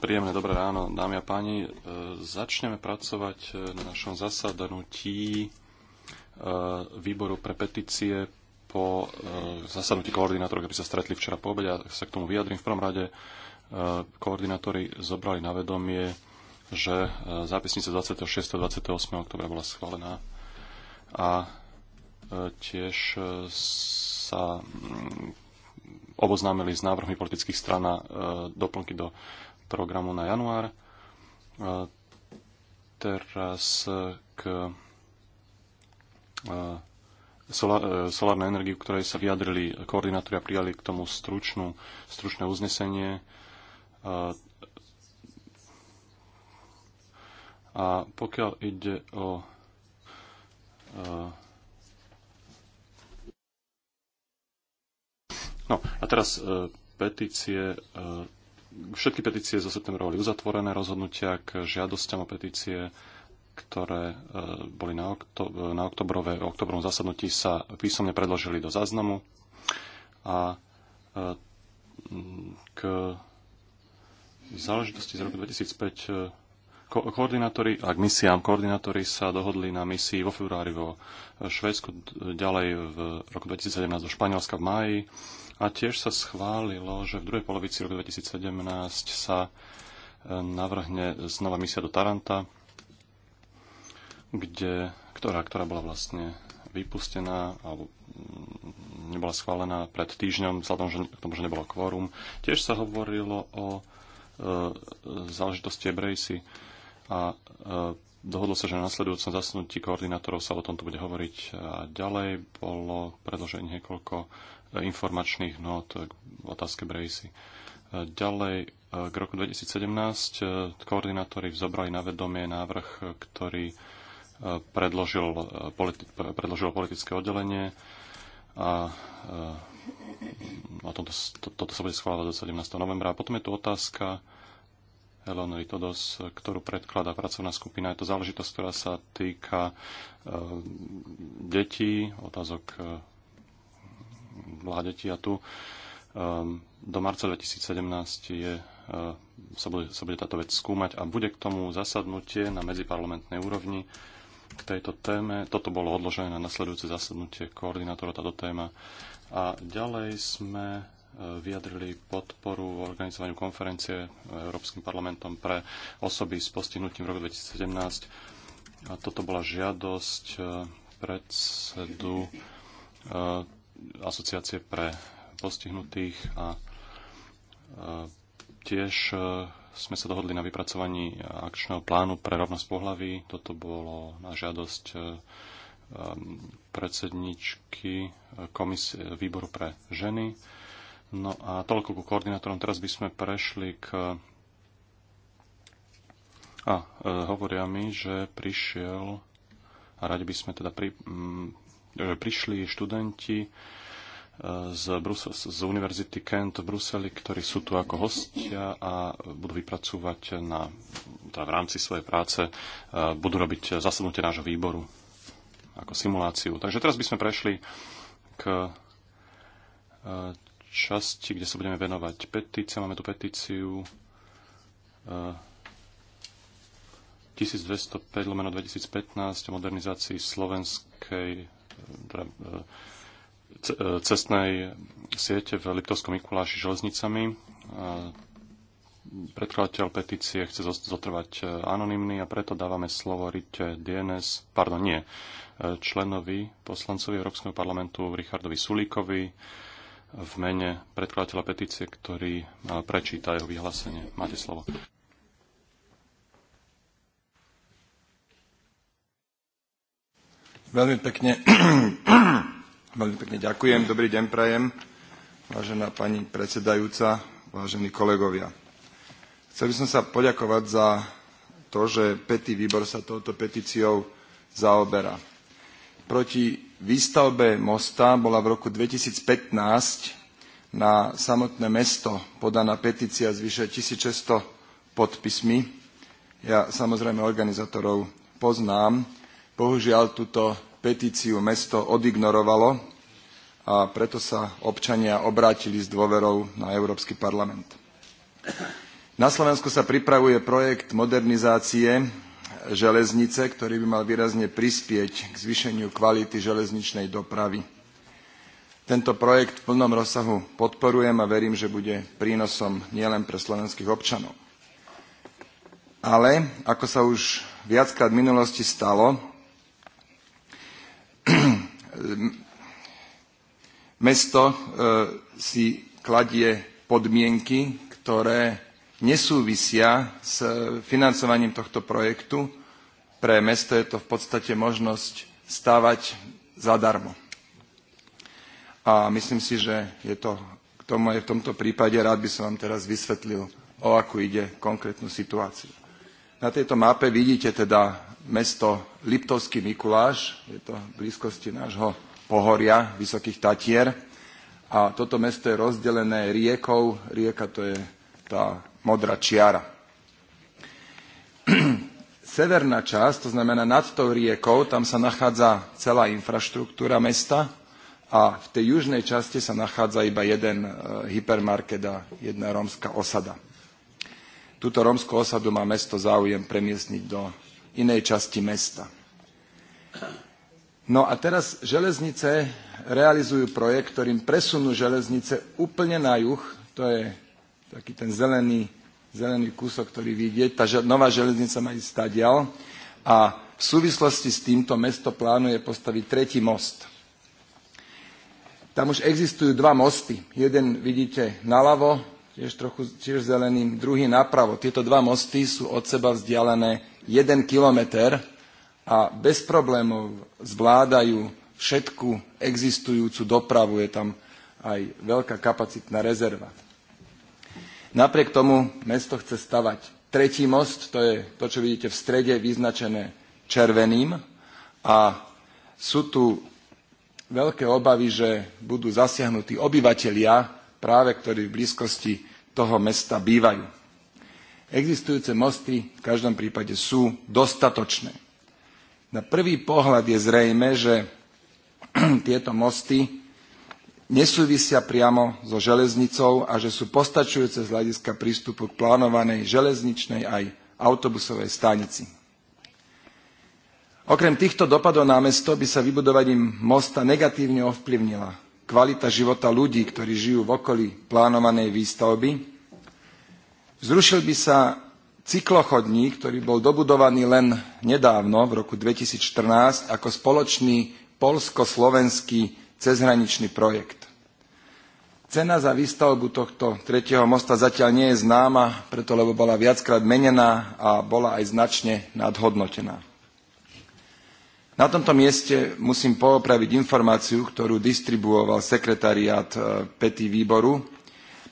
Príjemné dobré ráno, dámy a páni. E, začneme pracovať e, na našom zasadnutí e, výboru pre petície po zasadnutí koordinátorov, ktorí sa stretli včera po obede. a sa k tomu vyjadrím v prvom rade. Koordinátori zobrali na vedomie, že zápisnica 26. a 28. oktobra bola schválená a tiež sa oboznámili s návrhmi politických stran a e, doplnky do programu na január. E, teraz k e, solárnej energii, ktorej sa vyjadrili koordinátori a prijali k tomu stručnú, stručné uznesenie. A pokiaľ ide o No a teraz e, petície. E, všetky petície zo septembra boli uzatvorené, rozhodnutia k žiadosťam o petície, ktoré e, boli na, okto, na oktobrové, oktobrom zasadnutí, sa písomne predložili do záznamu. A e, k záležitosti z roku 2005 koordinátori, a k misiám, koordinátori sa dohodli na misii vo februári vo eh, Švedsku, ďalej v roku 2017 do Španielska v máji a tiež sa schválilo, že v druhej polovici roku 2017 sa eh, navrhne znova misia do Taranta, kde, ktorá, ktorá bola vlastne vypustená alebo mm, nebola schválená pred týždňom, vzhľadom že, k tomu, že nebolo kvórum. Tiež sa hovorilo o e, záležitosti Ebrejsi a e, dohodlo sa, že na nasledujúcom zasnutí koordinátorov sa o tomto bude hovoriť a ďalej. Bolo predložené niekoľko e, informačných not k otázke Brejsi. E, ďalej, k roku 2017 koordinátori vzobrali na vedomie návrh, ktorý predložil, politi- predložilo politické oddelenie a a tomto, to, toto sa bude schváľovať do 17. novembra. A potom je tu otázka Elon Ritodos, ktorú predkladá pracovná skupina. Je to záležitosť, ktorá sa týka e, detí, otázok e, mládetí a tu. E, do marca 2017 je, sa, bude, sa bude táto vec skúmať a bude k tomu zasadnutie na medziparlamentnej úrovni k tejto téme. Toto bolo odložené na nasledujúce zasadnutie koordinátora táto téma. A ďalej sme vyjadrili podporu v organizovaniu konferencie Európskym parlamentom pre osoby s postihnutím v roku 2017. A toto bola žiadosť eh, predsedu eh, asociácie pre postihnutých a eh, tiež sme sa dohodli na vypracovaní akčného plánu pre rovnosť pohlaví. Toto bolo na žiadosť predsedničky komisie, výboru pre ženy No a toľko ku koordinátorom. Teraz by sme prešli k... A e, hovoria mi, že prišiel, a radi by sme teda pri, m, že prišli študenti e, z, Brusel, z Univerzity Kent v Bruseli, ktorí sú tu ako hostia a budú vypracúvať na, teda v rámci svojej práce, e, budú robiť zasadnutie nášho výboru ako simuláciu. Takže teraz by sme prešli k e, časti, kde sa budeme venovať petícia. Máme tu petíciu 1205 eh, lomeno 2015 o modernizácii slovenskej teda, eh, eh, cestnej siete v Liptovskom Mikuláši železnicami. Predkladateľ petície chce zotrvať anonimný a preto dávame slovo Rite DNS, pardon, nie, členovi poslancovi Európskeho parlamentu Richardovi Sulíkovi, v mene predkladateľa petície, ktorý e, prečíta jeho vyhlásenie. Máte slovo. Veľmi pekne, veľmi pekne ďakujem. Dobrý deň prajem, vážená pani predsedajúca, vážení kolegovia. Chcel by som sa poďakovať za to, že Petý výbor sa touto petíciou zaoberá proti výstavbe mosta bola v roku 2015 na samotné mesto podaná petícia s vyše 1600 podpismi. Ja samozrejme organizátorov poznám. Bohužiaľ túto petíciu mesto odignorovalo a preto sa občania obrátili s dôverou na Európsky parlament. Na Slovensku sa pripravuje projekt modernizácie železnice, ktorý by mal výrazne prispieť k zvýšeniu kvality železničnej dopravy. Tento projekt v plnom rozsahu podporujem a verím, že bude prínosom nielen pre slovenských občanov. Ale, ako sa už viackrát v minulosti stalo, mesto e, si kladie podmienky, ktoré nesúvisia s eh, financovaním tohto projektu. Pre mesto je to v podstate možnosť stávať zadarmo. A myslím si, že je to k tomu aj v tomto prípade. Rád by som vám teraz vysvetlil, o akú ide konkrétnu situáciu. Na tejto mape vidíte teda mesto Liptovský Mikuláš, je to v blízkosti nášho pohoria, Vysokých Tatier. A toto mesto je rozdelené riekou. Rieka to je tá modrá čiara. Severná časť, to znamená nad tou riekou, tam sa nachádza celá infraštruktúra mesta a v tej južnej časti sa nachádza iba jeden e, hypermarket a jedna rómska osada. Túto rómskú osadu má mesto záujem premiestniť do inej časti mesta. No a teraz železnice realizujú projekt, ktorým presunú železnice úplne na juh, to je taký ten zelený, zelený kúsok, ktorý vidieť. Tá nová železnica má ísť stadial a v súvislosti s týmto mesto plánuje postaviť tretí most. Tam už existujú dva mosty. Jeden vidíte naľavo, tiež trochu tiež zeleným, druhý napravo. Tieto dva mosty sú od seba vzdialené 1 kilometr a bez problémov zvládajú všetku existujúcu dopravu. Je tam aj veľká kapacitná rezerva. Napriek tomu mesto chce stavať tretí most, to je to, čo vidíte v strede, vyznačené červeným. A sú tu veľké obavy, že budú zasiahnutí obyvatelia, práve ktorí v blízkosti toho mesta bývajú. Existujúce mosty v každom prípade sú dostatočné. Na prvý pohľad je zrejme, že tieto mosty nesúvisia priamo so železnicou a že sú postačujúce z hľadiska prístupu k plánovanej železničnej aj autobusovej stanici. Okrem týchto dopadov na mesto by sa vybudovaním mosta negatívne ovplyvnila kvalita života ľudí, ktorí žijú v okolí plánovanej výstavby. Zrušil by sa cyklochodník, ktorý bol dobudovaný len nedávno, v roku 2014, ako spoločný polsko-slovenský cezhraničný projekt. Cena za výstavbu tohto tretieho mosta zatiaľ nie je známa, preto lebo bola viackrát menená a bola aj značne nadhodnotená. Na tomto mieste musím poopraviť informáciu, ktorú distribuoval sekretariát e, Pety výboru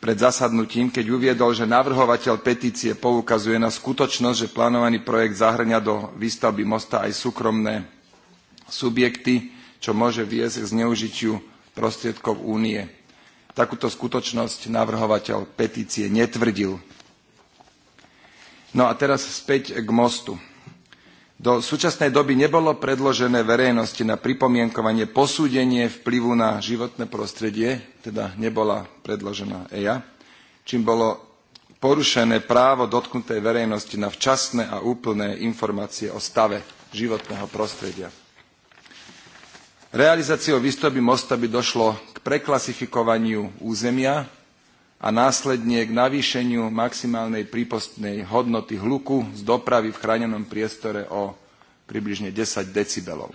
pred zasadnutím, keď uviedol, že navrhovateľ petície poukazuje na skutočnosť, že plánovaný projekt zahrňa do výstavby mosta aj súkromné subjekty, čo môže viesť k zneužitiu prostriedkov únie. Takúto skutočnosť navrhovateľ petície netvrdil. No a teraz späť k mostu. Do súčasnej doby nebolo predložené verejnosti na pripomienkovanie posúdenie vplyvu na životné prostredie, teda nebola predložená EIA, čím bolo porušené právo dotknutej verejnosti na včasné a úplné informácie o stave životného prostredia. Realizáciou výstavby mosta by došlo k preklasifikovaniu územia a následne k navýšeniu maximálnej prípostnej hodnoty hluku z dopravy v chránenom priestore o približne 10 decibelov.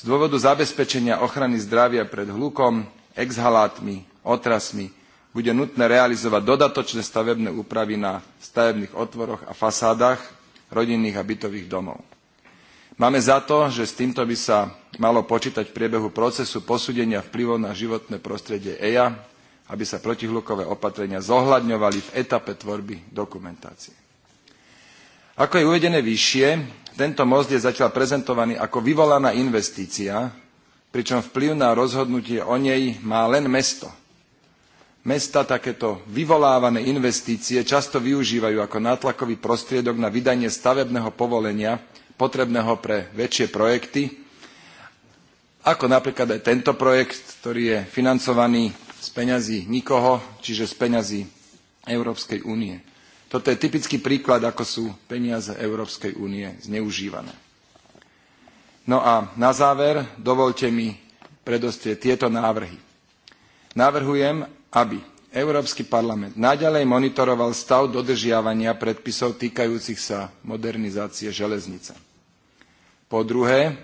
Z dôvodu zabezpečenia ochrany zdravia pred hlukom, exhalátmi, otrasmi bude nutné realizovať dodatočné stavebné úpravy na stavebných otvoroch a fasádach rodinných a bytových domov. Máme za to, že s týmto by sa malo počítať v priebehu procesu posúdenia vplyvov na životné prostredie EIA, aby sa protihlukové opatrenia zohľadňovali v etape tvorby dokumentácie. Ako je uvedené vyššie, tento most je zatiaľ prezentovaný ako vyvolaná investícia, pričom vplyv na rozhodnutie o nej má len mesto. Mesta takéto vyvolávané investície často využívajú ako nátlakový prostriedok na vydanie stavebného povolenia potrebného pre väčšie projekty, ako napríklad aj tento projekt, ktorý je financovaný z peňazí nikoho, čiže z peňazí Európskej únie. Toto je typický príklad, ako sú peniaze Európskej únie zneužívané. No a na záver dovolte mi predostrieť tieto návrhy. Navrhujem, aby Európsky parlament naďalej monitoroval stav dodržiavania predpisov týkajúcich sa modernizácie železnice. Po druhé,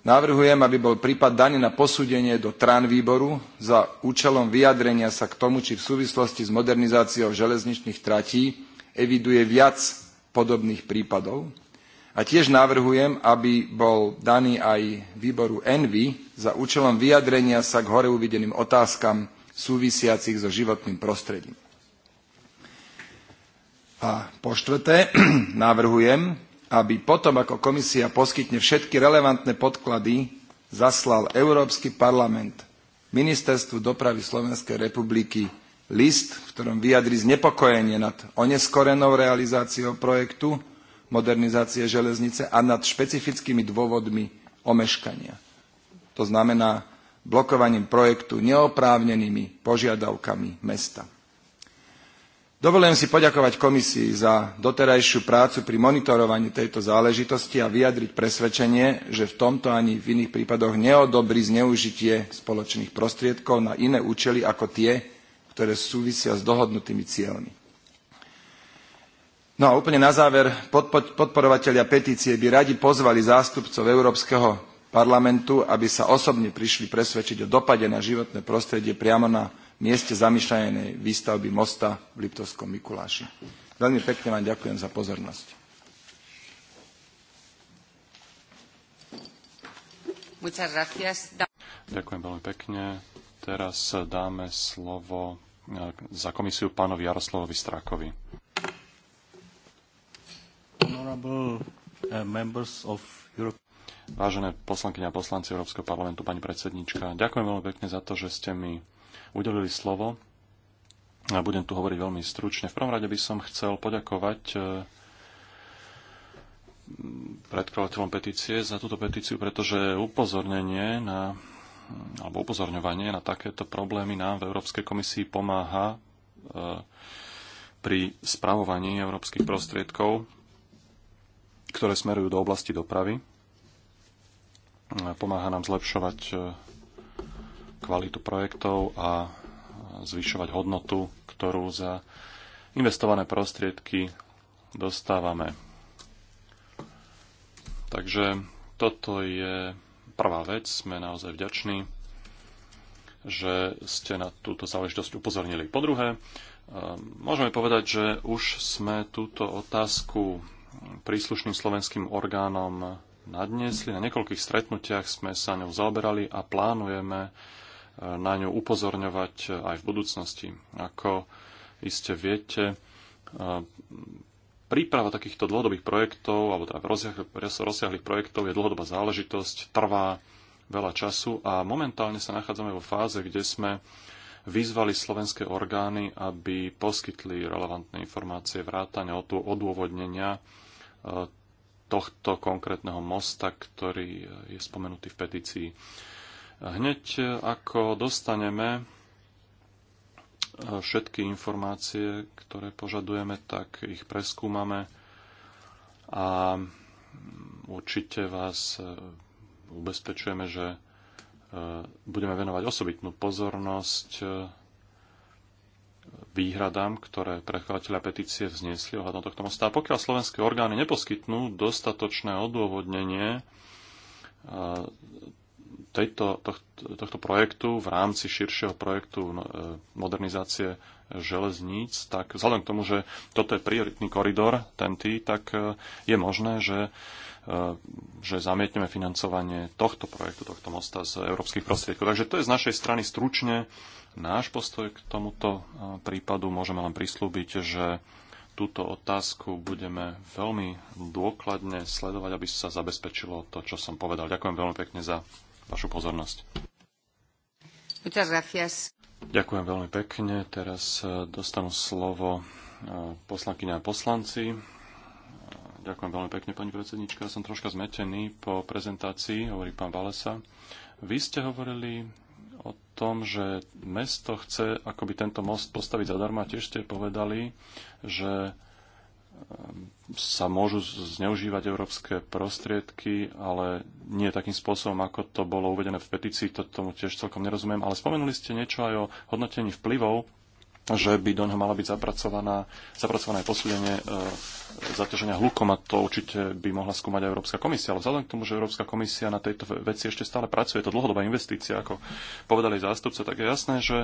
Navrhujem, aby bol prípad daný na posúdenie do TRAN výboru za účelom vyjadrenia sa k tomu, či v súvislosti s modernizáciou železničných tratí eviduje viac podobných prípadov. A tiež navrhujem, aby bol daný aj výboru ENVY za účelom vyjadrenia sa k hore uvideným otázkam súvisiacich so životným prostredím. A po štvrté, navrhujem, aby potom, ako komisia poskytne všetky relevantné podklady, zaslal Európsky parlament ministerstvu dopravy Slovenskej republiky list, v ktorom vyjadri znepokojenie nad oneskorenou realizáciou projektu modernizácie železnice a nad špecifickými dôvodmi omeškania. To znamená blokovaním projektu neoprávnenými požiadavkami mesta. Dovolujem si poďakovať komisii za doterajšiu prácu pri monitorovaní tejto záležitosti a vyjadriť presvedčenie, že v tomto ani v iných prípadoch neodobrí zneužitie spoločných prostriedkov na iné účely ako tie, ktoré súvisia s dohodnutými cieľmi. No a úplne na záver, podporovatelia petície by radi pozvali zástupcov Európskeho parlamentu, aby sa osobne prišli presvedčiť o dopade na životné prostredie priamo na mieste zamýšľanej výstavby mosta v Liptovskom Mikuláši. Veľmi pekne vám ďakujem za pozornosť. Ďakujem veľmi pekne. Teraz dáme slovo eh, za komisiu pánovi Jaroslavovi Strákovi. Honorable eh, members of Europe. Vážené poslankyne a poslanci Európskeho parlamentu, pani predsednička, ďakujem veľmi pekne za to, že ste mi udelili slovo. A budem tu hovoriť veľmi stručne. V prvom rade by som chcel poďakovať e, predkladateľom petície za túto petíciu, pretože upozornenie na, alebo upozorňovanie na takéto problémy nám v Európskej komisii pomáha e, pri spravovaní európskych prostriedkov, ktoré smerujú do oblasti dopravy pomáha nám zlepšovať e, kvalitu projektov a e, zvyšovať hodnotu, ktorú za investované prostriedky dostávame. Takže toto je prvá vec, sme naozaj vďační, že ste na túto záležitosť upozornili. Po druhé, e, môžeme povedať, že už sme túto otázku príslušným slovenským orgánom nadniesli. Na niekoľkých stretnutiach sme sa ňou zaoberali a plánujeme e, na ňu upozorňovať e, aj v budúcnosti. Ako iste viete, e, príprava takýchto dlhodobých projektov, alebo teda rozsiahlých projektov je dlhodobá záležitosť, trvá veľa času a momentálne sa nachádzame vo fáze, kde sme vyzvali slovenské orgány, aby poskytli relevantné informácie vrátane o tu odôvodnenia tohto konkrétneho mosta, ktorý je spomenutý v petícii. Hneď ako dostaneme eh, všetky informácie, ktoré požadujeme, tak ich preskúmame a mm, určite vás eh, ubezpečujeme, že eh, budeme venovať osobitnú pozornosť výhradám, ktoré predkladateľa petície vznesli ohľadom tohto mosta. A pokiaľ slovenské orgány neposkytnú dostatočné odôvodnenie e, tejto, tohto, tohto projektu v rámci širšieho projektu no, e, modernizácie železníc, tak vzhľadom k tomu, že toto je prioritný koridor TNT, tak e, je možné, že, že zamietneme financovanie tohto projektu, tohto mosta z európskych prostriedkov. Takže to je z našej strany stručne náš postoj k tomuto prípadu. Môžeme len prislúbiť, že túto otázku budeme veľmi dôkladne sledovať, aby sa zabezpečilo to, čo som povedal. Ďakujem veľmi pekne za vašu pozornosť. Ďakujem veľmi pekne. Teraz e, dostanú slovo e, poslankyňa a poslanci. E, ďakujem veľmi pekne, pani predsednička. Som troška zmetený po prezentácii, hovorí pán Balesa. Vy ste hovorili tom, že mesto chce akoby tento most postaviť zadarmo. Tiež ste povedali, že ehm, sa môžu zneužívať európske prostriedky, ale nie takým spôsobom, ako to bolo uvedené v petícii, to tomu tiež celkom nerozumiem. Ale spomenuli ste niečo aj o hodnotení vplyvov že by do neho mala byť zapracovaná, zapracované posúdenie e, zaťaženia hlukom a to určite by mohla skúmať aj Európska komisia. Ale vzhľadom k tomu, že Európska komisia na tejto veci ešte stále pracuje, je to dlhodobá investícia, ako povedali zástupca, tak je jasné, že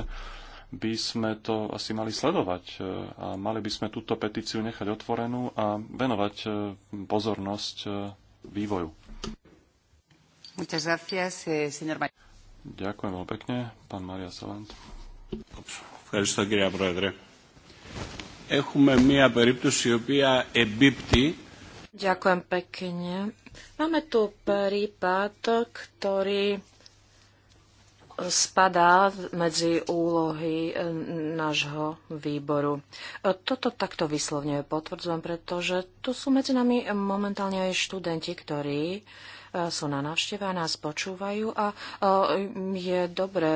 by sme to asi mali sledovať e, a mali by sme túto petíciu nechať otvorenú a venovať e, pozornosť e, vývoju. Eh, Ďakujem veľmi pekne, pán Maria Salant. Oops. Ευχαριστώ κύριε Πρόεδρε. Έχουμε μία περίπτωση η οποία εμπίπτει Ďakujem pekne. Máme tu prípad, ktorý spadá medzi úlohy e, nášho výboru. E, toto takto vyslovne potvrdzujem, pretože tu sú medzi nami momentálne aj študenti, ktorí uh, E, sú na návšteve a nás počúvajú a e, je dobre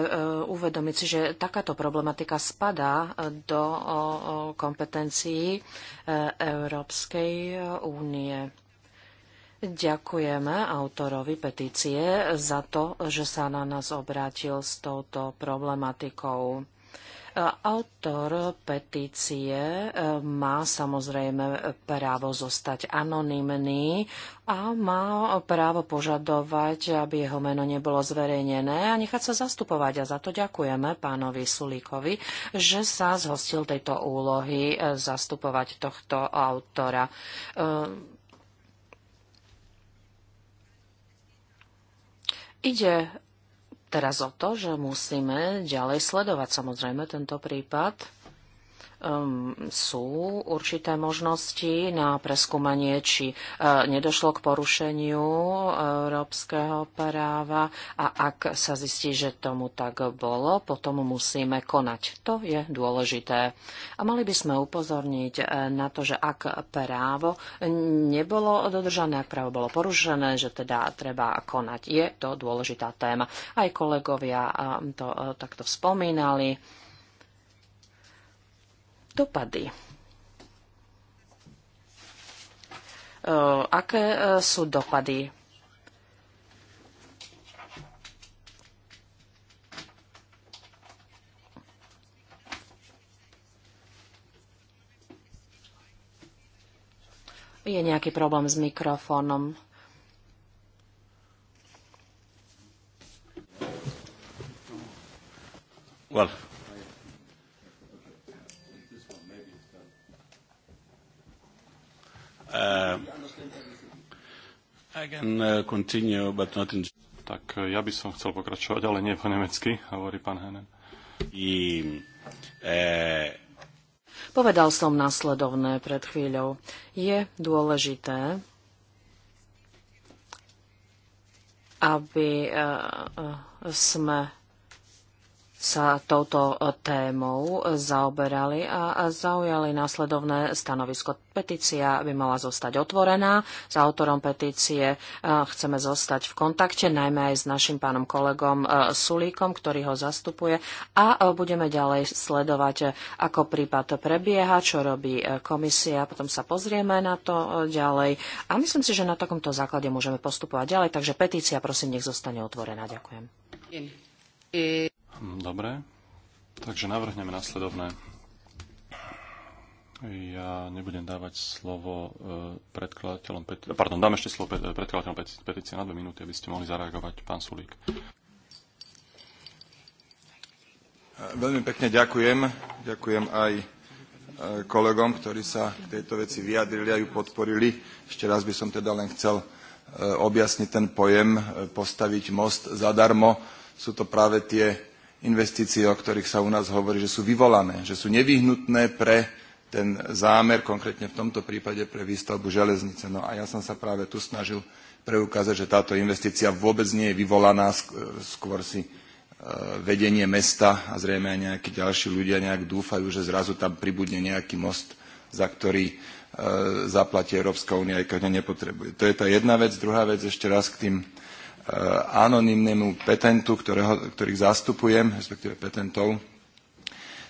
uvedomiť si, že takáto problematika spadá e, do kompetencií Európskej únie. Ďakujeme autorovi petície za to, že sa na nás obrátil s touto problematikou. Autor petície e, má samozrejme právo zostať anonymný a má právo požadovať, aby jeho meno nebolo zverejnené a nechať sa zastupovať. A za to ďakujeme pánovi Sulíkovi, že sa zhostil tejto úlohy e, zastupovať tohto autora. E, Ide teraz o to, že musíme ďalej sledovať samozrejme tento prípad um, sú určité možnosti na preskúmanie, či uh, nedošlo k porušeniu európskeho práva a ak sa zistí, že tomu tak bolo, potom musíme konať. To je dôležité. A mali by sme upozorniť e, na to, že ak právo nebolo dodržané, ak právo bolo porušené, že teda treba konať. Je to dôležitá téma. Aj kolegovia e, to takto spomínali dopady. E, aké e, sú dopady Je nejaký problém s mikrofónom. Well, Uh, uh, tak uh, ja by som chcel pokračovať, ale nie po nemecky, hovorí pán Henen. Povedal som nasledovné pred chvíľou. Je dôležité, aby sme sa touto e, témou e, zaoberali a zaujali následovné stanovisko. Petícia by mala zostať otvorená. S autorom petície e, chceme zostať v kontakte, najmä aj s našim pánom kolegom Sulíkom, ktorý ho zastupuje a budeme ďalej sledovať, ako prípad prebieha, čo robí komisia, potom sa pozrieme na to ďalej a myslím si, že na takomto základe môžeme postupovať ďalej, takže petícia prosím nech zostane otvorená. Ďakujem. Mm, dobre, takže navrhneme nasledovné. Ja nebudem dávať slovo e, predkladateľom, pardon, dám ešte slovo predkladateľom petície na dve minúty, aby ste mohli zareagovať, pán Sulík. E, veľmi pekne ďakujem. Ďakujem aj e, kolegom, ktorí sa k tejto veci vyjadrili a ju podporili. Ešte raz by som teda len chcel objasniť ten pojem postaviť most zadarmo. Sú to práve tie investície, o ktorých sa u nás hovorí, že sú vyvolané, že sú nevyhnutné pre ten zámer, konkrétne v tomto prípade pre výstavbu železnice. No a ja som sa práve tu snažil preukázať, že táto investícia vôbec nie je vyvolaná, skôr si e, vedenie mesta a zrejme aj nejakí ďalší ľudia nejak dúfajú, že zrazu tam pribudne nejaký most, za ktorý e, zaplatí Európska únia, aj keď ho nepotrebuje. To je tá jedna vec. Druhá vec ešte raz k tým Eh, anonimnému petentu, ktorého, ktorých zastupujem, respektíve petentov.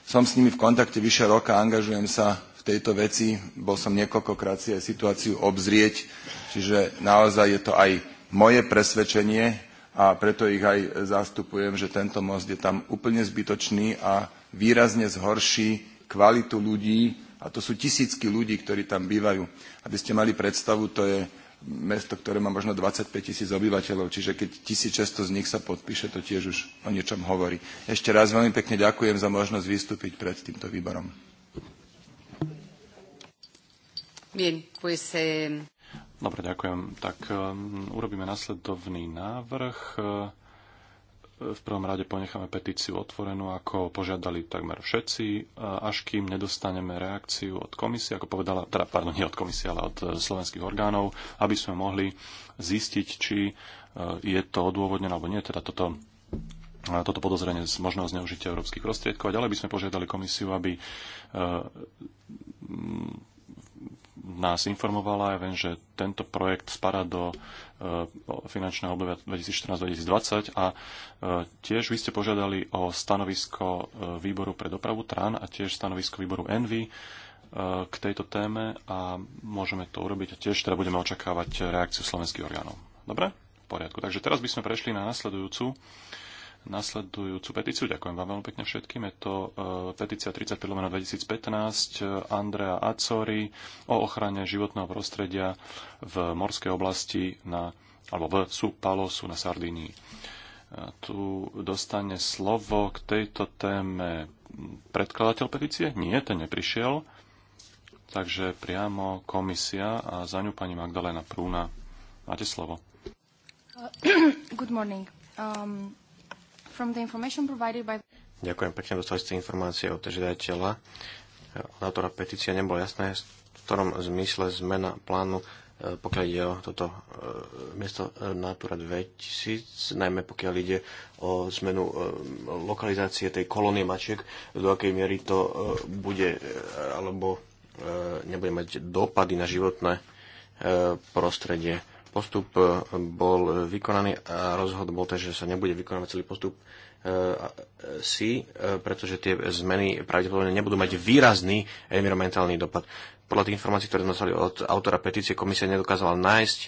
Som s nimi v kontakte vyše roka, angažujem sa v tejto veci. Bol som niekoľkokrát si aj situáciu obzrieť, čiže naozaj je to aj moje presvedčenie a preto ich aj zastupujem, že tento most je tam úplne zbytočný a výrazne zhorší kvalitu ľudí, a to sú tisícky ľudí, ktorí tam bývajú. Aby ste mali predstavu, to je mesto, ktoré má možno 25 tisíc obyvateľov, čiže keď 1600 z nich sa podpíše, to tiež už o niečom hovorí. Ešte raz veľmi pekne ďakujem za možnosť vystúpiť pred týmto výborom. Bien, pues, eh... Dobre, ďakujem. Tak um, urobíme nasledovný návrh v prvom rade ponecháme petíciu otvorenú, ako požiadali takmer všetci, až kým nedostaneme reakciu od komisie, ako povedala, teda, pardon, nie od komisie, ale od e, slovenských orgánov, aby sme mohli zistiť, či e, je to odôvodnené alebo nie, teda toto e, toto podozrenie z možného zneužitia európskych prostriedkov. A ďalej by sme požiadali komisiu, aby nás informovala. Ja viem, že tento projekt spada do Eh, finančného obdobia 2014-2020 a eh, tiež vy ste požiadali o stanovisko eh, výboru pre dopravu TRAN a tiež stanovisko výboru ENVY k tejto téme a môžeme to urobiť a tiež teda budeme očakávať reakciu slovenských orgánov. Dobre? V poriadku. Takže teraz by sme prešli na nasledujúcu nasledujúcu petíciu. Ďakujem vám veľmi pekne všetkým. Je to e, petícia 35 2015 e, Andrea Acori o ochrane životného prostredia v morskej oblasti na, alebo v Sú Palosu na Sardínii. E, tu dostane slovo k tejto téme predkladateľ petície? Nie, ten neprišiel. Takže priamo komisia a za ňu pani Magdalena Prúna. Máte slovo. Uh, good morning. Um, From the information provided by... Ďakujem pekne, dostali ste informácie od žiadateľa. Od autora petícia nebolo jasné, v ktorom zmysle zmena plánu, e, pokiaľ ide o toto e, miesto e, Natura 2000, najmä pokiaľ ide o zmenu lokalizácie tej kolónie mačiek, do akej miery to bude alebo nebude mať dopady na životné prostredie postup e, bol vykonaný a rozhod bol ten, že sa nebude vykonávať celý postup e, e, si, pretože tie zmeny pravdepodobne nebudú mať výrazný environmentálny dopad. Podľa tých informácií, ktoré sme dostali od autora petície, komisia nedokázala nájsť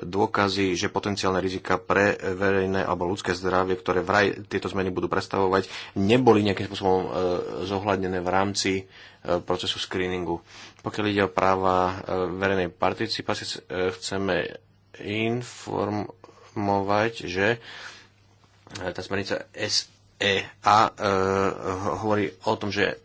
dôkazy, že potenciálne rizika pre verejné alebo ľudské zdravie, ktoré vraj tieto zmeny budú predstavovať, neboli nejakým spôsobom zohľadnené v rámci procesu screeningu. Pokiaľ ide o práva verejnej participácie, chceme informovať, že e, tá smernica SEA e, e hovorí o tom, že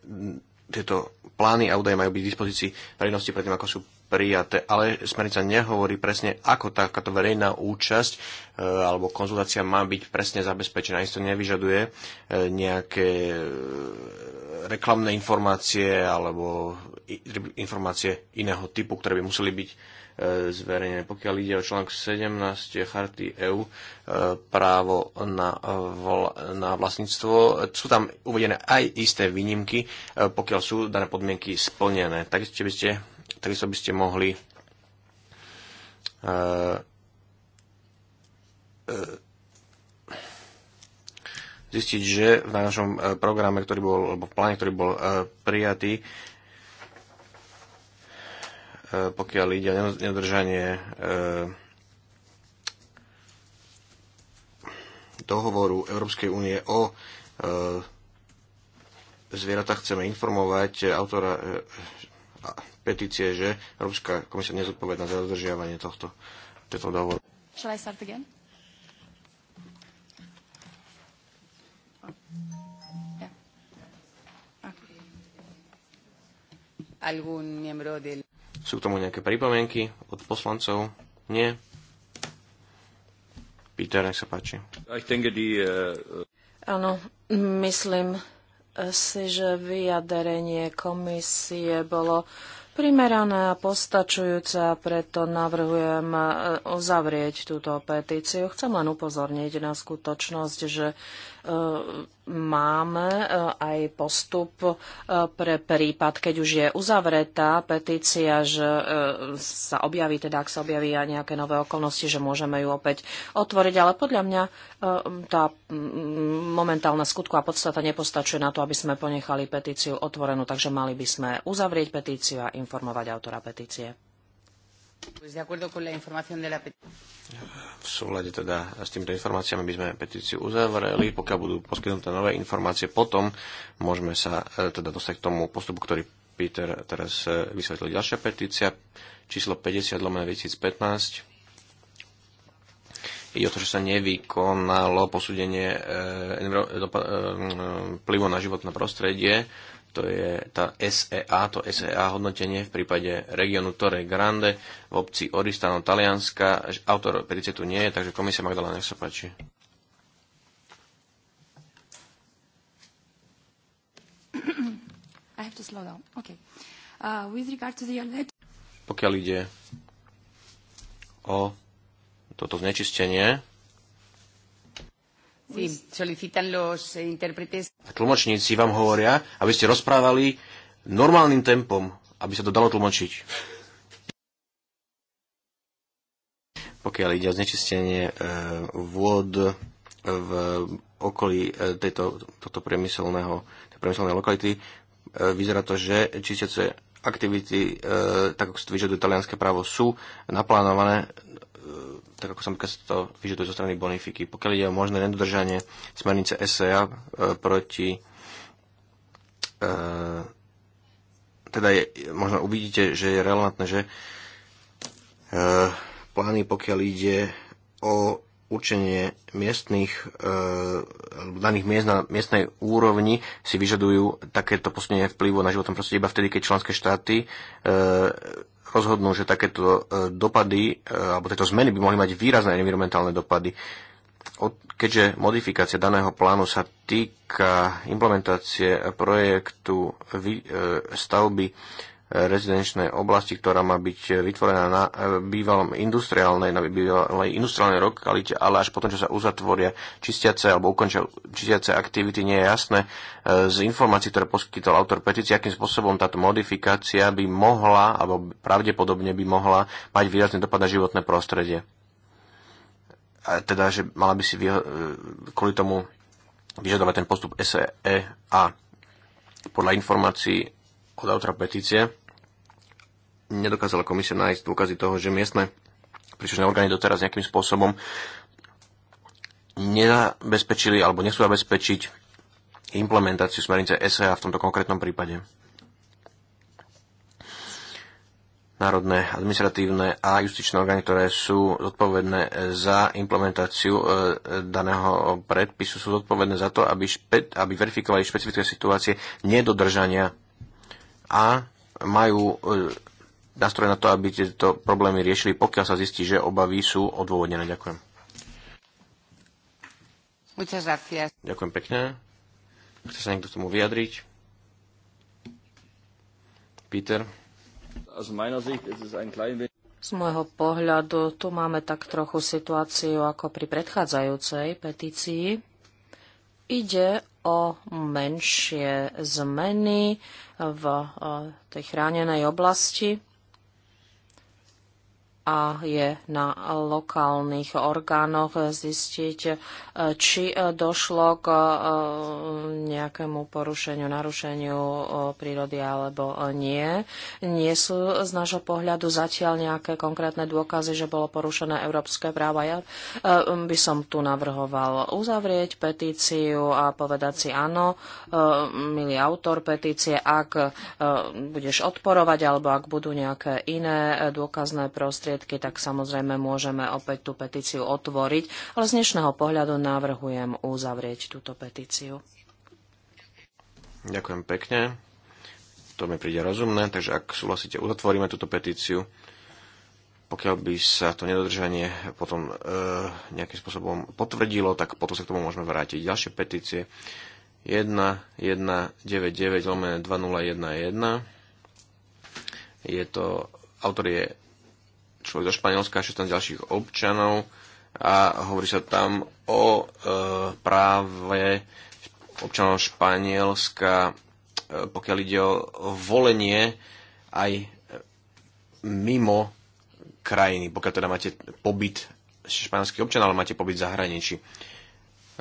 tieto plány a údaje majú byť v dispozícii verejnosti predtým, ako sú prijaté, ale smernica nehovorí presne, ako takáto verejná účasť e, alebo konzultácia má byť presne zabezpečená. Isto nevyžaduje e, nejaké e, reklamné informácie alebo i, informácie iného typu, ktoré by museli byť E, zverejnené. Pokiaľ ide o článok 17 charty EÚ, e, právo na, e, na vlastníctvo, sú tam uvedené aj isté výnimky, pokiaľ sú dané podmienky splnené. Takisto by ste, takisto by ste mohli zistiť, že v našom programe, ktorý bol, alebo v pláne, ktorý bol prijatý, E, pokiaľ ide o nedržanie e, dohovoru Európskej únie o e, zvieratách, chceme informovať autora petície, že Európska komisia nezodpovedná za dodržiavanie tohto, tohto dohovoru. Shall I start again? Yeah. Okay. Ah. algún miembro del sú k tomu nejaké pripomienky od poslancov? Nie? Peter, nech sa páči. Uh, Áno, myslím si, že vyjadrenie komisie bolo primerané a postačujúce a preto navrhujem uh, uzavrieť túto petíciu. Chcem len upozorniť na skutočnosť, že máme eh, aj postup eh, pre prípad, keď už je uzavretá petícia, že eh, sa objaví, teda ak sa objavia nejaké nové okolnosti, že môžeme ju opäť otvoriť. Ale podľa mňa tá mm, momentálna skutková podstata nepostačuje na to, aby sme ponechali petíciu otvorenú, takže mali by sme uzavrieť petíciu a informovať autora petície. V súhľade teda s týmito informáciami by sme petíciu uzavreli. Pokiaľ budú poskytnuté nové informácie, potom môžeme sa e, teda dostať k tomu postupu, ktorý Peter teraz e, vysvetlil. Ďalšia petícia, číslo 50 lomené 2015. Ide o to, že sa nevykonalo posúdenie e, vplyvu e, e, na životné prostredie to je tá SEA, to SEA hodnotenie v prípade regionu Torre Grande v obci Oristano Talianska. Autor petície tu nie je, takže komisia Magdalena, nech sa páči. I have to slow down. Okay. Uh, with regard to the alleged... Pokiaľ ide o toto znečistenie, Sí, solicitan los eh, intérpretes. Tlmočníci vám hovoria, aby ste rozprávali normálnym tempom, aby sa to dalo tlmočiť. Pokiaľ ide o znečistenie e, vôd eh, v okolí tejto, tohto priemyselného, tej priemyselnej lokality, e, vyzerá to, že čistiace aktivity, e, tak ako si to vyžaduje talianské právo, sú naplánované tak ako som to vyžaduje zo strany bonifiky. Pokiaľ ide o možné nedodržanie smernice SEA e, proti e, teda je, možno uvidíte, že je relevantné, že e, plány, pokiaľ ide o určenie miestných, e, daných miest na miestnej úrovni si vyžadujú takéto posunenie vplyvu na životné prostredie iba vtedy, keď členské štáty e, rozhodnú, že takéto e, dopady, e, alebo tieto zmeny by mohli mať výrazné environmentálne dopady. Keďže modifikácia daného plánu sa týka implementácie projektu e, stavby rezidenčnej oblasti, ktorá má byť vytvorená na eh, bývalom industriálnej, na bývalej industriálnej lokalite, ale až potom, čo sa uzatvoria čistiace alebo ukončia čistiace aktivity, nie je jasné eh, z informácií, ktoré poskytol autor petície, akým spôsobom táto modifikácia by mohla, alebo pravdepodobne by mohla mať výrazný dopad na životné prostredie. A teda, že mala by si vyho- eh, kvôli tomu vyžadovať ten postup SEA podľa informácií od autora petície nedokázala komisia nájsť dôkazy toho, že miestne príslušné orgány doteraz nejakým spôsobom nezabezpečili alebo nechcú zabezpečiť implementáciu smernice SEA v tomto konkrétnom prípade. národné administratívne a justičné orgány, ktoré sú zodpovedné za implementáciu e, daného predpisu, sú zodpovedné za to, aby, špe- aby verifikovali špecifické situácie nedodržania a majú e, nástroje na to, aby tieto problémy riešili, pokiaľ sa zistí, že obavy sú odôvodnené. Ďakujem. Ďakujem pekne. Chce sa niekto k tomu vyjadriť? Peter? Z môjho pohľadu tu máme tak trochu situáciu ako pri predchádzajúcej petícii. Ide o menšie zmeny v eh, tej chránenej oblasti a je na lokálnych orgánoch zistiť, e, či e, došlo k e, nejakému porušeniu, narušeniu prírody alebo nie. Nie sú z nášho pohľadu zatiaľ nejaké konkrétne dôkazy, že bolo porušené európske práva. Ja by som tu navrhoval uzavrieť petíciu a povedať si áno, milý autor petície, ak budeš odporovať alebo ak budú nejaké iné dôkazné prostriedky, prostriedky, tak samozrejme môžeme opäť tú petíciu otvoriť, ale z dnešného pohľadu navrhujem uzavrieť túto petíciu. Ďakujem pekne. To mi príde rozumné, takže ak súhlasíte, uzatvoríme túto petíciu. Pokiaľ by sa to nedodržanie potom e, nejakým spôsobom potvrdilo, tak potom sa k tomu môžeme vrátiť. Ďalšie petície 1199 2011. Je to, autor je človek do Španielska, 16 ďalších občanov a hovorí sa tam o e, práve občanov Španielska, e, pokiaľ ide o volenie aj mimo krajiny, pokiaľ teda máte pobyt španielský občan, ale máte pobyt v zahraničí.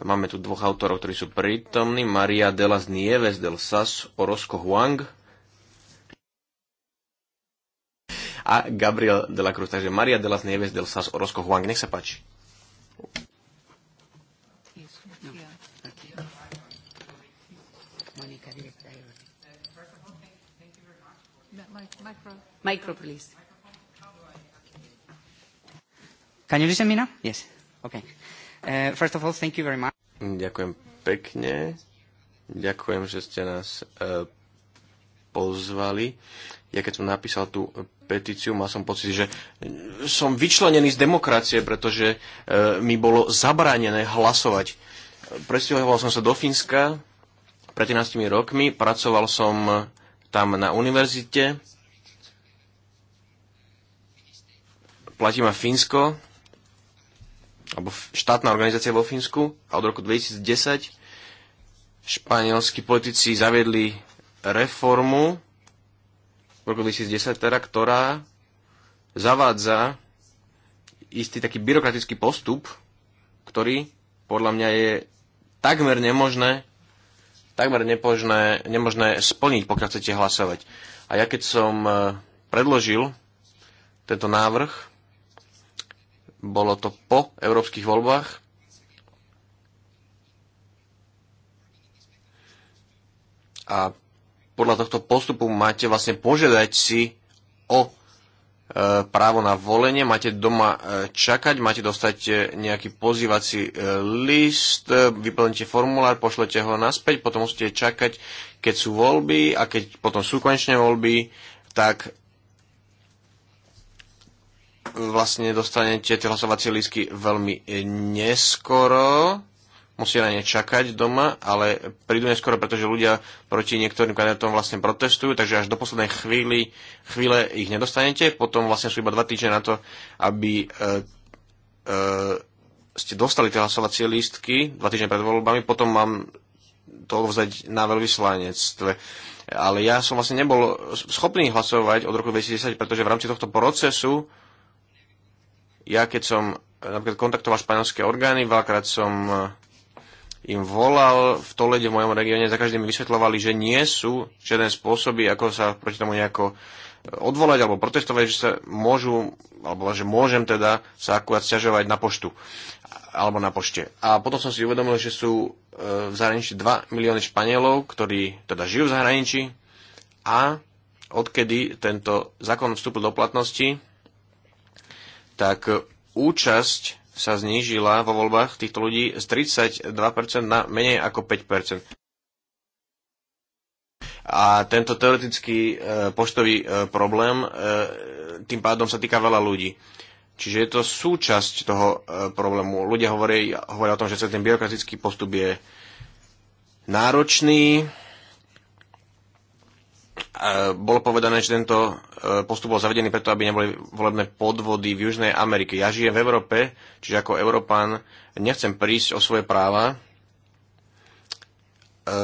Máme tu dvoch autorov, ktorí sú prítomní. Maria de las Nieves del Sas, Orozco Huang, a Gabriel de la Cruz. Takže Maria de las Nieves del Sas Orozco Huang. Nech sa páči. Micro, please. Can you listen me now? Yes. Okay. Uh, first of all, thank you very much. Ďakujem pekne. Ďakujem, že ste nás uh, pozvali. Ja keď som napísal tú petíciu, mal som pocit, že som vyčlenený z demokracie, pretože e, mi bolo zabránené hlasovať. Presťahoval som sa do Fínska pred 13 rokmi, pracoval som tam na univerzite, platí ma Fínsko, alebo štátna organizácia vo Fínsku a od roku 2010 španielskí politici zaviedli reformu v roku 2010, teda, ktorá zavádza istý taký byrokratický postup, ktorý podľa mňa je takmer nemožné takmer nemožné, nemožné splniť, pokiaľ chcete hlasovať. A ja keď som e, predložil tento návrh, bolo to po európskych voľbách, a podľa tohto postupu máte vlastne požiadať si o e, právo na volenie, máte doma e, čakať, máte dostať e, nejaký pozývací list, vyplníte formulár, pošlete ho naspäť, potom musíte čakať, keď sú voľby a keď potom sú konečne voľby, tak vlastne dostanete tie hlasovacie lístky veľmi neskoro musia na ne čakať doma, ale prídu neskoro, pretože ľudia proti niektorým kandidátom vlastne protestujú, takže až do poslednej chvíli, chvíle ich nedostanete, potom vlastne sú iba dva týždne na to, aby e, e, ste dostali tie hlasovacie lístky dva týždne pred voľbami, potom mám to odovzdať na veľvyslanectve. Ale ja som vlastne nebol schopný hlasovať od roku 2010, pretože v rámci tohto procesu ja keď som napríklad kontaktoval španielské orgány, veľakrát som im volal v Tolede v mojom regióne, za každým vysvetľovali, že nie sú žiadne spôsoby, ako sa proti tomu nejako e, odvolať alebo protestovať, že sa môžu, alebo že môžem teda sa akurát sťažovať na poštu alebo na pošte. A potom som si uvedomil, že sú e, v zahraničí 2 milióny Španielov, ktorí teda žijú v zahraničí a odkedy tento zákon vstúpil do platnosti, tak účasť sa znížila vo voľbách týchto ľudí z 32% na menej ako 5%. A tento teoretický e, poštový e, problém e, tým pádom sa týka veľa ľudí. Čiže je to súčasť toho e, problému. Ľudia hovoria, hovoria o tom, že ten byrokratický postup je náročný, bolo povedané, že tento e, postup bol zavedený preto, aby neboli volebné podvody v Južnej Amerike. Ja žijem v Európe, čiže ako Európan nechcem prísť o svoje práva. E,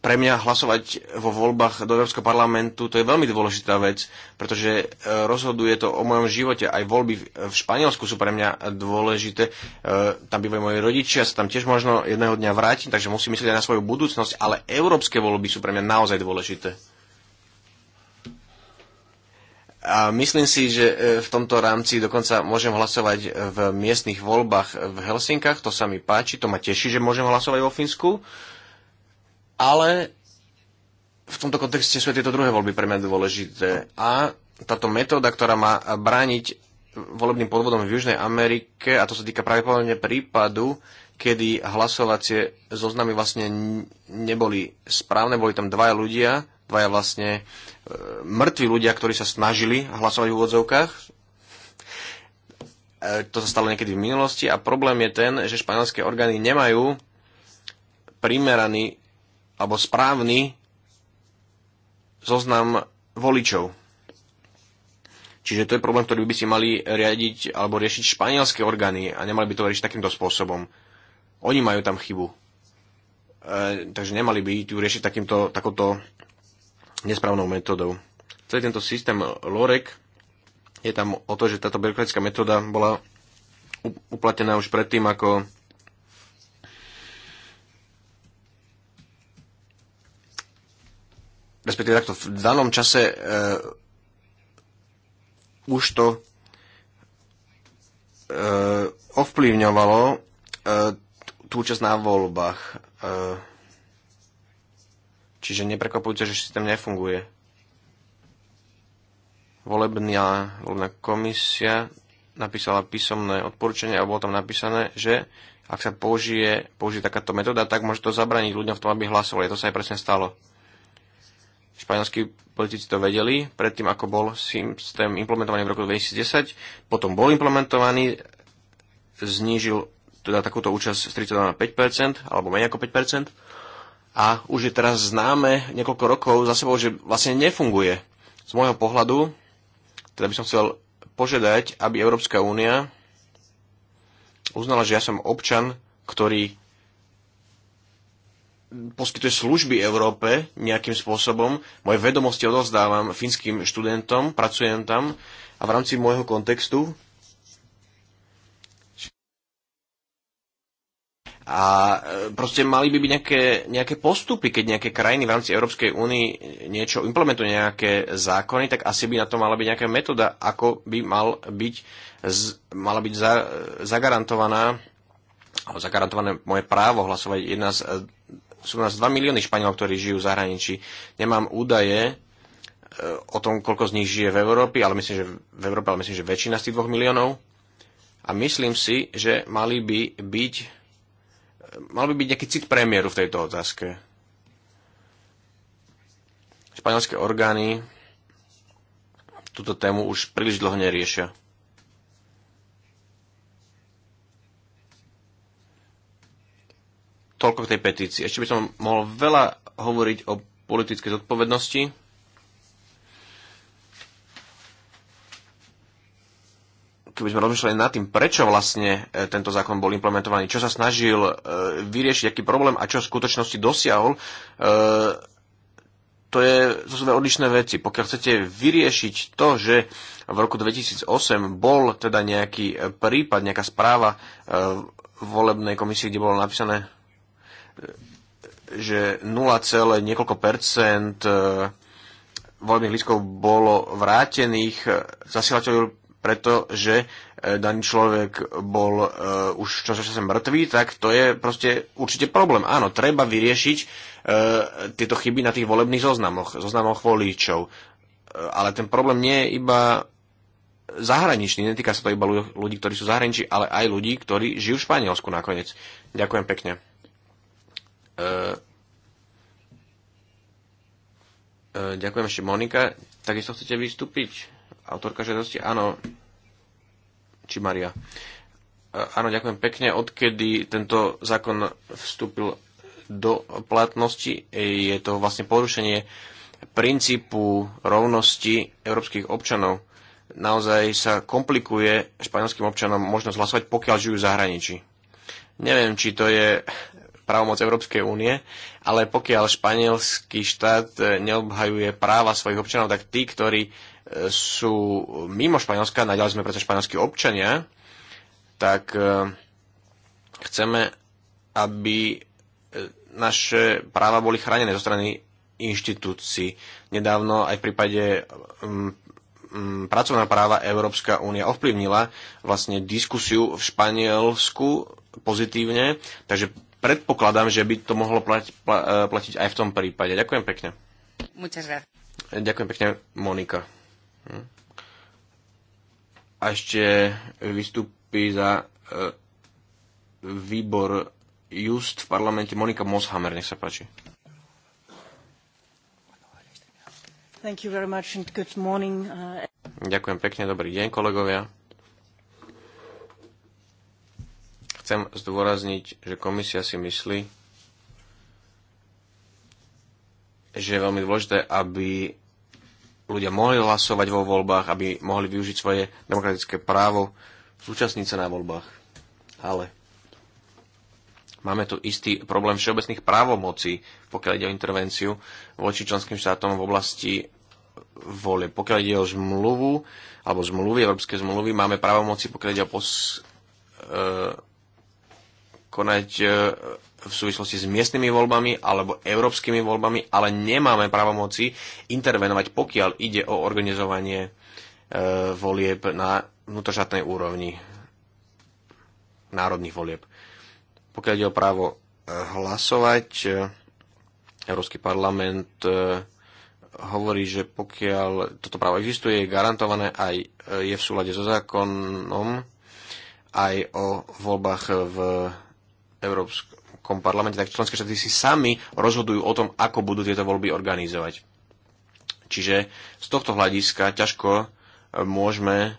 pre mňa hlasovať vo voľbách do Európskeho parlamentu to je veľmi dôležitá vec, pretože e, rozhoduje to o mojom živote. Aj voľby v Španielsku sú pre mňa dôležité. E, tam bývajú moji rodičia, sa tam tiež možno jedného dňa vrátim, takže musím myslieť aj na svoju budúcnosť, ale európske voľby sú pre mňa naozaj dôležité. A myslím si, že e, v tomto rámci dokonca môžem hlasovať v miestnych voľbách v Helsinkách, to sa mi páči, to ma teší, že môžem hlasovať vo Fínsku. Uh, ale v tomto kontexte sú tieto druhé voľby pre mňa dôležité. A táto metóda, ktorá má brániť volebným podvodom v Južnej Amerike, a to sa týka pravdepodobne prípadu, kedy hlasovacie zoznamy vlastne neboli správne, boli tam dvaja ľudia, dvaja vlastne e, mŕtvi ľudia, ktorí sa snažili hlasovať v úvodzovkách. E, to sa stalo niekedy v minulosti a problém je ten, že španielské orgány nemajú primeraný alebo správny zoznam voličov. Čiže to je problém, ktorý by si mali riadiť alebo riešiť španielské orgány a nemali by to riešiť takýmto spôsobom. Oni majú tam chybu. E, takže nemali by ju riešiť takýmto, takouto nesprávnou metodou. Celý tento systém LOREC je tam o to, že táto byrokratická metóda bola uplatnená už predtým, ako respektíve takto v danom čase e, už to e, ovplyvňovalo e, tú časť na voľbách. E, čiže neprekvapujte, že systém nefunguje. Volebná, volebná komisia napísala písomné odporúčanie a bolo tam napísané, že ak sa použije, použije takáto metóda, tak môže to zabraniť ľuďom v tom, aby hlasovali. To sa aj presne stalo Španielskí politici to vedeli, predtým ako bol systém implementovaný v roku 2010, potom bol implementovaný, znížil teda takúto účasť z 32 na 5%, alebo menej ako 5%. A už je teraz známe niekoľko rokov za sebou, že vlastne nefunguje. Z môjho pohľadu, teda by som chcel požiadať, aby Európska únia uznala, že ja som občan, ktorý poskytuje služby Európe nejakým spôsobom. Moje vedomosti odovzdávam finským študentom, pracujem tam a v rámci môjho kontextu A e, proste mali by byť nejaké, nejaké postupy, keď nejaké krajiny v rámci Európskej únie niečo implementujú, nejaké zákony, tak asi by na to mala byť nejaká metóda, ako by mal byť, z, mala byť za, e, zagarantovaná alebo zagarantované moje právo hlasovať jedna z e, sú nás 2 milióny Španielov, ktorí žijú v zahraničí. Nemám údaje e, o tom, koľko z nich žije v Európe, ale myslím, že v Európe, ale myslím, že väčšina z tých 2 miliónov. A myslím si, že mali by byť, mal by byť nejaký cit premiéru v tejto otázke. Španielské orgány túto tému už príliš dlho neriešia. Toľko k tej petícii. Ešte by som mohol veľa hovoriť o politickej zodpovednosti. Keby sme rozmýšľali nad tým, prečo vlastne e, tento zákon bol implementovaný, čo sa snažil e, vyriešiť, aký problém a čo v skutočnosti dosiahol, e, to, je, to sú dve odlišné veci. Pokiaľ chcete vyriešiť to, že v roku 2008 bol teda nejaký prípad, nejaká správa volebnej komisie, kde bolo napísané že 0, niekoľko percent e, voľbných lístkov bolo vrátených e, zasielateľov, pretože e, daný človek bol už časom čase mŕtvý, tak to je proste určite problém. Áno, treba vyriešiť tieto chyby na tých volebných zoznamoch, zoznamoch voličov. Ale ten problém nie je iba zahraničný, netýka sa to iba ľudí, ktorí sú zahraničí, ale aj ľudí, ktorí žijú v Španielsku nakoniec. Ďakujem pekne. E, e, ďakujem ešte Monika. Takisto chcete vystúpiť? Autorka žiadosti? Áno. Či Maria? E, áno, ďakujem pekne. Odkedy tento zákon vstúpil do platnosti, je to vlastne porušenie princípu rovnosti európskych občanov. Naozaj sa komplikuje španielským občanom možnosť hlasovať, pokiaľ žijú v zahraničí. Neviem, či to je právomoc Európskej únie, ale pokiaľ španielský štát e, neobhajuje práva svojich občanov, tak tí, ktorí e, sú mimo Španielska, naďalej sme preto španielskí občania, tak e, chceme, aby naše práva boli chránené zo strany inštitúcií. Nedávno aj v prípade pracovná práva Európska únia ovplyvnila vlastne diskusiu v Španielsku pozitívne, takže predpokladám, že by to mohlo plať, pla, e, platiť aj v tom prípade. Ďakujem pekne. E, ďakujem pekne, Monika. Hm? A ešte vystúpi za e, výbor Just v parlamente Monika Moshammer, nech sa páči. Thank you very much and good morning. Uh, ďakujem pekne, dobrý deň kolegovia. Chcem zdôrazniť, že komisia si myslí, že je veľmi dôležité, aby ľudia mohli hlasovať vo voľbách, aby mohli využiť svoje demokratické právo zúčastniť sa na voľbách. Ale máme tu istý problém všeobecných právomocí, pokiaľ ide o intervenciu voči členským štátom v oblasti volie. Pokiaľ ide o zmluvu, alebo zmluvy, európske zmluvy, máme právomoci, pokiaľ ide o pos, e, konať e, v súvislosti s miestnymi voľbami alebo európskymi voľbami, ale nemáme právomoci intervenovať, pokiaľ ide o organizovanie e, volieb na vnútroštátnej úrovni národných volieb. Pokiaľ ide o právo e, hlasovať, Európsky parlament hovorí, že pokiaľ toto právo existuje, je garantované aj je v súlade so zákonom aj o voľbách v Európskom parlamente, tak členské štáty si sami rozhodujú o tom, ako budú tieto voľby organizovať. Čiže z tohto hľadiska ťažko e, môžeme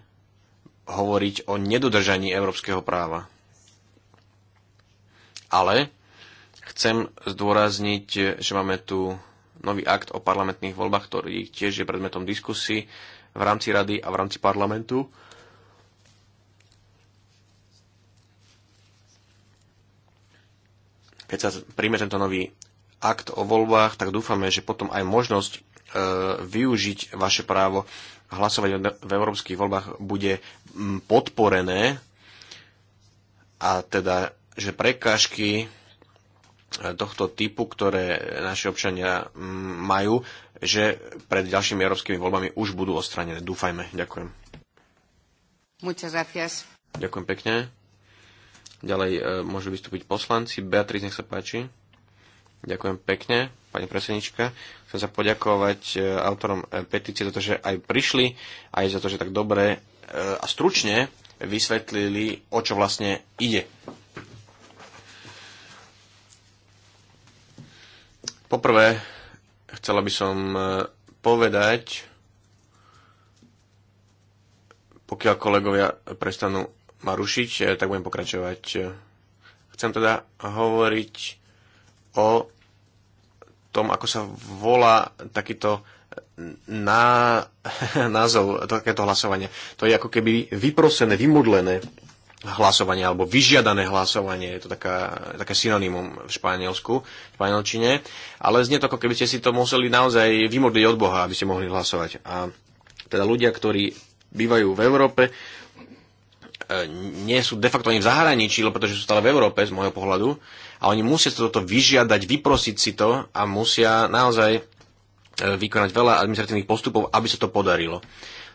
hovoriť o nedodržaní európskeho práva. Ale chcem zdôrazniť, že máme tu nový akt o parlamentných voľbách, ktorý tiež je predmetom diskusí v rámci rady a v rámci parlamentu. keď sa príjme tento nový akt o voľbách, tak dúfame, že potom aj možnosť e, využiť vaše právo hlasovať v európskych voľbách bude podporené a teda, že prekážky e, tohto typu, ktoré naši občania majú, že pred ďalšími európskymi voľbami už budú odstranené. Dúfajme. Ďakujem. Muchas gracias. Ďakujem pekne. Ďalej e, môžu vystúpiť poslanci. Beatriz, nech sa páči. Ďakujem pekne, pani presenička. Chcem sa poďakovať e, autorom e, petície za to, že aj prišli, aj za to, že tak dobre a stručne vysvetlili, o čo vlastne ide. Poprvé, chcela by som povedať, pokiaľ kolegovia prestanú ma rušiť, e, tak budem pokračovať. E, chcem teda hovoriť o tom, ako sa volá takýto na, názov, takéto hlasovanie. To je ako keby vyprosené, vymodlené hlasovanie alebo vyžiadané hlasovanie, je to taká, také synonymum v Španielsku, v španielčine, ale znie to ako keby ste si to museli naozaj vymodliť od Boha, aby ste mohli hlasovať. A teda ľudia, ktorí bývajú v Európe, nie sú de facto ani v zahraničí, lebo pretože sú stále v Európe z môjho pohľadu a oni musia sa toto vyžiadať, vyprosiť si to a musia naozaj e, vykonať veľa administratívnych postupov, aby sa to podarilo.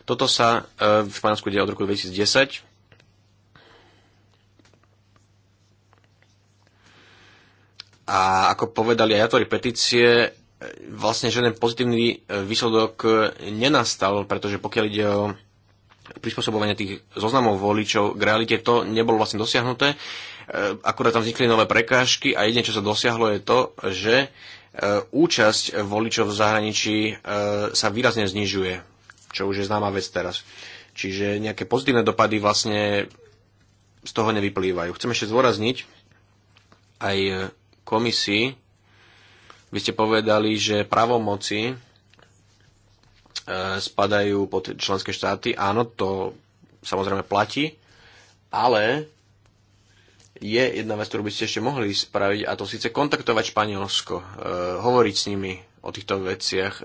Toto sa e, v Španielsku deje od roku 2010. A ako povedali aj autori petície, e, vlastne žiaden pozitívny výsledok nenastal, pretože pokiaľ ide o prispôsobovanie tých zoznamov voličov k realite, to nebolo vlastne dosiahnuté. E, akurát tam vznikli nové prekážky a jediné, čo sa dosiahlo, je to, že e, účasť voličov v zahraničí e, sa výrazne znižuje, čo už je známa vec teraz. Čiže nejaké pozitívne dopady vlastne z toho nevyplývajú. Chcem ešte zdôrazniť aj komisii. Vy ste povedali, že právomoci E, spadajú pod členské štáty. Áno, to samozrejme platí, ale je jedna vec, ktorú by ste ešte mohli spraviť a to síce kontaktovať Španielsko, e, hovoriť s nimi o týchto veciach. E,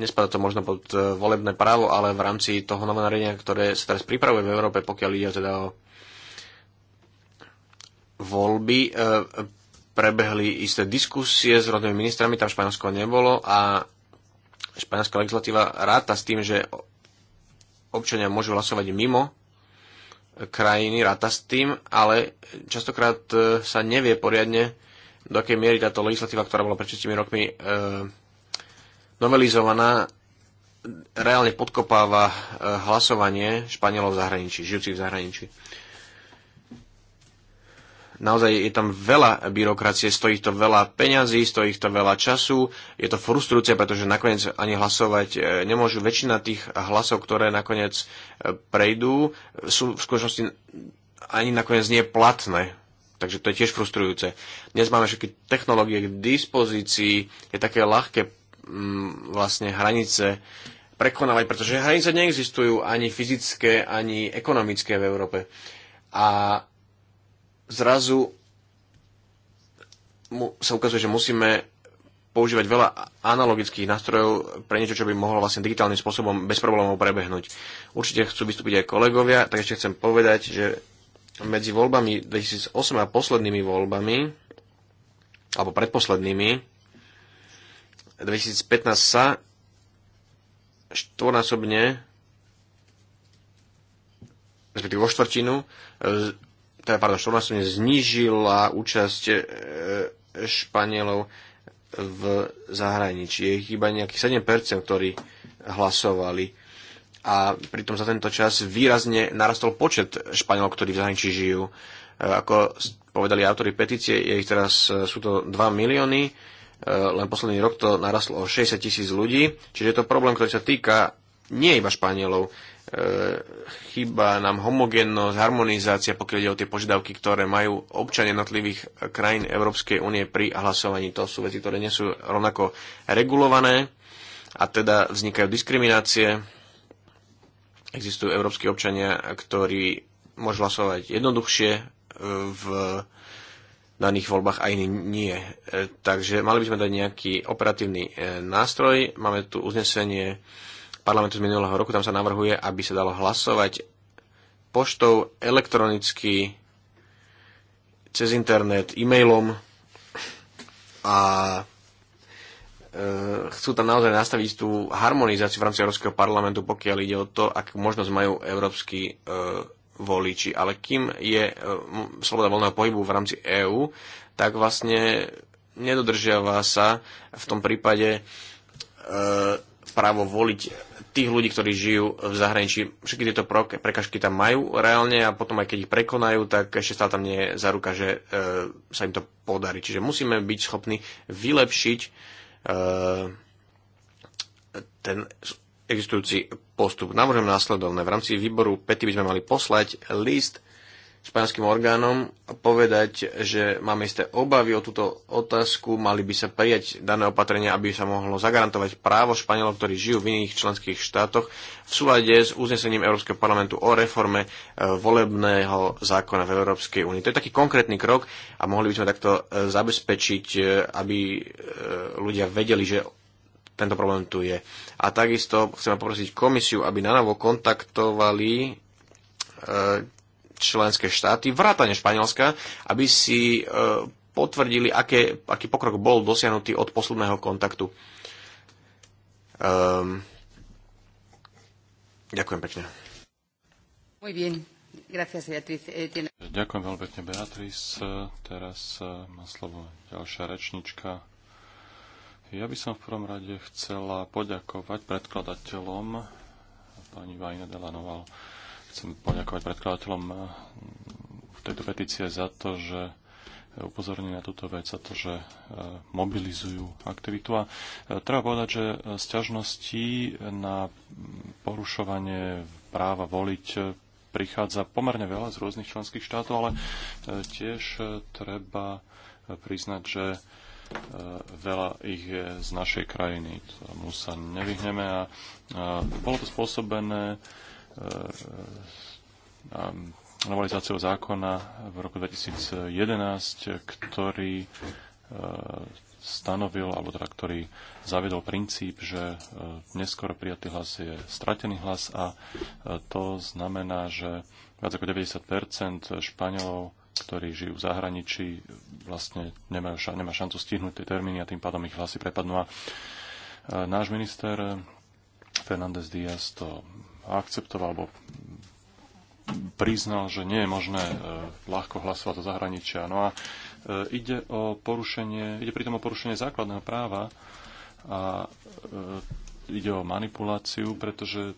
nespada to možno pod e, volebné právo, ale v rámci toho novonariadenia, ktoré sa teraz pripravuje v Európe, pokiaľ ide teda o voľby, e, prebehli isté diskusie s rodnými ministrami, tam Španielsko nebolo a španielská legislatíva ráta s tým, že občania môžu hlasovať mimo krajiny, ráta s tým, ale častokrát e, sa nevie poriadne, do akej miery táto legislatíva, ktorá bola pred 6 rokmi e, novelizovaná, reálne podkopáva e, hlasovanie Španielov v zahraničí, žijúcich v zahraničí. E, naozaj je tam veľa byrokracie, stojí to veľa peňazí, stojí to veľa času, je to frustrujúce, pretože nakoniec ani hlasovať e, nemôžu. Väčšina tých hlasov, ktoré nakoniec e, prejdú, sú v skutočnosti ani nakoniec nie platné. Takže to je tiež frustrujúce. Dnes máme všetky technológie k dispozícii, je také ľahké mm, vlastne hranice prekonávať, pretože hranice neexistujú ani fyzické, ani ekonomické v Európe. A zrazu sa ukazuje, že musíme používať veľa analogických nástrojov pre niečo, čo by mohlo vlastne digitálnym spôsobom bez problémov prebehnúť. Určite chcú vystúpiť aj kolegovia, tak ešte chcem povedať, že medzi voľbami 2008 a poslednými voľbami, alebo predposlednými, 2015 sa štvornásobne respektíve vo štvrtinu teda, pardon, štvornásobne znížila účasť e, Španielov v zahraničí. Je ich iba nejakých 7%, ktorí hlasovali a pritom za tento čas výrazne narastol počet Španielov, ktorí v zahraničí žijú. E, ako povedali autori petície, je ich teraz, e, sú to 2 milióny, len posledný rok to narastlo o 60 tisíc ľudí, čiže je to problém, ktorý sa týka nie iba Španielov. E, chýba nám homogénnosť, harmonizácia, pokiaľ ide o tie požiadavky, ktoré majú občania jednotlivých e, krajín Európskej únie pri hlasovaní. To sú veci, ktoré nie sú rovnako regulované a teda vznikajú diskriminácie. Existujú európsky občania, ktorí môžu hlasovať jednoduchšie e, v daných voľbách a iní nie. Takže mali by sme dať nejaký operatívny nástroj. Máme tu uznesenie parlamentu z minulého roku. Tam sa navrhuje, aby sa dalo hlasovať poštou elektronicky, cez internet, e-mailom a e, chcú tam naozaj nastaviť tú harmonizáciu v rámci Európskeho parlamentu, pokiaľ ide o to, akú možnosť majú európsky e, voliči. Ale kým je e, sloboda voľného pohybu v rámci EÚ, tak vlastne nedodržiava sa v tom prípade právo voliť tých ľudí, ktorí žijú v zahraničí. Všetky tieto prekažky tam majú reálne a potom aj keď ich prekonajú, tak ešte stále tam nie je ruka, že e, sa im to podarí. Čiže musíme byť schopní vylepšiť e, ten existujúci postup. Navrhujem následovné. V rámci výboru Pety by sme mali poslať list španielským orgánom povedať, že máme isté obavy o túto otázku, mali by sa prijať dané opatrenia, aby sa mohlo zagarantovať právo Španielov, ktorí žijú v iných členských štátoch v súlade s uznesením Európskeho parlamentu o reforme e, volebného zákona v Európskej únii. To je taký konkrétny krok a mohli by sme takto e, zabezpečiť, e, aby ľudia vedeli, že tento problém tu je. A takisto chceme poprosiť komisiu, aby na novo kontaktovali členské štáty, vrátane Španielska, aby si e, potvrdili, aké, aký pokrok bol dosiahnutý od posledného kontaktu. Um, ďakujem pekne. Muy bien. Gracias, Beatriz. Eh, ďakujem veľmi pekne, Beatriz. Teraz eh, má slovo ďalšia rečnička. Ja by som v prvom rade chcela poďakovať predkladateľom pani Vajne Delanoval Chcem poďakovať predkladateľom v eh, tejto petície za to, že upozorní na túto vec a to, že eh, mobilizujú aktivitu. A eh, treba povedať, že sťažností na mm, porušovanie práva voliť prichádza pomerne veľa z rôznych členských štátov, ale tiež treba priznať, že veľa ich je z našej krajiny. Tomu sa nevyhneme a bolo to spôsobené E, e, e, novelizáciou zákona v roku 2011, ktorý stanovil, alebo teda ktorý zavedol princíp, že neskoro prijatý hlas je stratený hlas a to znamená, že viac ako 90 Španielov, ktorí žijú v zahraničí, vlastne nemajú ša- nemá šancu stihnúť tie termíny a tým pádom ich hlasy prepadnú. A náš minister Fernández Díaz to akceptoval alebo priznal, že nie je možné e, ľahko hlasovať do zahraničia. No a e, ide, o porušenie, ide pritom o porušenie základného práva a e, ide o manipuláciu, pretože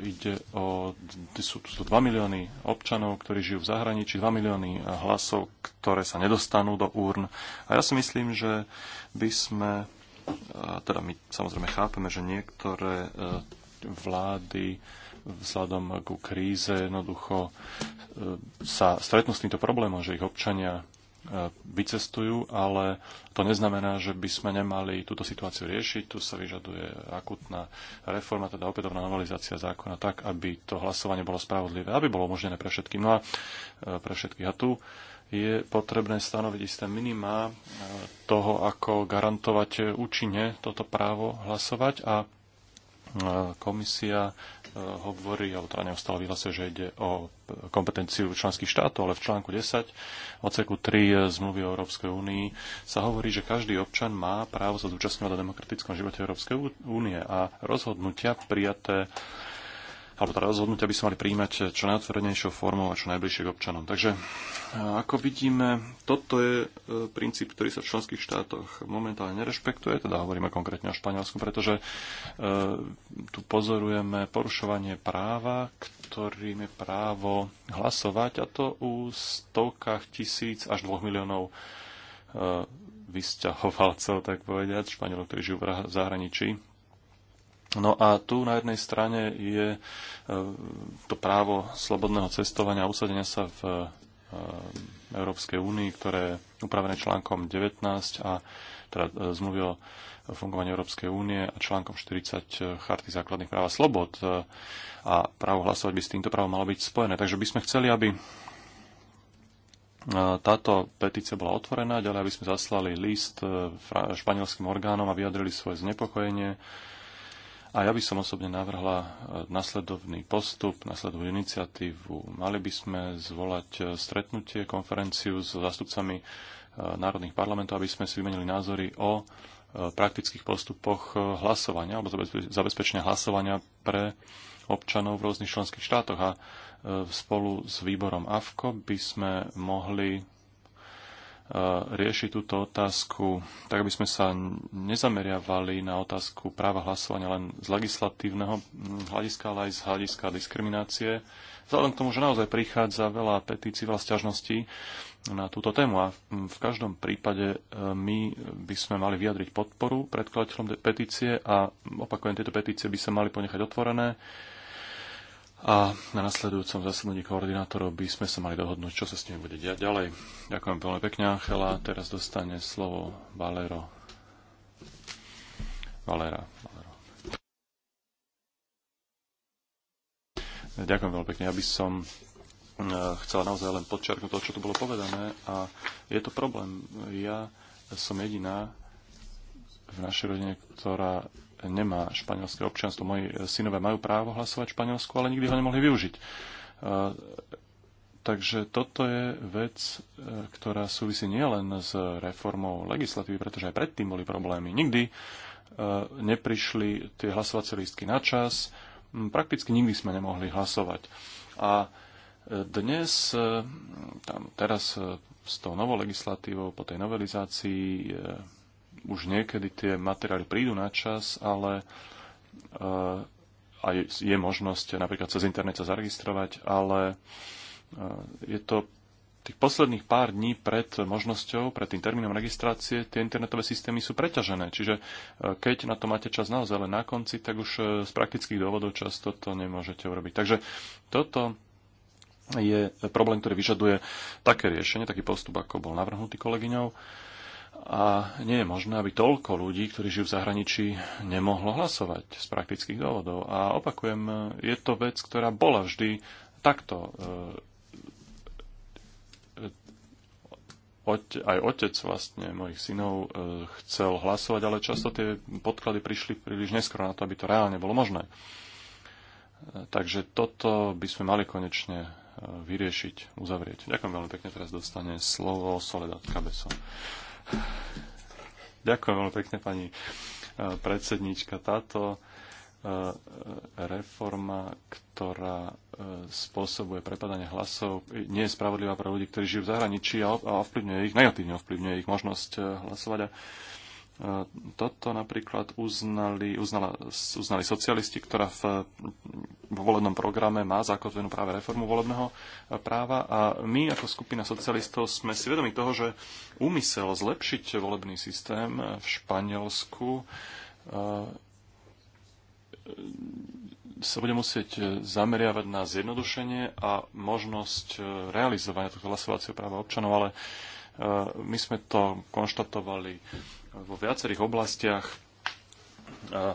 ide o, sú, to 2 milióny občanov, ktorí žijú v zahraničí, 2 milióny hlasov, ktoré sa nedostanú do úrn. A ja si myslím, že by sme, teda my samozrejme chápeme, že niektoré vlády vzhľadom ku kríze jednoducho e, sa stretnú s týmto problémom, že ich občania e, vycestujú, ale to neznamená, že by sme nemali túto situáciu riešiť. Tu sa vyžaduje akutná reforma, teda opätovná novelizácia zákona tak, aby to hlasovanie bolo spravodlivé, aby bolo umožnené pre všetky No a e, pre všetkých. A tu je potrebné stanoviť isté minima toho, ako garantovať účinne toto právo hlasovať a komisia Eh, hovorí, alebo teda neustále vyhlasuje, že ide o kompetenciu členských štátov, ale v článku 10, odseku 3 eh, zmluvy o Európskej únii sa hovorí, že každý občan má právo sa zúčastňovať na demokratickom živote Európskej únie a rozhodnutia prijaté alebo teda rozhodnutia by sa mali príjmať čo najotvorenejšou formou a čo najbližšie k občanom. Takže e, ako vidíme, toto je e, princíp, ktorý sa v členských štátoch momentálne nerešpektuje, teda hovoríme konkrétne o Španielsku, pretože e, tu pozorujeme porušovanie práva, ktorým je právo hlasovať, a to u stovkách tisíc až dvoch miliónov vysťahovalcov, tak povediať, Španielov, ktorí žijú v zahraničí. No a tu na jednej strane je e, to právo slobodného cestovania a usadenia sa v e, Európskej únii, ktoré je upravené článkom 19 a teda e, zmluvy o fungovaní Európskej únie a článkom 40 Charty základných práv a slobod a právo hlasovať by s týmto právom malo byť spojené. Takže by sme chceli, aby táto petícia bola otvorená, ďalej aby sme zaslali list španielským orgánom a vyjadrili svoje znepokojenie a ja by som osobne navrhla e, nasledovný postup, nasledovú iniciatívu. Mali by sme zvolať e, stretnutie, konferenciu s zástupcami e, národných parlamentov, aby sme si vymenili názory o praktických postupoch hlasovania alebo zabezpečenia hlasovania pre občanov v rôznych členských štátoch. A spolu s výborom AFKO by sme mohli rieši túto otázku tak, aby sme sa nezameriavali na otázku práva hlasovania len z legislatívneho mm, hľadiska, ale aj z hľadiska diskriminácie. Vzhľadom k tomu, že naozaj prichádza veľa petícií, veľa sťažností na túto tému a v mm, každom prípade e, my by sme mali vyjadriť podporu predkladateľom petície a opakujem, tieto petície by sa mali ponechať otvorené a na nasledujúcom zasadnutí koordinátorov by sme sa mali dohodnúť, čo sa s nimi bude diať ďalej. Ďakujem veľmi pekne, Angela. Teraz dostane slovo Valero. Valera. Valero. Ďakujem veľmi pekne. Ja by som eh, chcela naozaj len podčiarknúť to, čo tu bolo povedané. A je to problém. Ja som jediná v našej rodine, ktorá nemá španielské občianstvo. Moji e, synové majú právo hlasovať v Španielsku, ale nikdy ho nemohli využiť. E, takže toto je vec, e, ktorá súvisí nielen s reformou legislatívy, pretože aj predtým boli problémy. Nikdy neprišli tie hlasovacie lístky na čas, prakticky nikdy sme nemohli hlasovať. A dnes, tam, teraz s tou novou legislatívou, po tej novelizácii už niekedy tie materiály prídu na čas, ale uh, eh, je, je možnosť napríklad cez internet sa zaregistrovať, ale eh, je to tých posledných pár dní pred možnosťou, pred tým termínom registrácie, tie internetové systémy sú preťažené. Čiže eh, keď na to máte čas naozaj len na konci, tak už z praktických dôvodov často to nemôžete urobiť. Takže toto je problém, ktorý vyžaduje také riešenie, taký postup, ako bol navrhnutý kolegyňou. A nie je možné, aby toľko ľudí, ktorí žijú v zahraničí, nemohlo hlasovať z praktických dôvodov. A opakujem, je to vec, ktorá bola vždy takto. E, e, aj otec vlastne mojich synov e, chcel hlasovať, ale často tie podklady prišli príliš neskoro na to, aby to reálne bolo možné. Takže toto by sme mali konečne vyriešiť, uzavrieť. Ďakujem veľmi pekne, teraz dostane slovo Soledad Kabeso. Ďakujem veľmi pekne, pani e, predsednička. Táto e, reforma, ktorá e, spôsobuje prepadanie hlasov, nie je spravodlivá pre ľudí, ktorí žijú v zahraničí a ovplyvňuje ich, negatívne ovplyvňuje ich možnosť hlasovať. A E, toto napríklad uznali, uznala, uznali socialisti, ktorá v, vo volebnom programe má zakotvenú práve reformu volebného práva a my ako skupina socialistov sme si vedomi toho, že úmysel zlepšiť volebný systém v Španielsku e, sa bude musieť zameriavať na zjednodušenie a možnosť realizovania tohto hlasovacieho práva občanov, ale e, my sme to konštatovali vo viacerých oblastiach a,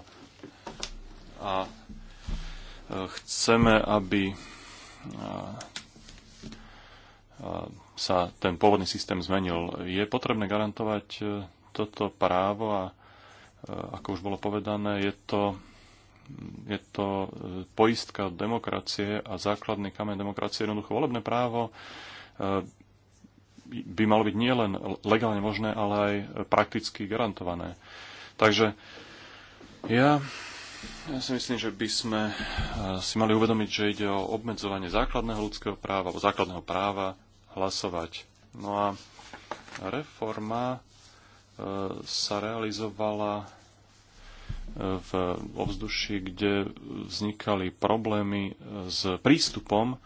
a e, chceme, aby sa ten pôvodný systém zmenil. Je potrebné garantovať e, toto právo a e, ako už bolo povedané, je to, je to poistka demokracie a základný kameň demokracie, jednoducho volebné právo by malo byť nielen legálne možné, ale aj prakticky garantované. Takže ja, ja si myslím, že by sme eh, si mali uvedomiť, že ide o obmedzovanie základného ľudského práva alebo základného práva hlasovať. No a reforma eh, sa realizovala eh, v ovzduši, kde vznikali problémy s prístupom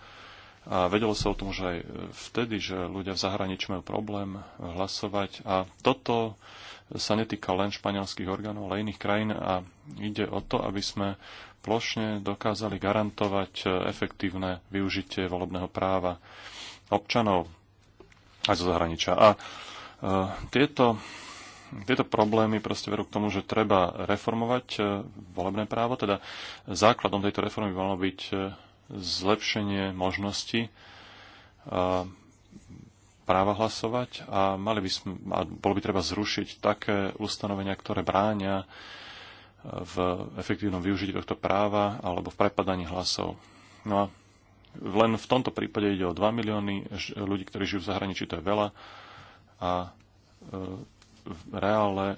a vedelo sa o tom už aj e, vtedy, že ľudia v zahraničí majú problém e, hlasovať. A toto sa netýka len španielských orgánov, ale iných krajín. A ide o to, aby sme plošne dokázali garantovať e, efektívne využitie volebného práva občanov aj zo zahraničia. A e, tieto, tieto problémy proste verú k tomu, že treba reformovať e, volebné právo, teda základom tejto reformy by malo byť zlepšenie možnosti práva hlasovať a, mali by sme, a bolo by treba zrušiť také ustanovenia, ktoré bránia v efektívnom využití tohto práva alebo v prepadaní hlasov. No a len v tomto prípade ide o 2 milióny ľudí, ktorí žijú v zahraničí, to je veľa a e, v reále e,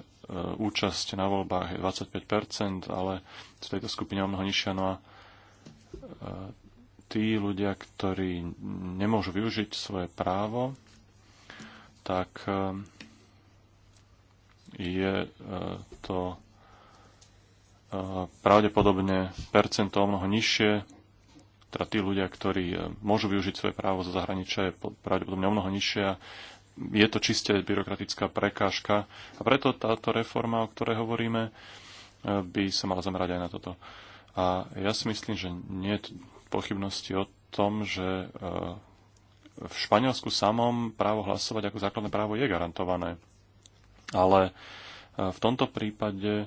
účasť na voľbách je 25%, ale v tejto skupine o mnoho nižšia. No a e, tí ľudia, ktorí nemôžu využiť svoje právo, tak eh, je eh, to eh, pravdepodobne percento o mnoho nižšie, teda tí ľudia, ktorí môžu využiť svoje právo zo zahraničia, je pravdepodobne o mnoho nižšie. Je to čiste byrokratická prekážka a preto táto reforma, o ktorej hovoríme, by sa mala zamerať aj na toto. A ja si myslím, že nie, pochybnosti o tom, že e, v Španielsku samom právo hlasovať ako základné právo je garantované. Ale e, v tomto prípade e,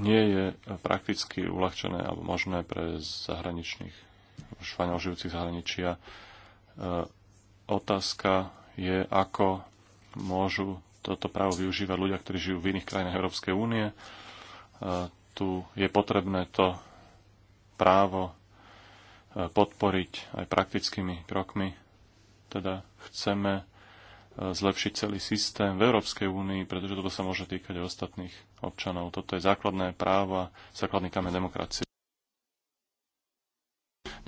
nie je prakticky uľahčené alebo možné pre zahraničných, španiel žijúcich zahraničia. Otázka je, ako môžu toto právo využívať ľudia, ktorí žijú v iných krajinách Európskej únie tu je potrebné to právo e, podporiť aj praktickými krokmi. Teda chceme e, zlepšiť celý systém v Európskej únii, pretože toto sa môže týkať aj ostatných občanov. Toto je základné právo a základný kameň demokracie.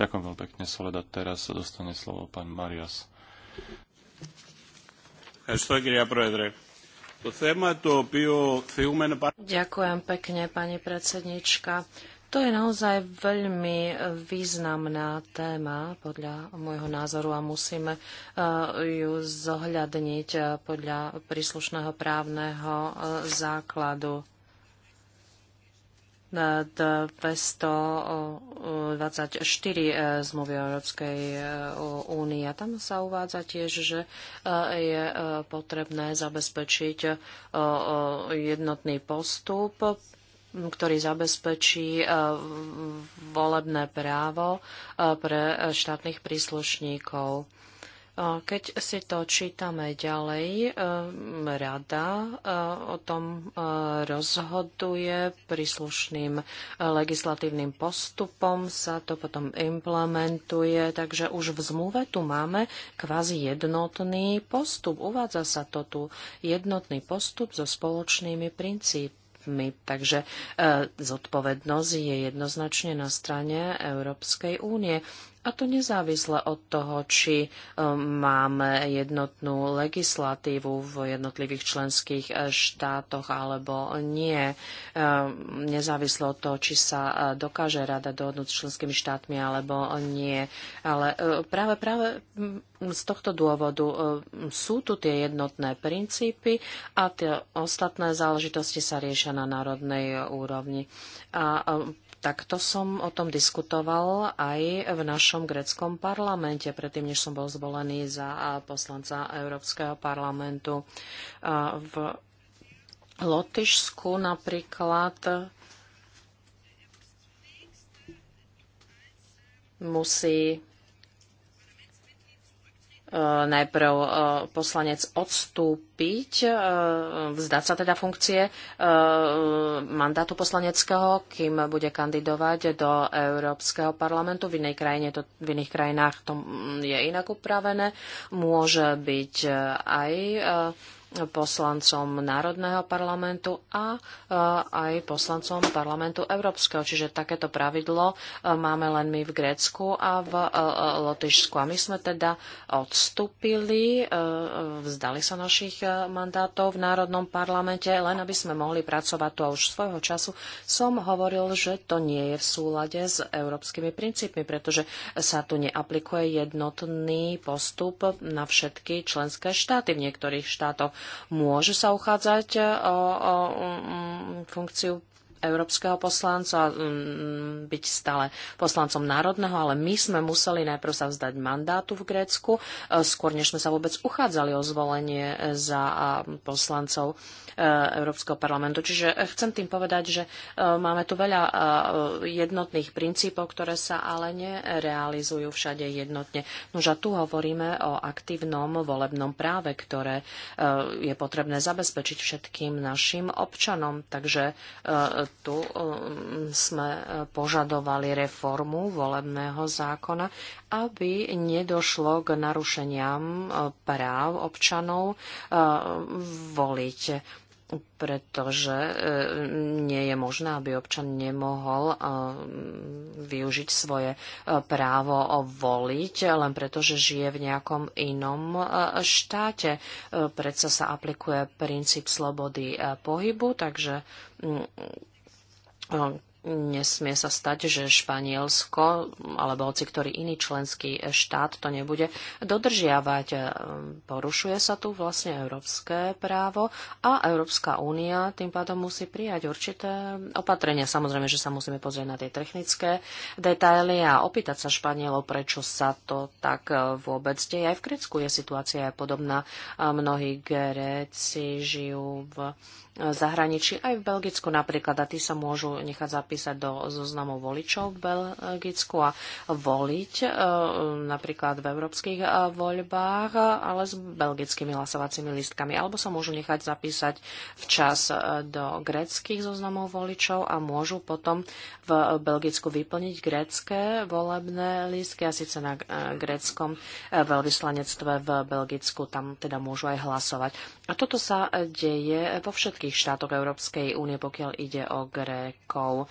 Ďakujem veľmi pekne, Soleda. Teraz sa dostane slovo pán Marias. Ďakujem pekne, pani predsednička. To je naozaj veľmi e, významná téma podľa môjho názoru a musíme e, ju zohľadniť e, podľa príslušného právneho základu. 224 e, zmluvy Európskej e, únie. A tam sa uvádza tiež, že e, je potrebné zabezpečiť jednotný postup ktorý zabezpečí volebné právo pre štátnych príslušníkov. Keď si to čítame ďalej, ehm, rada ehm, o tom ehm, rozhoduje príslušným legislatívnym postupom, sa to potom implementuje, takže už v zmluve tu máme kvázi jednotný postup. Uvádza sa to tu jednotný postup so spoločnými princípmi my. Takže e, zodpovednosť je jednoznačne na strane Európskej únie. A to nezávisle od toho, či e, máme jednotnú legislatívu v jednotlivých členských e, štátoch alebo nie. E, nezávisle od toho, či sa dokáže rada dohodnúť s členskými štátmi alebo nie. Ale práve, práve z tohto dôvodu sú tu tie jednotné princípy a tie ostatné záležitosti sa riešia na národnej úrovni. A Takto som o tom diskutoval aj v našom greckom parlamente, predtým, než som bol zvolený za poslanca Európskeho parlamentu. V Lotyšsku napríklad musí E, najprv e, poslanec odstúpiť, e, vzdať sa teda funkcie mandátu poslaneckého, kým bude kandidovať do Európskeho parlamentu. V, inej krajine to, v iných krajinách to mm, je inak upravené. Môže byť aj poslancom Národného parlamentu a aj poslancom parlamentu Európskeho. Čiže takéto pravidlo máme len my v Grécku a v Lotyšsku. A my sme teda odstúpili, vzdali sa našich mandátov v Národnom parlamente, len aby sme mohli pracovať tu. A už svojho času som hovoril, že to nie je v súlade s európskymi princípmi, pretože sa tu neaplikuje jednotný postup na všetky členské štáty. V niektorých štátoch môže sa uchádzať o, o, o funkciu európskeho poslanca, mm, byť stále poslancom národného, ale my sme museli najprv sa vzdať mandátu v Grécku, e, skôr než sme sa vôbec uchádzali o zvolenie e, za poslancov e, Európskeho parlamentu. Čiže chcem tým povedať, že máme tu veľa jednotných princípov, ktoré sa ale nerealizujú všade jednotne. Nož a tu hovoríme o aktívnom volebnom práve, ktoré je potrebné zabezpečiť všetkým našim občanom. Takže tu um, sme eh, požadovali reformu volebného zákona, aby nedošlo k narušeniam eh, práv občanov eh, voliť pretože nie je možné, aby občan nemohol využiť svoje právo voliť, len preto, že žije v nejakom inom štáte. Predsa sa aplikuje princíp slobody pohybu, takže mm, No, nesmie sa stať, že Španielsko alebo hoci ktorý iný členský štát to nebude dodržiavať. Ehm, porušuje sa tu vlastne európske právo a Európska únia tým pádom musí prijať určité opatrenia. Samozrejme, že sa musíme pozrieť na tie technické detaily a opýtať sa Španielov, prečo sa to tak e, vôbec deje. Aj v Grécku je situácia podobná. Mnohí Gréci žijú v zahraničí, aj v Belgicku napríklad, a tí sa môžu nechať zapísať do zoznamu voličov v Belgicku a voliť e, napríklad v európskych e, voľbách, ale s belgickými hlasovacími listkami, alebo sa môžu nechať zapísať včas e, do greckých zoznamov voličov a môžu potom v Belgicku vyplniť grécké volebné listky a síce na gréckom veľvyslanectve v Belgicku, tam teda môžu aj hlasovať. A toto sa deje vo všetkých členských štátoch Európskej únie, pokiaľ ide o Grékov.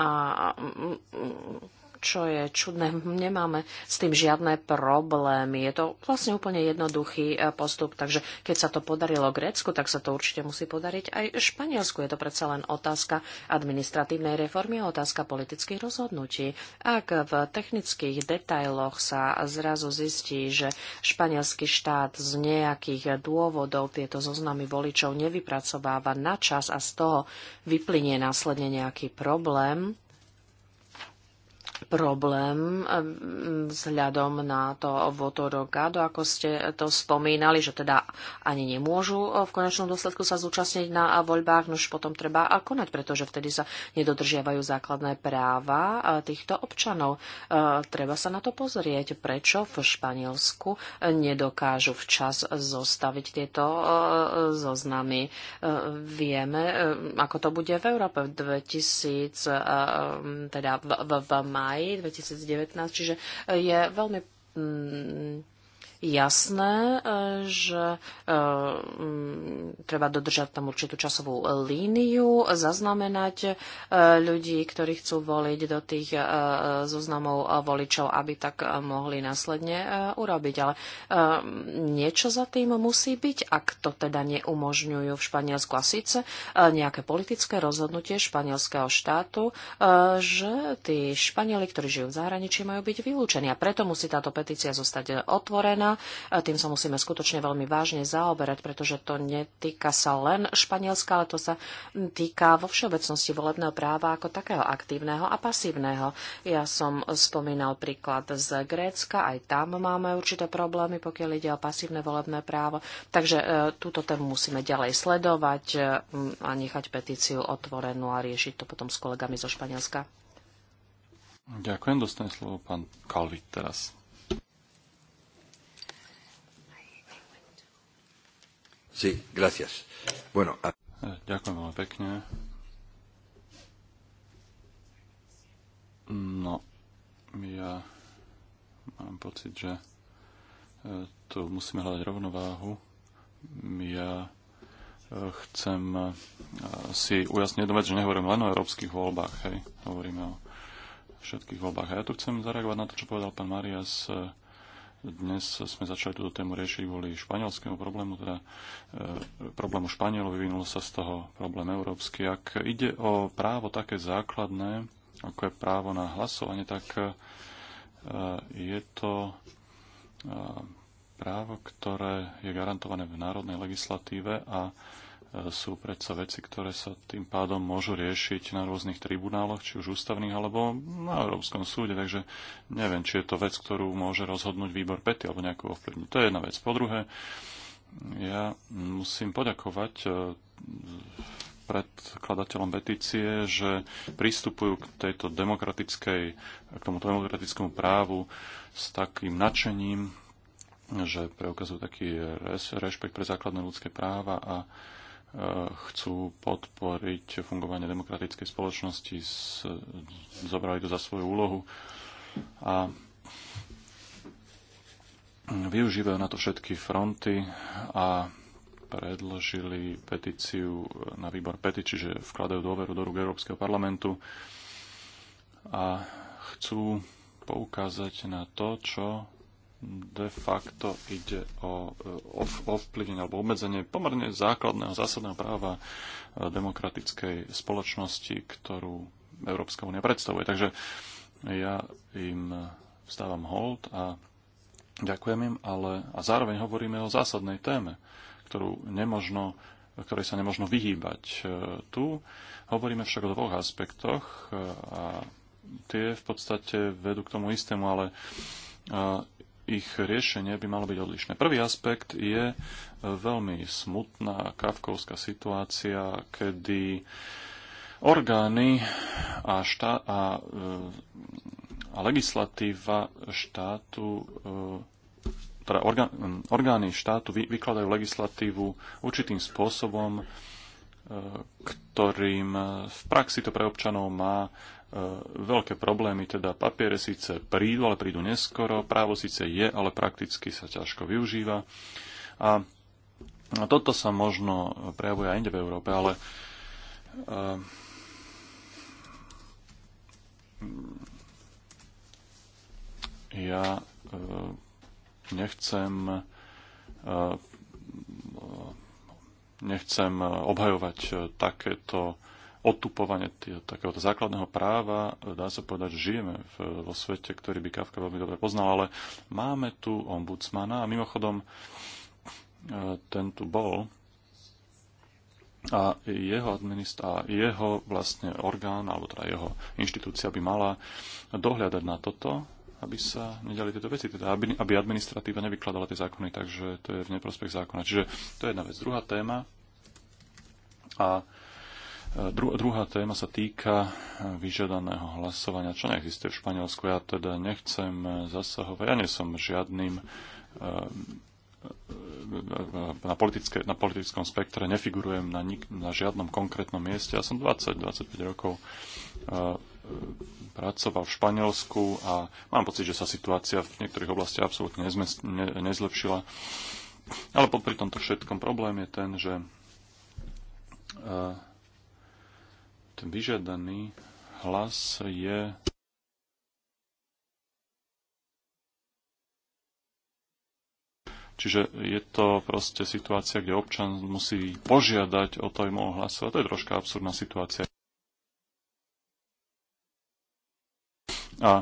A mm, mm, čo je čudné, nemáme s tým žiadne problémy. Je to vlastne úplne jednoduchý e, postup, takže keď sa to podarilo Grécku, tak sa to určite musí podariť aj Španielsku. Je to predsa len otázka administratívnej reformy a otázka politických rozhodnutí. Ak v technických detailoch sa zrazu zistí, že španielský štát z nejakých dôvodov tieto zoznamy voličov nevypracováva na čas a z toho vyplynie následne nejaký problém, problém vzhľadom na to voto ako ste to spomínali, že teda ani nemôžu v konečnom dôsledku sa zúčastniť na voľbách, nož potom treba konať, pretože vtedy sa nedodržiavajú základné práva týchto občanov. E, treba sa na to pozrieť, prečo v Španielsku e, nedokážu včas zostaviť tieto e, zoznamy. Vieme, ako to bude v Európe v 2000, teda v, v, v má máji 2019, čiže eh, je veľmi mm, jasné, e, že e, treba dodržať tam určitú časovú líniu, zaznamenať e, ľudí, ktorí chcú voliť do tých zoznamov voličov, aby tak mohli následne urobiť. Ale niečo za tým musí byť, ak to teda neumožňujú v Španielsku. A síce nejaké politické rozhodnutie španielského štátu, že tí Španieli, ktorí žijú v zahraničí, majú byť vylúčení. A preto musí táto petícia zostať otvorená krajina. Tým sa musíme skutočne veľmi vážne zaoberať, pretože to netýka sa len Španielska, ale to sa týka vo všeobecnosti volebného práva ako takého aktívneho a pasívneho. Ja som spomínal príklad z Grécka, aj tam máme určité problémy, pokiaľ ide o pasívne volebné právo. Takže e, túto tému musíme ďalej sledovať e, a nechať petíciu otvorenú a riešiť to potom s kolegami zo Španielska. Ďakujem, dostane slovo pán Kalvit teraz. Sí, gracias. Bueno, a... Ďakujem veľmi pekne. No, ja mám pocit, že e, tu musíme hľadať rovnováhu. Ja e, chcem e, si ujasniť jednu vec, že nehovorím len o európskych voľbách, hej, hovoríme o všetkých voľbách. A ja tu chcem zareagovať na to, čo povedal pán Marias dnes sme začali túto tému riešiť kvôli španielskému problému, teda e, problému Španielov, vyvinul sa z toho problém európsky. Ak ide o právo také základné, ako je právo na hlasovanie, tak e, je to e, právo, ktoré je garantované v národnej legislatíve a e, sú predsa veci, ktoré sa tým pádom môžu riešiť na rôznych tribunáloch, či už ústavných, alebo na Európskom súde. Takže neviem, či je to vec, ktorú môže rozhodnúť výbor pety alebo nejakú ovplyvniť. To je jedna vec. Po druhé, ja musím poďakovať e, predkladateľom petície, že pristupujú k tejto demokratickej, k tomuto demokratickému právu s takým nadšením, že preukazujú taký rešpekt pre základné ľudské práva a chcú podporiť fungovanie demokratickej spoločnosti, zobrali to za svoju úlohu a využívajú na to všetky fronty a predložili petíciu na výbor peti, čiže vkladajú dôveru do rúk Európskeho parlamentu a chcú poukázať na to, čo de facto ide o ovplyvnenie alebo obmedzenie pomerne základného zásadného práva e, demokratickej spoločnosti, ktorú Európska únia predstavuje. Takže ja im vstávam hold a ďakujem im, ale a zároveň hovoríme o zásadnej téme, ktorú nemožno ktorej sa nemožno vyhýbať. E, tu hovoríme však o dvoch aspektoch e, a tie v podstate vedú k tomu istému, ale ich riešenie by malo byť odlišné. Prvý aspekt je veľmi smutná kafkovská situácia, kedy orgány a, štá- a, e, a legislatíva štátu e, teda orgány štátu vykladajú legislatívu určitým spôsobom, e, ktorým v praxi to pre občanov má E, veľké problémy, teda papiere síce prídu, ale prídu neskoro, právo síce je, ale prakticky sa ťažko využíva. A toto sa možno prejavuje aj inde v Európe, ale e, ja e, nechcem nechcem obhajovať takéto otupovanie týho, takéhoto základného práva, dá sa povedať, že žijeme v, vo svete, ktorý by Kafka veľmi dobre poznal, ale máme tu ombudsmana a mimochodom e, ten tu bol a jeho, a jeho vlastne orgán, alebo teda jeho inštitúcia by mala dohľadať na toto, aby sa nedali tieto veci, teda aby, aby administratíva nevykladala tie zákony, takže to je v neprospech zákona. Čiže to je jedna vec. Druhá téma a Dru- druhá téma sa týka eh, vyžiadaného hlasovania, čo neexistuje v Španielsku. Ja teda nechcem zasahovať, ja nie som žiadnym eh, eh, na, politické, na politickom spektre nefigurujem na, nik- na žiadnom konkrétnom mieste. Ja som 20-25 rokov pracoval v Španielsku a mám pocit, že sa situácia v niektorých oblastiach absolútne ne- nezlepšila. Ale popri tomto všetkom problém je ten, že vyžiadaný hlas je Čiže je to proste situácia, kde občan musí požiadať o to, aby mohol hlasovať. To je troška absurdná situácia. A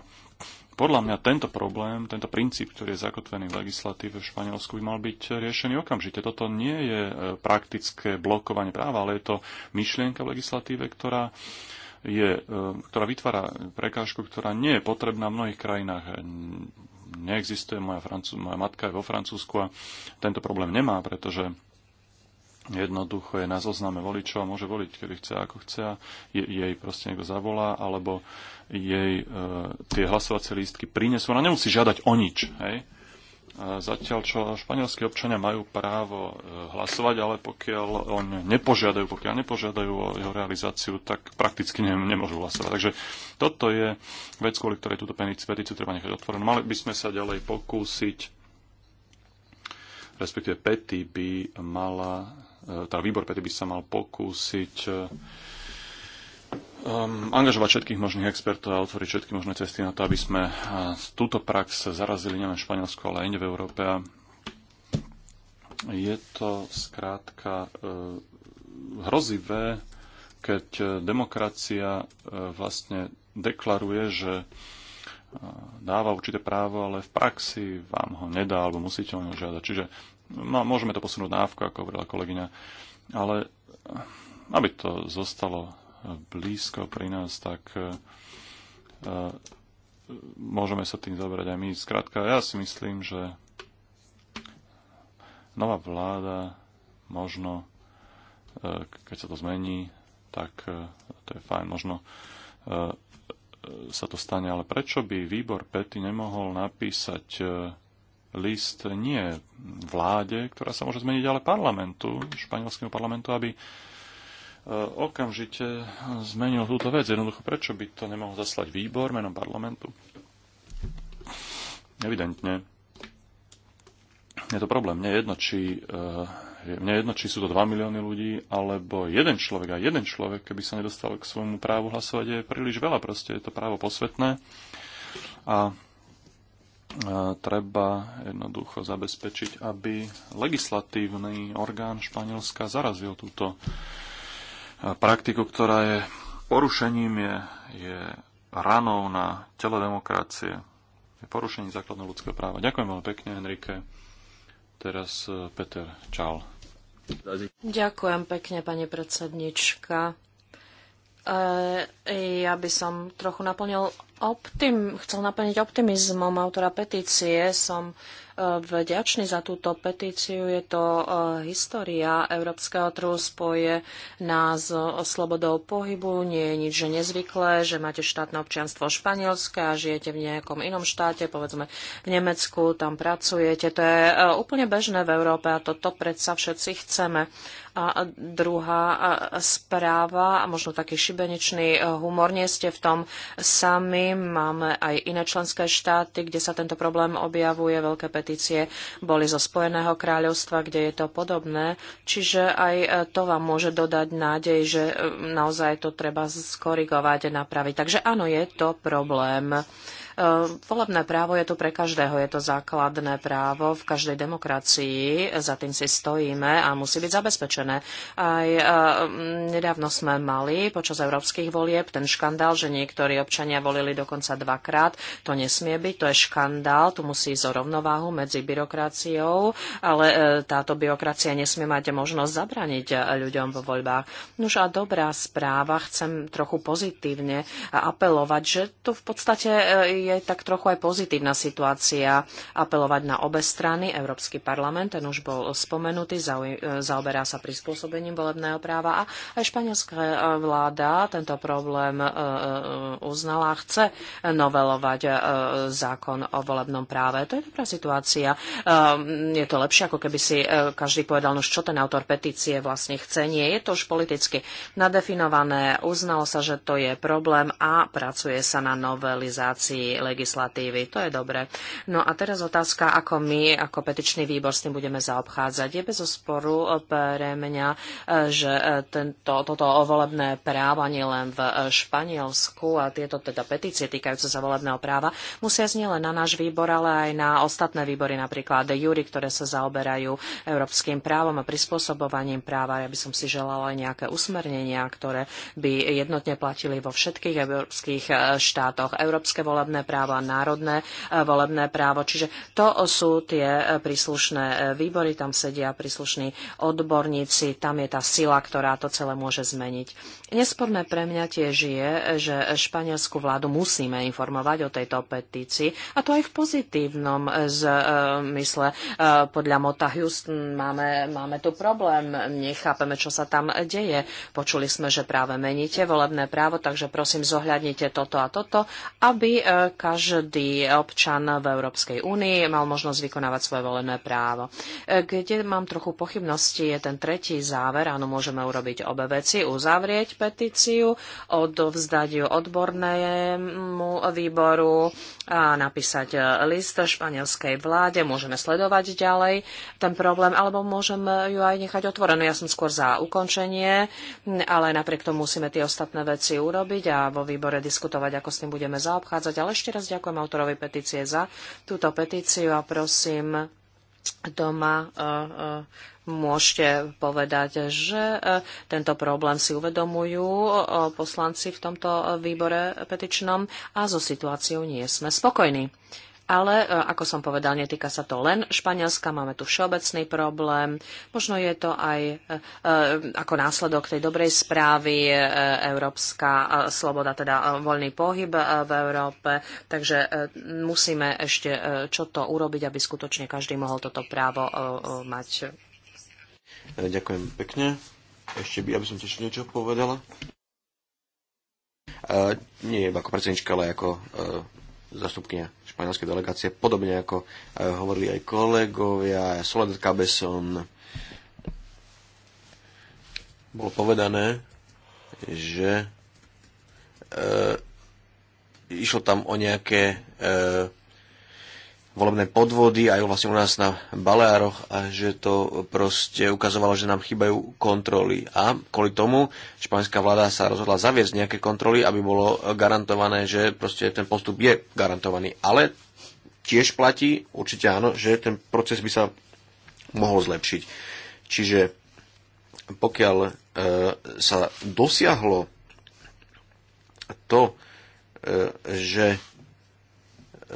podľa mňa tento problém, tento princíp, ktorý je zakotvený v legislatíve v Španielsku, by mal byť riešený okamžite. Toto nie je e, praktické blokovanie práva, ale je to myšlienka v legislatíve, ktorá, je, e, ktorá vytvára prekážku, ktorá nie je potrebná v mnohých krajinách. Neexistuje, moja, Francú, moja matka je vo Francúzsku a tento problém nemá, pretože jednoducho je na zozname voličov a môže voliť, kedy chce, ako chce a jej proste niekto zavolá, alebo jej e, tie hlasovacie lístky prinesú. Ona nemusí žiadať o nič. Hej? Zatiaľ, čo španielskí občania majú právo e, hlasovať, ale pokiaľ on nepožiadajú, pokiaľ nepožiadajú o jeho realizáciu, tak prakticky ne, nemôžu hlasovať. Takže toto je vec, kvôli ktorej túto petíciu treba nechať otvorenú. Mali by sme sa ďalej pokúsiť, respektíve Peti by mala E, teda výbor pety by sa mal pokúsiť e, um, angažovať všetkých možných expertov a otvoriť všetky možné cesty na to, aby sme e, túto prax zarazili nielen v Španielsku, ale aj inde v Európe. A je to zkrátka uh, hrozivé, keď demokracia uh, vlastne deklaruje, že dáva určité právo, ale v praxi vám ho nedá alebo musíte o ňo žiadať. Čiže No, môžeme to posunúť na Avko, ako hovorila kolegyňa, ale aby to zostalo blízko pri nás, tak e, môžeme sa tým zaoberať aj my. Skrátka, ja si myslím, že nová vláda možno, e, keď sa to zmení, tak e, to je fajn, možno sa to stane, ale prečo by výbor Pety nemohol napísať list nie vláde, ktorá sa môže zmeniť, ale parlamentu, španielskému parlamentu, aby e, okamžite zmenil túto vec. Jednoducho, prečo by to nemohol zaslať výbor menom parlamentu? Evidentne je to problém. Mne je jedno, či, e, mne je jedno, či sú to 2 milióny ľudí, alebo jeden človek. A jeden človek, keby sa nedostal k svojmu právu hlasovať, je príliš veľa. Proste je to právo posvetné. A treba jednoducho zabezpečiť, aby legislatívny orgán Španielska zarazil túto eh, praktiku, ktorá je porušením, je, je ranou na tele demokracie, je porušením základného ľudského práva. Ďakujem veľmi pekne, Enrique. Teraz eh, Peter, čau. Ďakujem pekne, pani predsednička. Eh, ja by som trochu naplnil optim, chcel naplniť optimizmom autora petície. Som eh, vďačný za túto petíciu. Je to eh, história európskeho trhu spoje nás slobodou pohybu. Nie je nič nezvyklé, že máte štátne občianstvo Španielska a žijete v nejakom inom štáte, povedzme v Nemecku, tam pracujete. To je úplne bežné v Európe a toto predsa všetci chceme. A druhá správa, a možno taký šibenečný e, humor, nie ste v tom sami. Máme aj iné členské štáty, kde sa tento problém objavuje. Veľké petície boli zo Spojeného kráľovstva, kde je to podobné. Čiže aj e, to vám môže dodať nádej, že e, naozaj to treba skorigovať a napraviť. Takže áno, je to problém. Ehm, volebné právo je tu pre každého, je to základné právo v každej demokracii, za tým si stojíme a musí byť zabezpečené. Aj ehm, nedávno sme mali počas európskych volieb ten škandál, že niektorí občania volili dokonca dvakrát. To nesmie byť, to je škandál, tu musí ísť o rovnováhu medzi byrokraciou, ale e, táto byrokracia nesmie mať možnosť zabraniť e, ľuďom vo voľbách. Nuž a dobrá správa, chcem trochu pozitívne apelovať, že to v podstate e, je tak trochu aj pozitívna situácia apelovať na obe strany. Európsky parlament, ten už bol spomenutý, e, zaoberá sa prispôsobením volebného práva a aj španielská e, vláda tento problém e, uznala a chce novelovať zákon o volebnom práve. To je dobrá situácia. Je to lepšie, ako keby si každý povedal, no čo ten autor petície vlastne chce. Nie, je to už politicky nadefinované, uznalo sa, že to je problém a pracuje sa na novelizácii legislatívy. To je dobré. No a teraz otázka, ako my, ako petičný výbor s tým budeme zaobchádzať. Je bez osporu pre mňa, e, že e, tento, toto volebné práva len v e, Španielsku a tieto teda petície týkajúce sa volebného práva musia znieť len na náš výbor, ale aj na ostatné výbory, napríklad júry, ktoré sa zaoberajú európskym právom a prispôsobovaním práva. Ja by som si želala aj nejaké usmernenia, ktoré by jednotne platili vo všetkých európskych štátoch. Európske volebné právo a národné e, volebné právo. Čiže to sú tie e, príslušné e, výbory, tam sedia príslušní odborníci, tam je tá sila, ktorá to celé môže zmeniť. Nesporné pre mňa tiež je, že španielskú vládu musíme informovať o tejto petícii a to aj v pozitívnom zmysle. Podľa Mota Houston máme, máme tu problém, nechápeme, čo sa tam deje. Počuli sme, že práve meníte volebné právo, takže prosím zohľadnite toto a toto, aby každý občan v Európskej únii mal možnosť vykonávať svoje volené právo. E, kde mám trochu pochybnosti je ten tretí záver. Áno, môžeme urobiť obe veci. Uzavrieť petíciu, odovzdať ju odbornému výboru a napísať list španielskej vláde. Môžeme sledovať ďalej ten problém, alebo môžeme ju aj nechať otvorenú. Ja som skôr za ukončenie, ale napriek tomu musíme tie ostatné veci urobiť a vo výbore diskutovať, ako s tým budeme zaobchádzať. Ale ešte raz ďakujem autorovi petície za túto petíciu a prosím doma e, e, môžete povedať, že e, tento problém si uvedomujú poslanci v tomto výbore petičnom a so situáciou nie sme spokojní. Ale, e, ako som povedal, netýka sa to len Španielska, máme tu všeobecný problém. Možno je to aj e, e, ako následok tej dobrej správy európska sloboda, teda voľný pohyb v Európe. Takže musíme ešte čo to urobiť, aby skutočne každý mohol toto právo mať. Ďakujem pekne. Ešte by, aby som ešte niečo povedala. Uh, nie ako predsednička, ale ako uh, zastupkynia španielskej delegácie, podobne ako e, hovorili aj kolegovia, Soledad Cabeson. Bolo povedané, že e, išlo tam o nejaké e, volebné podvody aj vlastne u nás na Baleároch a že to proste ukazovalo, že nám chýbajú kontroly. A kvôli tomu španielská vláda sa rozhodla zaviesť nejaké kontroly, aby bolo garantované, že proste ten postup je garantovaný. Ale tiež platí, určite áno, že ten proces by sa mohol zlepšiť. Čiže pokiaľ e, sa dosiahlo to, e, že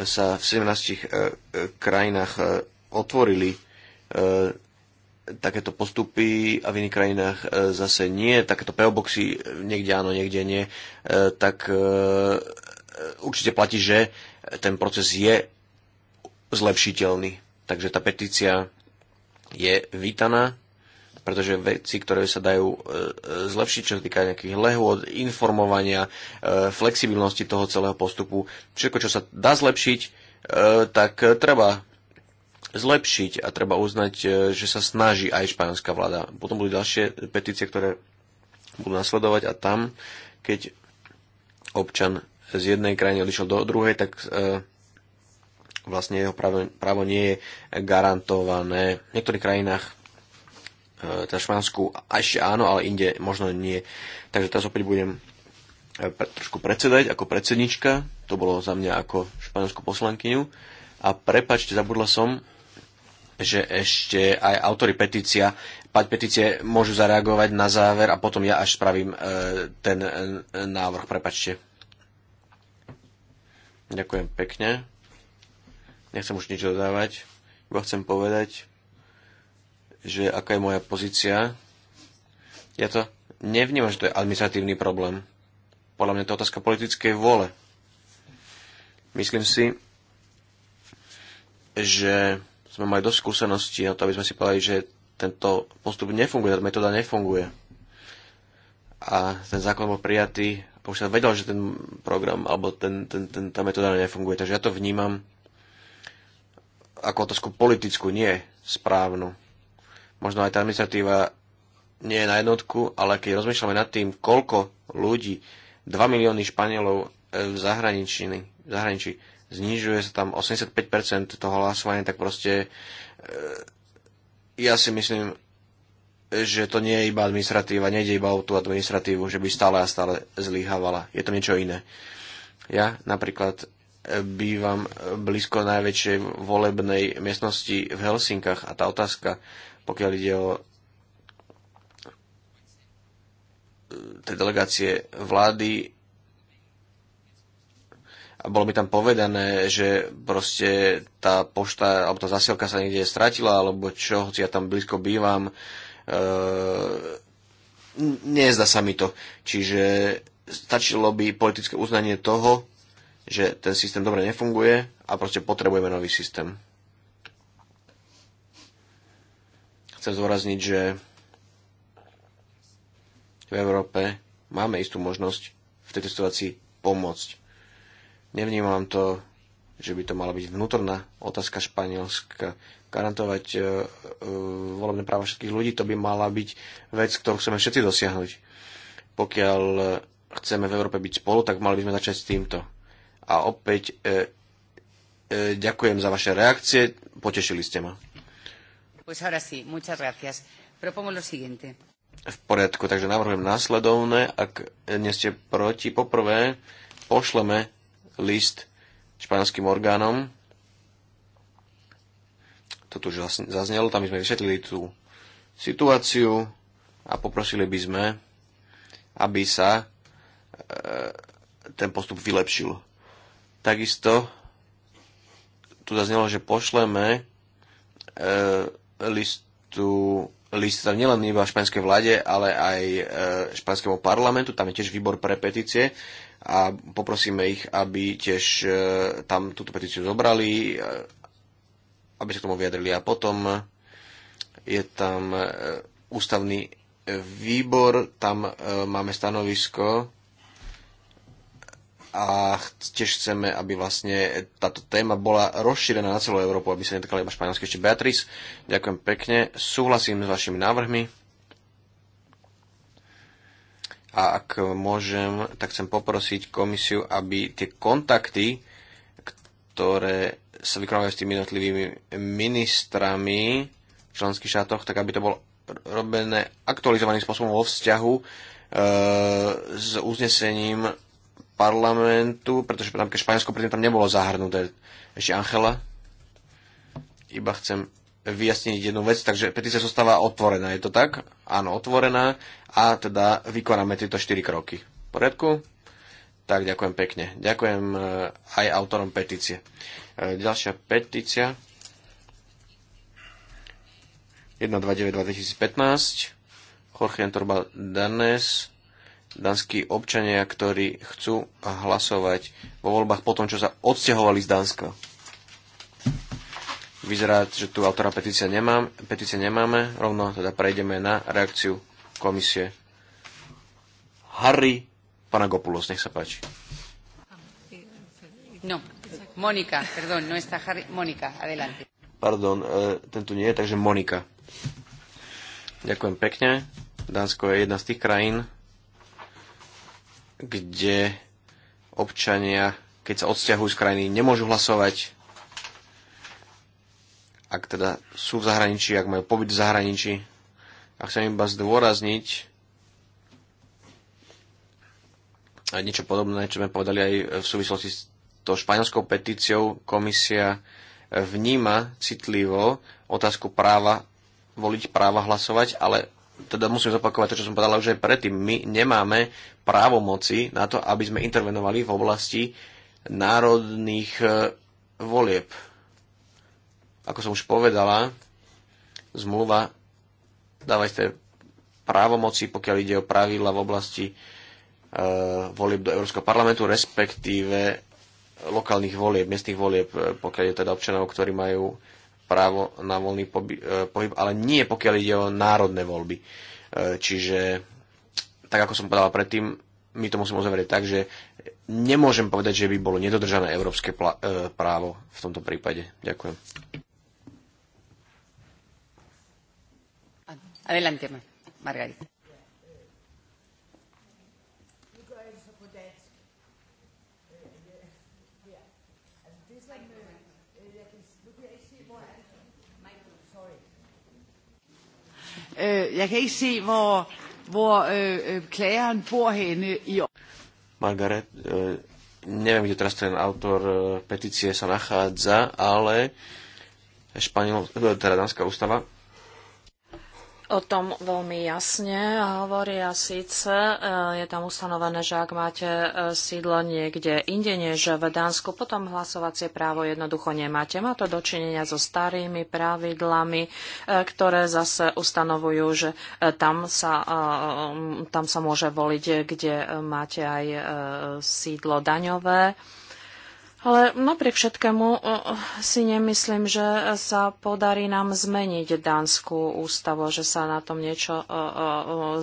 sa v 17 e, e, krajinách e, otvorili takéto postupy a v iných krajinách zase nie, takéto PO-boxy niekde áno, niekde nie, tak určite platí, že ten proces je zlepšiteľný. Takže tá petícia je vítaná pretože veci, ktoré sa dajú e, e, zlepšiť, čo sa týka nejakých lehôd, informovania, e, flexibilnosti toho celého postupu, všetko, čo sa dá zlepšiť, tak treba zlepšiť a treba uznať, že sa snaží aj španielská vláda. Potom budú ďalšie petície, ktoré budú nasledovať a tam, keď občan z jednej krajiny odišiel do druhej, tak vlastne jeho právo, právo nie je garantované. V niektorých krajinách E, teda Švansku ešte áno, ale inde možno nie. Takže teraz opäť budem e, trošku predsedať ako predsednička. To bolo za mňa ako španielskú poslankyňu. A prepačte, zabudla som, že ešte aj autory petícia, pať petície môžu zareagovať na záver a potom ja až spravím e, ten návrh. Prepačte. Ďakujem pekne. Nechcem už nič dodávať. Iba chcem povedať, že aká je moja pozícia. Ja to nevnímam, že to je administratívny problém. Podľa mňa to je otázka politickej vôle. Myslím si, že sme mali dosť skúseností na to, aby sme si povedali, že tento postup nefunguje, tá metóda nefunguje. A ten zákon bol prijatý a už sa vedel, že ten program alebo ten, ten, ten, tá metóda nefunguje. Takže ja to vnímam ako otázku politickú, nie správnu možno aj tá administratíva nie je na jednotku, ale keď rozmýšľame nad tým, koľko ľudí, 2 milióny Španielov e, v zahraničí, v zahraničí znižuje sa tam 85% toho hlasovania, tak proste e, ja si myslím, že to nie je iba administratíva, je iba o tú administratívu, že by stále a stále zlyhávala. Je to niečo iné. Ja napríklad e, bývam blízko najväčšej volebnej miestnosti v Helsinkách a tá otázka pokiaľ ide o tie delegácie vlády a bolo mi tam povedané, že proste tá pošta alebo tá zasielka sa niekde stratila alebo čo, hoci ja tam blízko bývam. E, nezdá sa mi to. Čiže stačilo by politické uznanie toho, že ten systém dobre nefunguje a proste potrebujeme nový systém. chcem zvorazniť, že v Európe máme istú možnosť v tejto situácii pomôcť. Nevnímam to, že by to mala byť vnútorná otázka Španielska. Garantovať e, e, volebné práva všetkých ľudí, to by mala byť vec, ktorú chceme všetci dosiahnuť. Pokiaľ chceme v Európe byť spolu, tak mali by sme začať s týmto. A opäť e, e, ďakujem za vaše reakcie, potešili ste ma. Pues ahora sí, muchas gracias. Propongo lo siguiente. V poriadku, takže navrhujem následovné, ak nie ste proti, poprvé pošleme list španským orgánom. To tu už zaznelo, tam sme vysvetlili tú situáciu a poprosili by sme, aby sa e, ten postup vylepšil. Takisto tu zaznelo, že pošleme e, listu list sa nielen iba španskej vláde, ale aj e, španskému parlamentu, tam je tiež výbor pre petície a poprosíme ich, aby tiež e, tam túto petíciu zobrali, e, aby sa k tomu vyjadrili a potom je tam ústavný výbor, tam máme stanovisko a tiež chceme, aby vlastne táto téma bola rozšírená na celú Európu, aby sa netýkala iba španielské ešte Beatrice. Ďakujem pekne, súhlasím s vašimi návrhmi a ak môžem, tak chcem poprosiť komisiu, aby tie kontakty, ktoré sa vykonávajú s tými jednotlivými ministrami v členských štátoch, tak aby to bolo robené aktualizovaným spôsobom vo vzťahu e, s uznesením parlamentu, pretože keď Španielsko predtým tam nebolo zahrnuté. Ešte Angela, iba chcem vyjasniť jednu vec, takže petícia zostáva otvorená, je to tak? Áno, otvorená a teda vykonáme tieto 4 kroky. V poriadku? Tak, ďakujem pekne. Ďakujem eh, aj autorom petície. Eh, ďalšia petícia 129 2015 Jorge Antorba Danes danskí občania, ktorí chcú hlasovať vo voľbách po tom, čo sa odsťahovali z Dánska. Vyzerá, že tu autora petície, nemám, petície nemáme, rovno teda prejdeme na reakciu komisie. Harry Panagopoulos, nech sa páči. No, Monika, perdón, no está Harry, Monika, adelante. Pardon, e, ten tu nie je, takže Monika. Ďakujem pekne. Dánsko je jedna z tých krajín, kde občania, keď sa odsťahujú z krajiny, nemôžu hlasovať, ak teda sú v zahraničí, ak majú pobyt v zahraničí. A chcem iba zdôrazniť aj niečo podobné, čo sme povedali aj v súvislosti s to španielskou petíciou. Komisia vníma citlivo otázku práva voliť práva hlasovať, ale teda musím zopakovať to, čo som povedal, už aj predtým. My nemáme právomoci na to, aby sme intervenovali v oblasti národných e, volieb. Ako som už povedala, zmluva dáva isté právomoci, pokiaľ ide o pravidla v oblasti e, volieb do Európskeho parlamentu, respektíve lokálnych volieb, miestnych volieb, e, pokiaľ je teda občanov, ktorí majú právo na voľný e, pohyb, ale nie pokiaľ ide o národné voľby. E, čiže, tak ako som povedal predtým, my to musíme uzavrieť tak, že nemôžem povedať, že by bolo nedodržané európske e, právo v tomto prípade. Ďakujem. Adelante, Margarita. Øh, jeg kan ikke se, hvor, hvor øh, øh, klageren bor henne i år. Margaret, øh, neviem, kde teraz ten autor e, petície sa nachádza, ale Španiel, teda Dánska ústava o tom veľmi jasne hovoria síce, e, je tam ustanovené, že ak máte e, sídlo niekde inde než v Dánsku, potom hlasovacie právo jednoducho nemáte. Má to dočinenia so starými pravidlami, e, ktoré zase ustanovujú, že tam sa, tam sa môže voliť, kde máte aj sídlo daňové ale napriek všetkému eh, si nemyslím, že sa podarí nám zmeniť Dánsku ústavu, že sa na tom niečo eh, eh,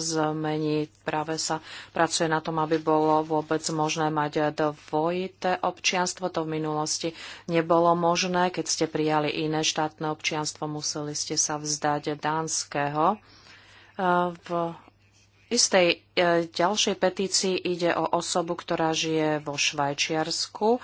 zmení. Práve sa pracuje na tom, aby bolo vôbec možné mať dvojité občianstvo. To v minulosti nebolo možné. Keď ste prijali iné štátne občianstvo, museli ste sa vzdať dánskeho. V istej ďalšej petícii ide o osobu, ktorá žije vo Švajčiarsku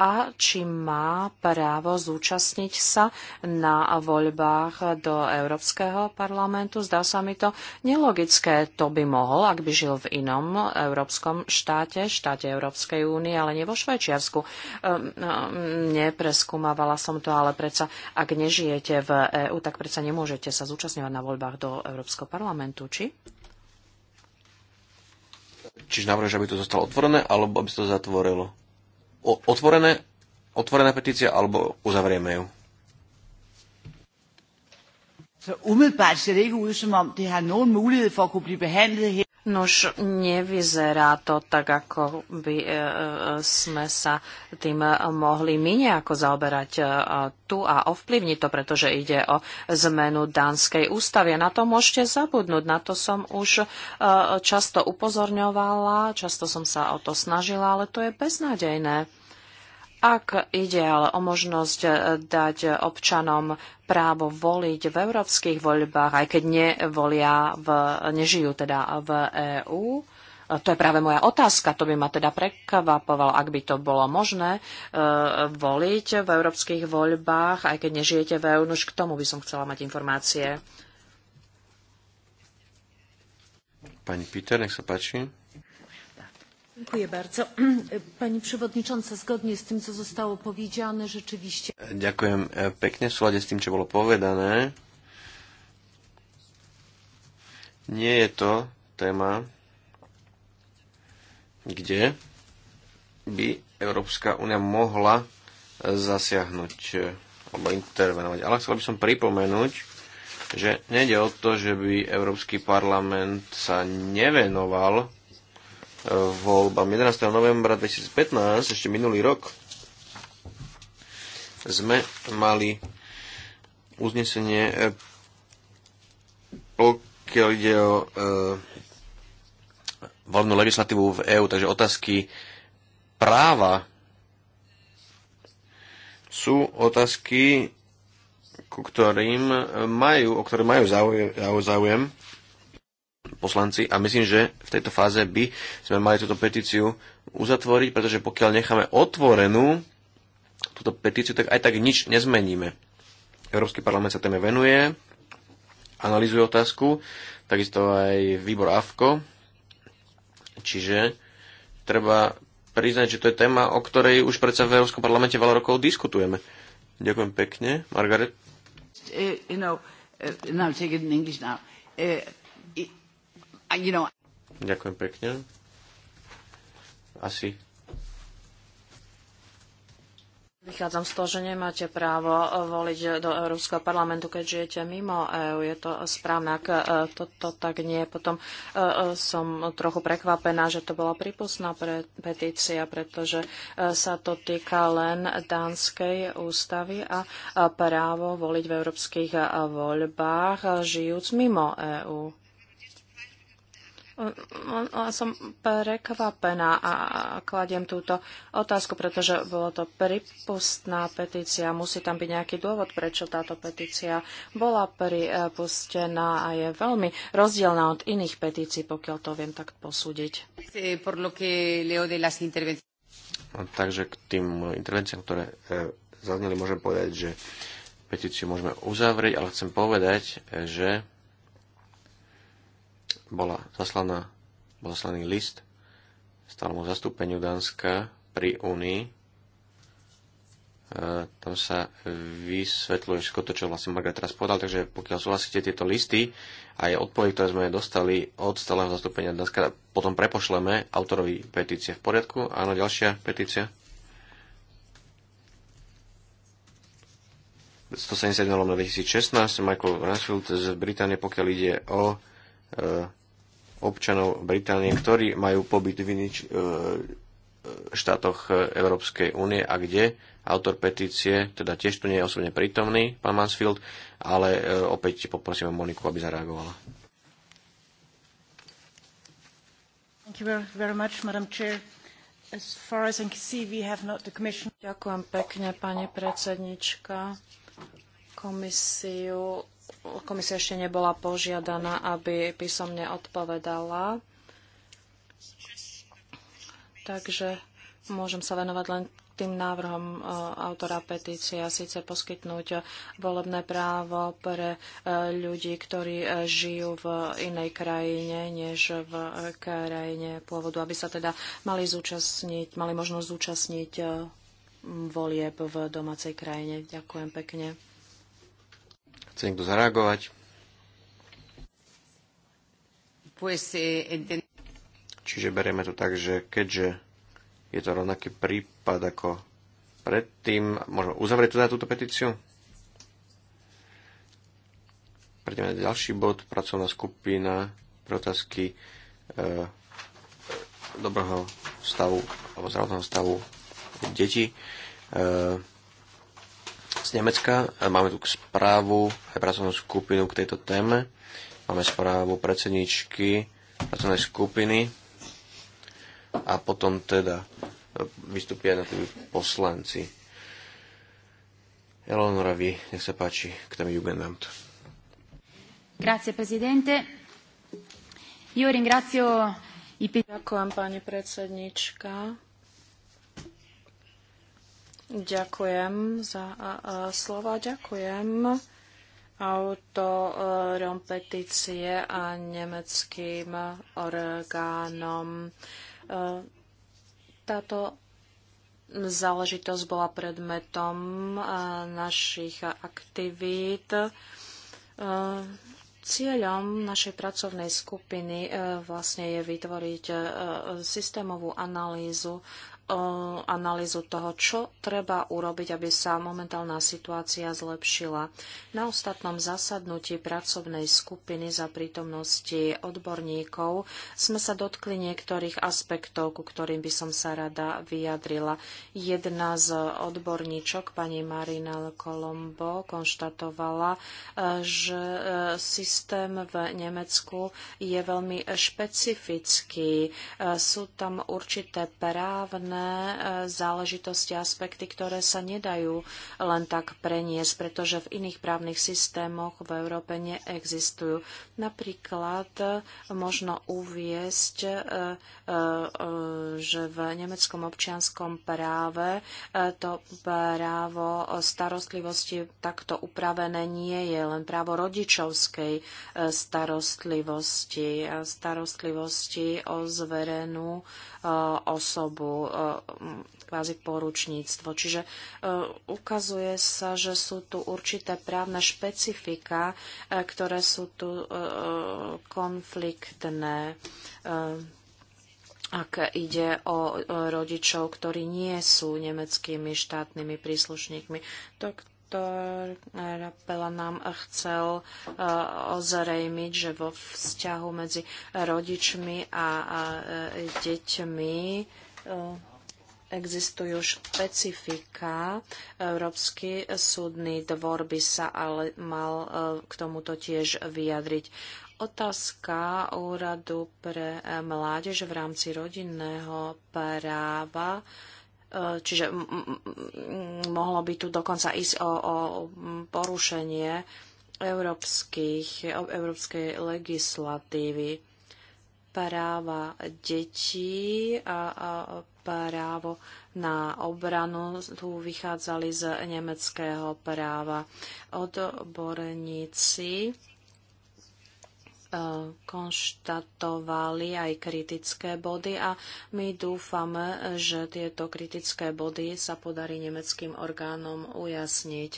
a či má právo zúčastniť sa na voľbách do Európskeho parlamentu. Zdá sa mi to nelogické. To by mohol, ak by žil v inom európskom štáte, štáte Európskej únie, ale nie vo Švajčiarsku. Ehm, ehm, nepreskúmavala som to, ale predsa, ak nežijete v EÚ, tak predsa nemôžete sa zúčastňovať na voľbách do Európskeho parlamentu, či? Čiže navrhuješ, aby to zostalo otvorené, alebo aby sa to zatvorilo? otvorené, otvorená petícia alebo uzavrieme ju? Så umiddelbart ser det ikke ud, som om det har nogen mulighed for at kunne blive behandlet her. Nož nevyzerá to tak, ako by e, e, sme sa tým mohli my nejako zaoberať e, tu a ovplyvniť to, pretože ide o zmenu dánskej ústavy. A na to môžete zabudnúť. Na to som už často upozorňovala, často som sa o to snažila, ale to je beznádejné. Ak ide ale o možnosť e, dať občanom právo voliť v európskych voľbách, aj keď nevolia v, nežijú teda v EÚ, e, to je práve moja otázka, to by ma teda prekvapovalo, ak by to bolo možné e, voliť v európskych voľbách, aj keď nežijete v EÚ, no už k tomu by som chcela mať informácie. Pani Peter, nech sa páči. Ďakujem pekne v slade s tým, čo bolo povedané. Nie je to téma, kde by Európska únia mohla zasiahnuť e, alebo intervenovať. Ale chcel by som pripomenúť, že nejde o to, že by Európsky parlament sa nevenoval voľbám. 11. novembra 2015, ešte minulý rok, sme mali uznesenie, e, pokiaľ ide o e, voľnú legislatívu v EÚ, takže otázky práva sú otázky, ku ktorým majú, o ktoré majú záujem, záujem poslanci a myslím, že v tejto fáze by sme mali túto petíciu uzatvoriť, pretože pokiaľ necháme otvorenú túto petíciu, tak aj tak nič nezmeníme. Európsky parlament sa téme venuje, analizuje otázku, takisto aj výbor AFKO, čiže treba priznať, že to je téma, o ktorej už predsa v Európskom parlamente veľa rokov diskutujeme. Ďakujem pekne. Margaret? Uh, you know, uh, no, take it in English now. Uh, you know... Ďakujem pekne. Asi Vychádzam z toho, že nemáte právo eh, voliť do Európskeho parlamentu, keď žijete mimo EÚ. Je to správne, ak toto eh, to tak nie. Potom eh, som trochu prekvapená, že to bola prípustná pre petícia, pretože sa to týka len dánskej ústavy a právo voliť v európskych voľbách, žijúc mimo EÚ. Som prekvapená a kladiem túto otázku, pretože bolo to pripustná petícia. Musí tam byť nejaký dôvod, prečo táto petícia bola pripustená a je veľmi rozdielna od iných petícií, pokiaľ to viem tak posúdiť. No, takže k tým intervenciám, ktoré e, zazneli, môžem povedať, že petíciu môžeme uzavrieť, ale chcem povedať, e, že bola zaslaná, bol zaslaný list stálemu zastúpeniu Dánska pri Únii. E, tam sa vysvetľuje všetko to, čo vlastne Margaret teraz povedal, takže pokiaľ súhlasíte tieto listy a je odpoveď, ktoré sme dostali od stáleho zastúpenia Dánska, potom prepošleme autorovi petície v poriadku. Áno, ďalšia petícia. 171 2016 Michael Ransfield z Británie, pokiaľ ide o e, občanov Británie, ktorí majú pobyt v iných e, e, štátoch e, Európskej únie a kde autor petície, teda tiež tu nie je osobne prítomný, pán Mansfield, ale opäť poprosíme Moniku, aby zareagovala. Ďakujem pekne, pani predsednička. Komisiu komisia ešte nebola požiadaná, aby písomne odpovedala. Takže môžem sa venovať len tým návrhom e, autora petície a síce poskytnúť volebné právo pre e, ľudí, ktorí e, žijú v inej krajine než v krajine pôvodu, aby sa teda mali zúčastniť, mali možnosť zúčastniť volieb v domácej krajine. Ďakujem pekne. Chce niekto zareagovať? Eh, Čiže berieme to tak, že keďže je to rovnaký prípad ako predtým, môžeme uzavrieť teda túto petíciu? Prejdeme na ďalší bod, pracovná skupina pre otázky e, dobrého stavu alebo zdravotného stavu detí. E, z Nemecka. Máme tu správu, aj pracovnú skupinu k tejto téme. Máme správu predsedničky pracovnej skupiny a potom teda vystúpia na tým poslanci. Eleonora, vy, nech sa páči, k tomu Jugendamt. Grazie, prezidente. Io ringrazio i... Ďakujem, pani predsednička. Ďakujem za slova, ďakujem autorom e, petície a nemeckým orgánom. E, táto záležitosť bola predmetom e, našich aktivít. Cieľom našej pracovnej skupiny vlastne je vytvoriť systémovú analýzu analýzu toho, čo treba urobiť, aby sa momentálna situácia zlepšila. Na ostatnom zasadnutí pracovnej skupiny za prítomnosti odborníkov sme sa dotkli niektorých aspektov, ku ktorým by som sa rada vyjadrila. Jedna z odborníčok, pani Marina Kolombo, konštatovala, e, že e, systém v Nemecku je veľmi špecifický. E, sú tam určité právne iné e, záležitosti, aspekty, ktoré sa nedajú len tak preniesť, pretože v iných právnych systémoch v Európe neexistujú. Napríklad e, možno uviesť, e, že v nemeckom občianskom práve to právo starostlivosti takto upravené nie je len právo rodičovskej starostlivosti, starostlivosti o zverenú osobu. E, kvázi poručníctvo. Čiže e, ukazuje sa, že sú tu určité právne špecifika, e, ktoré sú tu konfliktné ak ide o rodičov, ktorí nie sú nemeckými štátnymi príslušníkmi. Doktor Rapela nám chcel ozrejmiť, že vo vzťahu medzi rodičmi a deťmi Existujú špecifika. Európsky súdny dvor by sa ale mal e, k tomuto tiež vyjadriť. Otázka úradu pre e, mládež v rámci rodinného práva e, Čiže mohlo by tu dokonca ísť o, o porušenie európskych, európskej legislatívy práva detí a, a právo na obranu tu vychádzali z nemeckého práva. Odborníci e, konštatovali aj kritické body a my dúfame, že tieto kritické body sa podarí nemeckým orgánom ujasniť.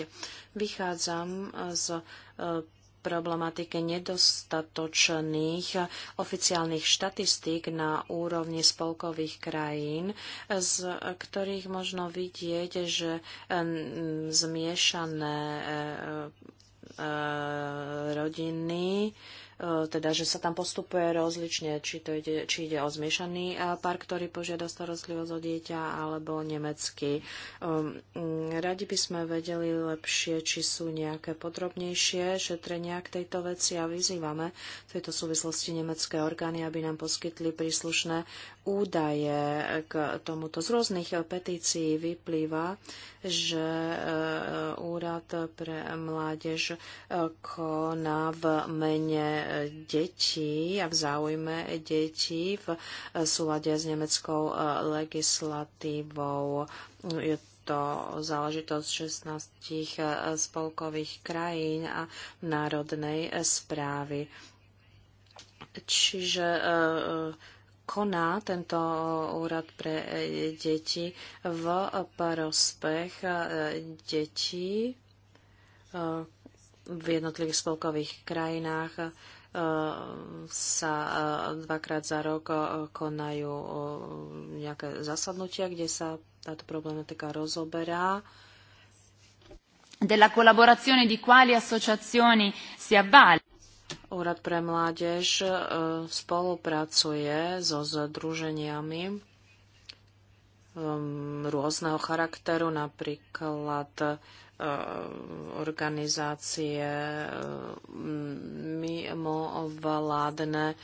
Vychádzam z e, problematike nedostatočných oficiálnych štatistík na úrovni spolkových krajín, z ktorých možno vidieť, že zmiešané eh, eh, rodiny E, teda, že sa tam postupuje rozlične, či, to ide, či ide o zmiešaný e, pár, ktorý požiada starostlivosť o dieťa, alebo nemecký. E, radi by sme vedeli lepšie, či sú nejaké podrobnejšie šetrenia k tejto veci a vyzývame v tejto súvislosti nemecké orgány, aby nám poskytli príslušné údaje k tomuto. Z rôznych eh, petícií vyplýva, že eh, Úrad pre mládež eh, koná v mene detí a v záujme detí v súlade s nemeckou legislatívou. Je to záležitosť 16 spolkových krajín a národnej správy. Čiže e, koná tento úrad pre e, deti v prospech e, detí e, v jednotlivých spolkových krajinách sa dvakrát za rok konajú nejaké zasadnutia, kde sa táto problematika rozoberá. Della collaborazione di quali associazioni si avvale? Úrad pre mládež e, spolupracuje so združeniami e, rôzneho charakteru, napríklad e, organizácie mimo vládne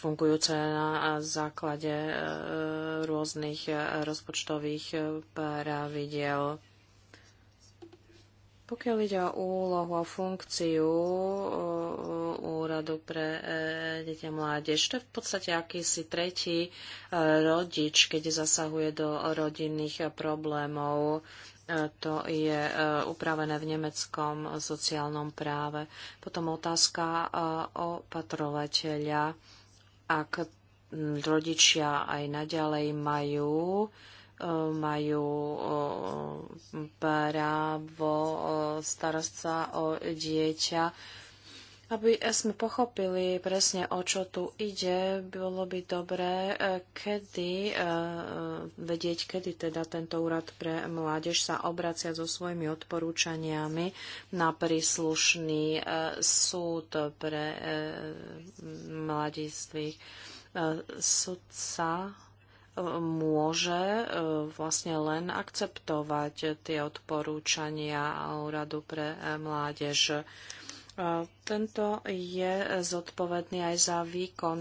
fungujúce na základe rôznych rozpočtových pravidiel. Pokiaľ ide o úlohu a funkciu uh, úradu pre uh, deti a mládež, to je v podstate akýsi tretí uh, rodič, keď zasahuje do rodinných problémov. To je upravené v nemeckom sociálnom práve. Potom otázka patrovateľa. Ak mm, rodičia aj naďalej majú majú eh, právo eh, starať sa o dieťa. Aby sme pochopili presne, o čo tu ide, bolo by dobré eh, kedy, vedieť, kedy teda tento úrad pre mládež sa obracia so svojimi odporúčaniami na príslušný súd pre mladistvých sudca môže e, vlastne len akceptovať tie odporúčania Úradu pre e, mládež. E, tento je zodpovedný aj za výkon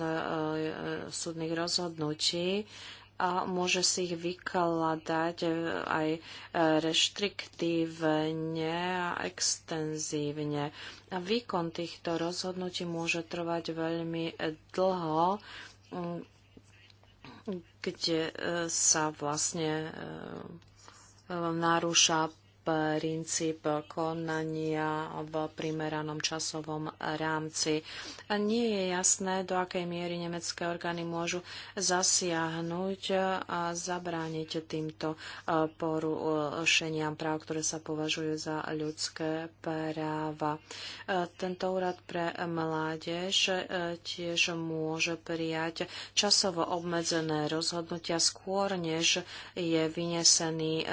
súdnych rozhodnutí a môže si ich vykladať aj reštriktívne a extenzívne. A výkon týchto rozhodnutí môže trvať veľmi dlho kde e, sa vlastne e, narúša princíp konania v primeranom časovom rámci. Nie je jasné, do akej miery nemecké orgány môžu zasiahnuť a zabrániť týmto e, porušeniam práv, ktoré sa považujú za ľudské práva. E, tento úrad pre mládež e, tiež môže prijať časovo obmedzené rozhodnutia skôr, než je vynesený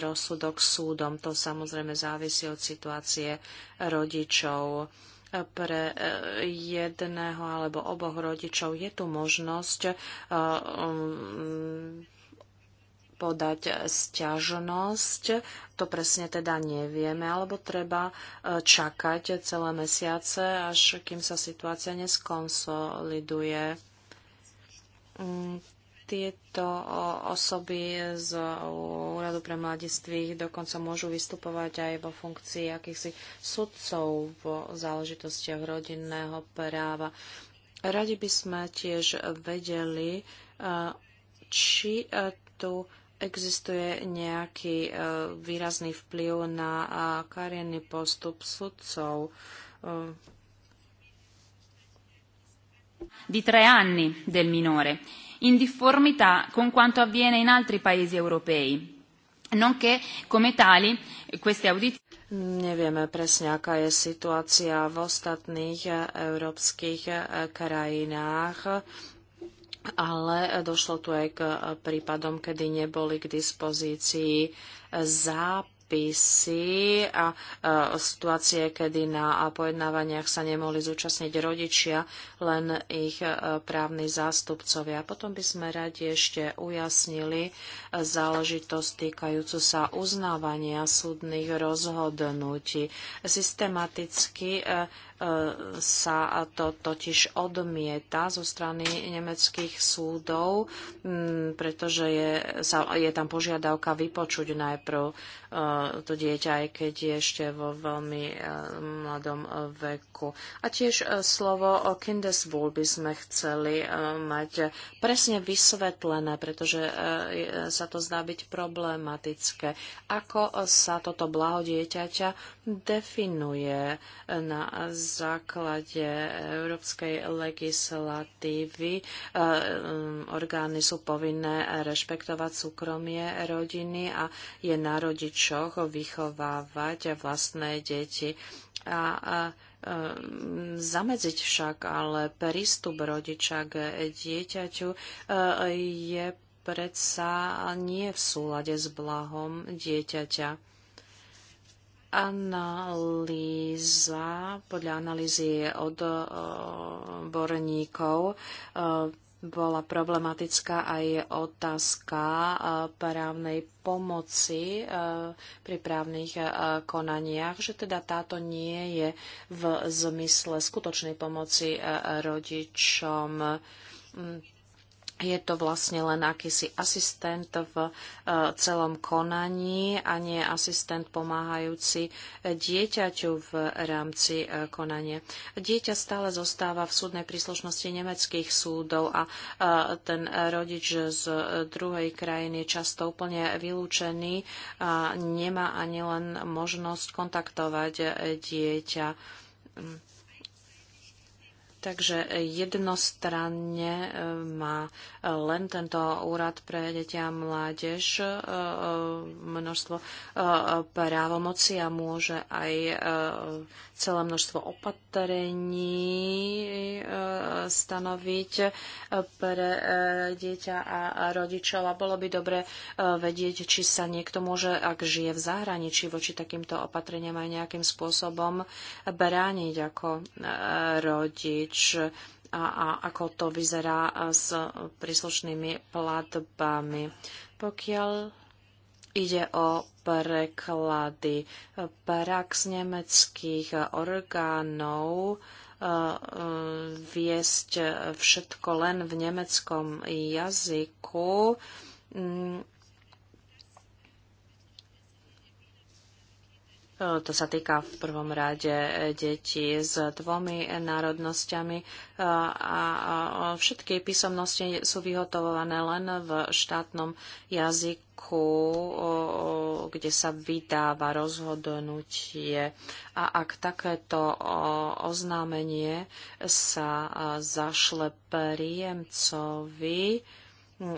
rozsudok súdom deťom. To samozrejme závisí od situácie rodičov pre eh, jedného alebo oboch rodičov je tu možnosť eh, mm, podať sťažnosť. To presne teda nevieme, alebo treba eh, čakať celé mesiace, až kým sa situácia neskonsoliduje. Mm, tieto osoby z Úradu pre mladistvých dokonca môžu vystupovať aj vo funkcii akýchsi sudcov v záležitostiach rodinného práva. Radi by sme tiež vedeli, e, či e, tu existuje nejaký e, výrazný vplyv na kariérny postup sudcov di tre anni del minore in difformità con quanto avviene in altri paesi europei. Nonché come tali queste audizioni. Nevieme presne, aká je situácia v ostatných eh, európskych eh, krajinách. Ale došlo tu aj k eh, prípadom, kedy neboli k dispozícii zápisy predpisy a situácie, kedy na pojednávaniach sa nemohli zúčastniť rodičia, len ich e, právni zástupcovia. Potom by sme radi ešte ujasnili e, záležitosť týkajúcu sa uznávania súdnych rozhodnutí. Systematicky e, sa to totiž odmieta zo strany nemeckých súdov, mm, pretože je, sa, je tam požiadavka vypočuť najprv e, to dieťa, aj keď je ešte vo veľmi e, mladom e, veku. A tiež slovo o Kindeswohl by sme chceli mať presne vysvetlené, pretože sa to zdá byť problematické. Ako sa toto blaho dieťaťa definuje na základe európskej legislatívy e, mm, orgány sú povinné rešpektovať súkromie rodiny a je na rodičoch vychovávať vlastné deti. A, e, mm, zamedziť však ale prístup rodiča k dieťaťu e, je predsa nie v súlade s blahom dieťaťa analýza, podľa analýzy odborníkov, e, bola problematická aj otázka e, právnej pomoci e, pri právnych konaniach, že teda táto nie je v zmysle skutočnej pomoci rodičom mm je to vlastne len akýsi asistent v e, celom konaní a nie asistent pomáhajúci e, dieťaťu v rámci e, konania. Dieťa stále zostáva v súdnej príslušnosti nemeckých súdov a ten rodič z druhej krajiny je často úplne vylúčený a nemá ani len možnosť kontaktovať dieťa. Mm. Takže jednostranne e, má e, len tento úrad pre deti a mládež e, množstvo právomoci a môže aj celé množstvo opatrení e, stanoviť e, pre e, dieťa a rodičov a bolo by dobre vedieť, či sa niekto môže, ak žije v zahraničí, voči takýmto opatreniam aj nejakým spôsobom brániť ako rodič a, a ako to vyzerá s príslušnými platbami. Pokiaľ ide o preklady. Prax nemeckých orgánov eh, eh, viesť všetko len v nemeckom jazyku mm, E, to sa týka v prvom rade e, detí s dvomi národnosťami e, a všetky písomnosti sú vyhotovované len v štátnom jazyku, kde sa vydáva rozhodnutie. A ak takéto oznámenie sa zašle príjemcovi,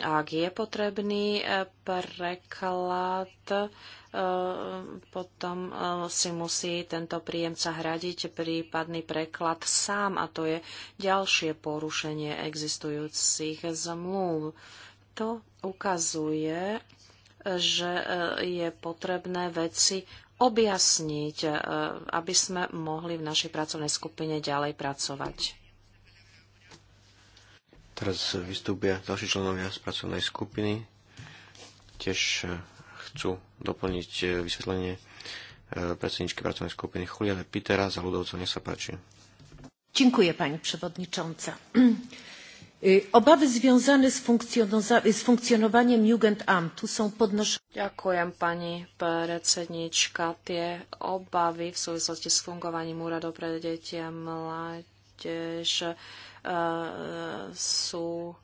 ak je potrebný preklad, Ehm, potom ehm, si musí tento príjemca hradiť prípadný preklad sám a to je ďalšie porušenie existujúcich zmluv. To ukazuje, že ehm, je potrebné veci objasniť, aby sme mohli v našej pracovnej skupine ďalej pracovať. Teraz vystúpia ďalší členovia z pracovnej skupiny. Tiež chcú doplniť e, vysvetlenie e, predsedničky pracovnej skupiny Juliane Pitera za ľudovcov. Nech sa páči. Dziękuję Pani Przewodnicząca. Obawy związane z, z funkcjonowaniem Jugendamtu są podnoszone. Dziękuję pani predsednička. Te obawy w związku z funkcjonowaniem úradu pre deti a mládež e, sú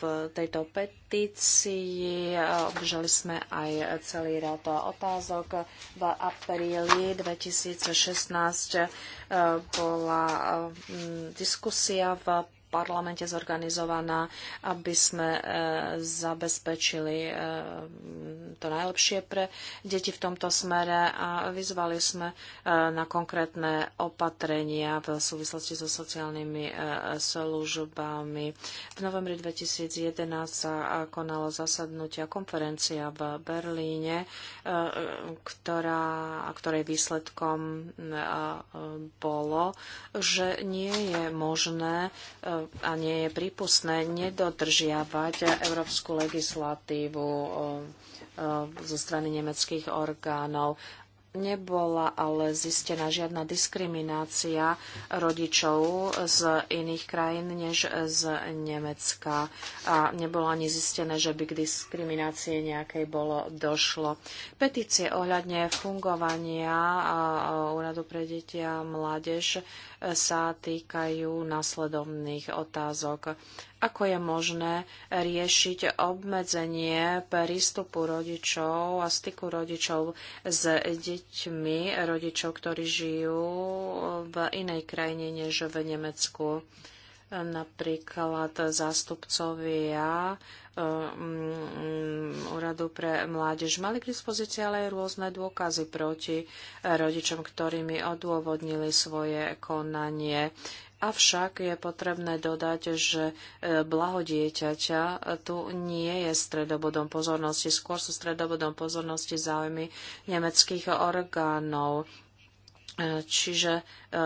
v tejto petícii. Obdržali sme aj celý rád otázok. V apríli 2016 eh, bola mm, diskusia v parlamente zorganizovaná, aby sme e, zabezpečili e, to najlepšie pre deti v tomto smere a vyzvali sme e, na konkrétne opatrenia v súvislosti so sociálnymi službami. V novembri 2011 sa konalo zasadnutia konferencia v Berlíne, ktorá, ktorej výsledkom bolo, že nie je možné a nie je prípustné nedodržiavať európsku legislatívu eh, eh, zo strany nemeckých orgánov nebola ale zistená žiadna diskriminácia rodičov z iných krajín než z Nemecka. A nebolo ani zistené, že by k diskriminácii nejakej bolo došlo. Petície ohľadne fungovania Úradu pre deti a mládež sa týkajú nasledovných otázok ako je možné riešiť obmedzenie prístupu rodičov a styku rodičov s deťmi rodičov, ktorí žijú v inej krajine než v Nemecku. Napríklad zástupcovia mm, Úradu pre mládež mali k dispozícii ale aj rôzne dôkazy proti rodičom, ktorými odôvodnili svoje konanie. Avšak je potrebné dodať, že e, blaho dieťaťa tu nie je stredobodom pozornosti, skôr sú stredobodom pozornosti záujmy nemeckých orgánov. E, čiže Eh,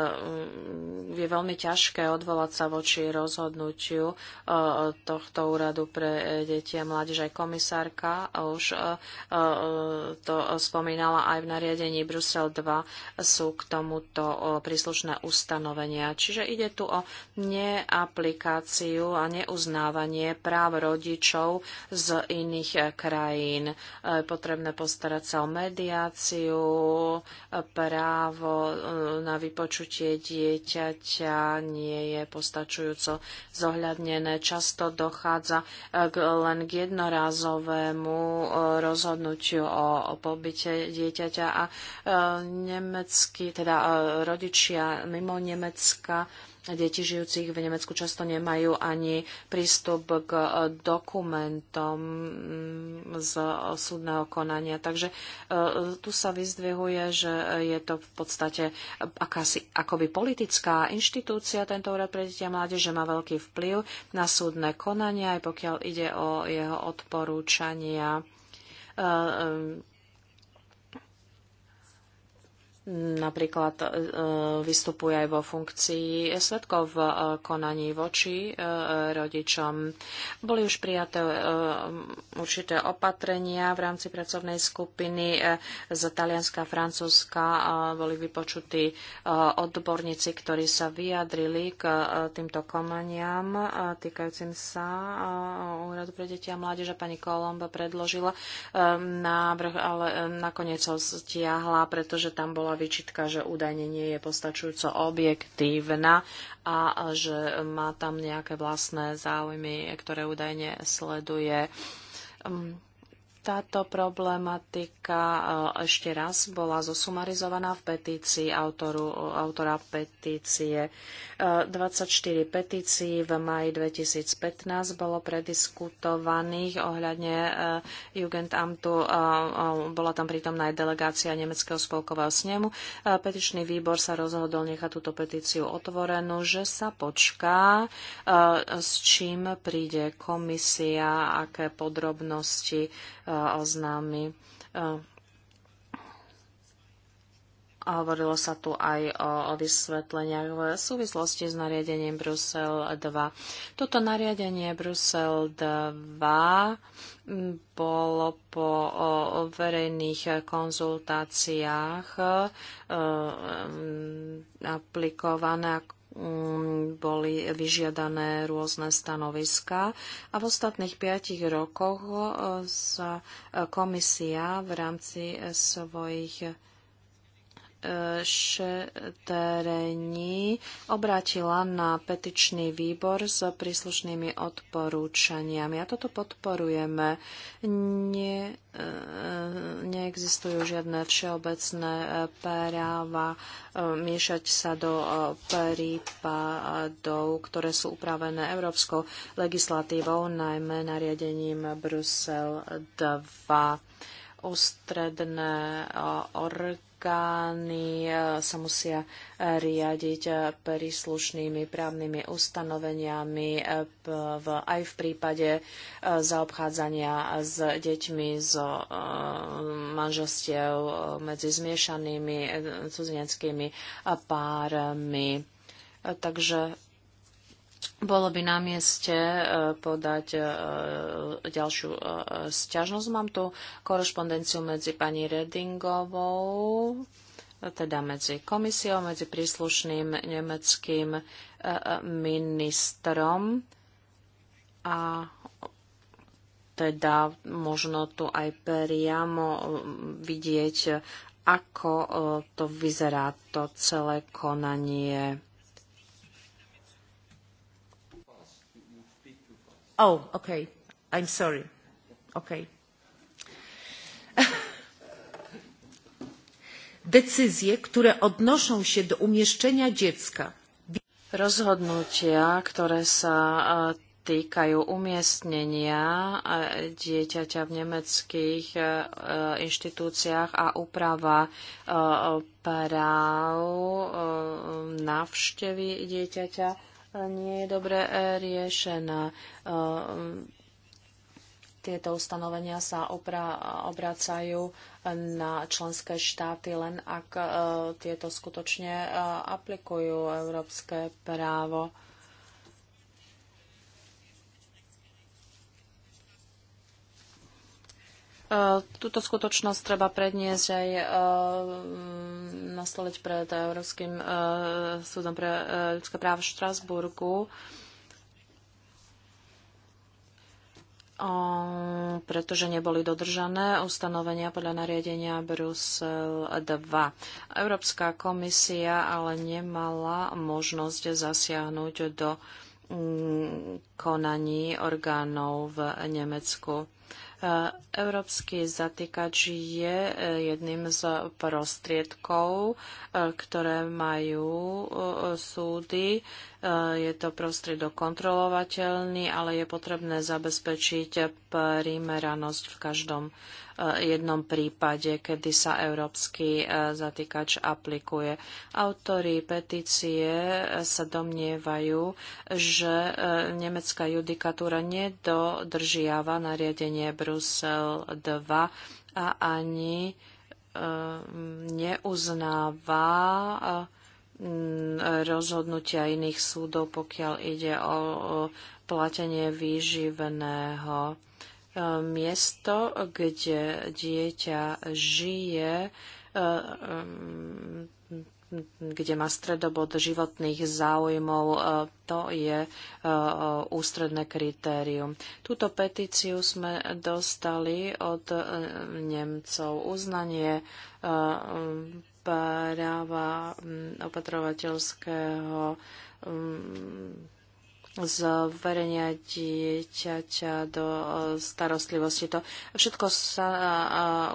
je veľmi ťažké odvolať sa voči rozhodnutiu eh, tohto úradu pre deti a mládež. Aj komisárka už eh, to spomínala aj v nariadení Brusel 2 sú k tomuto príslušné ustanovenia. Čiže ide tu o neaplikáciu a neuznávanie práv rodičov z iných krajín. Je potrebné postarať sa o mediáciu, právo na vypočítanie počutie dieťaťa nie je postačujúco zohľadnené. Často dochádza e, k, len k jednorázovému e, rozhodnutiu o, pobyte dieťaťa a e, nemecky, teda rodičia mimo Nemecka deti žijúcich v Nemecku často nemajú ani prístup k e, dokumentom mm, z súdneho konania. Takže e, tu sa vyzdvihuje, že je to v podstate akási akoby politická inštitúcia, tento úrad pre deti a mládež, že má veľký vplyv na súdne konania, aj pokiaľ ide o jeho odporúčania e, napríklad e, vystupuje aj vo funkcii svetkov v e, konaní voči e, rodičom. Boli už prijaté určité opatrenia v rámci pracovnej skupiny z Talianska a Francúzska. Boli vypočutí odborníci, ktorí sa vyjadrili k týmto konaniam týkajúcim sa Úradu pre deti a mládež pani Kolomba predložila návrh, ale nakoniec ho stiahla, pretože tam bola bola vyčitka, že údajne nie je postačujúco objektívna a že má tam nejaké vlastné záujmy, ktoré údajne sleduje mm, táto problematika eh, ešte raz bola zosumarizovaná v petícii autoru, autora petície. 24 eh, petícií v maji 2015 bolo prediskutovaných ohľadne eh, Jugendamtu. Bola tam prítomná aj delegácia Nemeckého spolkového snemu. Petičný výbor sa rozhodol nechať túto petíciu otvorenú, že sa počká, s čím príde komisia, aké podrobnosti oznámy. A hovorilo sa tu aj o, o vysvetleniach v súvislosti s nariadením Brusel 2. Toto nariadenie Brusel 2 bolo po o, verejných konzultáciách o, e, aplikované ako Mm, boli vyžiadané rôzne stanoviská a v ostatných piatich rokoch eh, sa eh, komisia v rámci eh, svojich šetrení obrátila na petičný výbor s príslušnými odporúčaniami. A toto podporujeme. Nie, e, neexistujú žiadne všeobecné práva e, miešať sa do e, prípadov, ktoré sú upravené európskou legislatívou, najmä nariadením Brusel 2 ústredné orgány orgány e, sa musia e, riadiť e, príslušnými právnymi ustanoveniami aj v prípade zaobchádzania s deťmi z manželstiev medzi zmiešanými cudzineckými pármi. Takže bolo by na mieste e, podať e, ďalšiu e, sťažnosť. Mám tu korešpondenciu medzi pani Redingovou, teda medzi komisiou, medzi príslušným nemeckým ministrom a teda možno tu aj priamo vidieť, ako to vyzerá to celé konanie Oh, okay. I'm sorry. Okay. Decyzje, które odnoszą się do umieszczenia dziecka. Rozhodnutia, ktoré sa e, týkajú umiestnenia e, dieťaťa v nemeckých e, inštitúciách a úprava práv návštevy dieťaťa nie je dobre eh, riešená. Eh, tieto ustanovenia sa obracajú na členské štáty len ak eh, tieto skutočne aplikujú európske právo. E, túto skutočnosť treba predniesť aj e, nastoliť pred Európskym e, súdom pre ľudské práva v Štrasburgu. pretože neboli dodržané ustanovenia podľa nariadenia Brusel 2. Európska komisia ale nemala možnosť zasiahnuť do konaní orgánov v Nemecku. Európsky zatýkač je e, jedným z prostriedkov, e, ktoré majú e, súdy je to prostriedok kontrolovateľný, ale je potrebné zabezpečiť primeranosť v každom eh, jednom prípade, kedy sa európsky eh, zatýkač aplikuje. Autori petície eh, sa domnievajú, že nemecká judikatúra nedodržiava nariadenie Brusel 2 a ani neuznáva Mm, rozhodnutia iných súdov, pokiaľ ide o platenie výživného. E, miesto, kde dieťa žije, e, mm, kde má stredobod životných záujmov, e, to je ústredné kritérium. Túto petíciu sme dostali od Nemcov. Uznanie práva mm, opatrovateľského mm, zverenia dieťaťa do e, starostlivosti. To všetko sa e, e,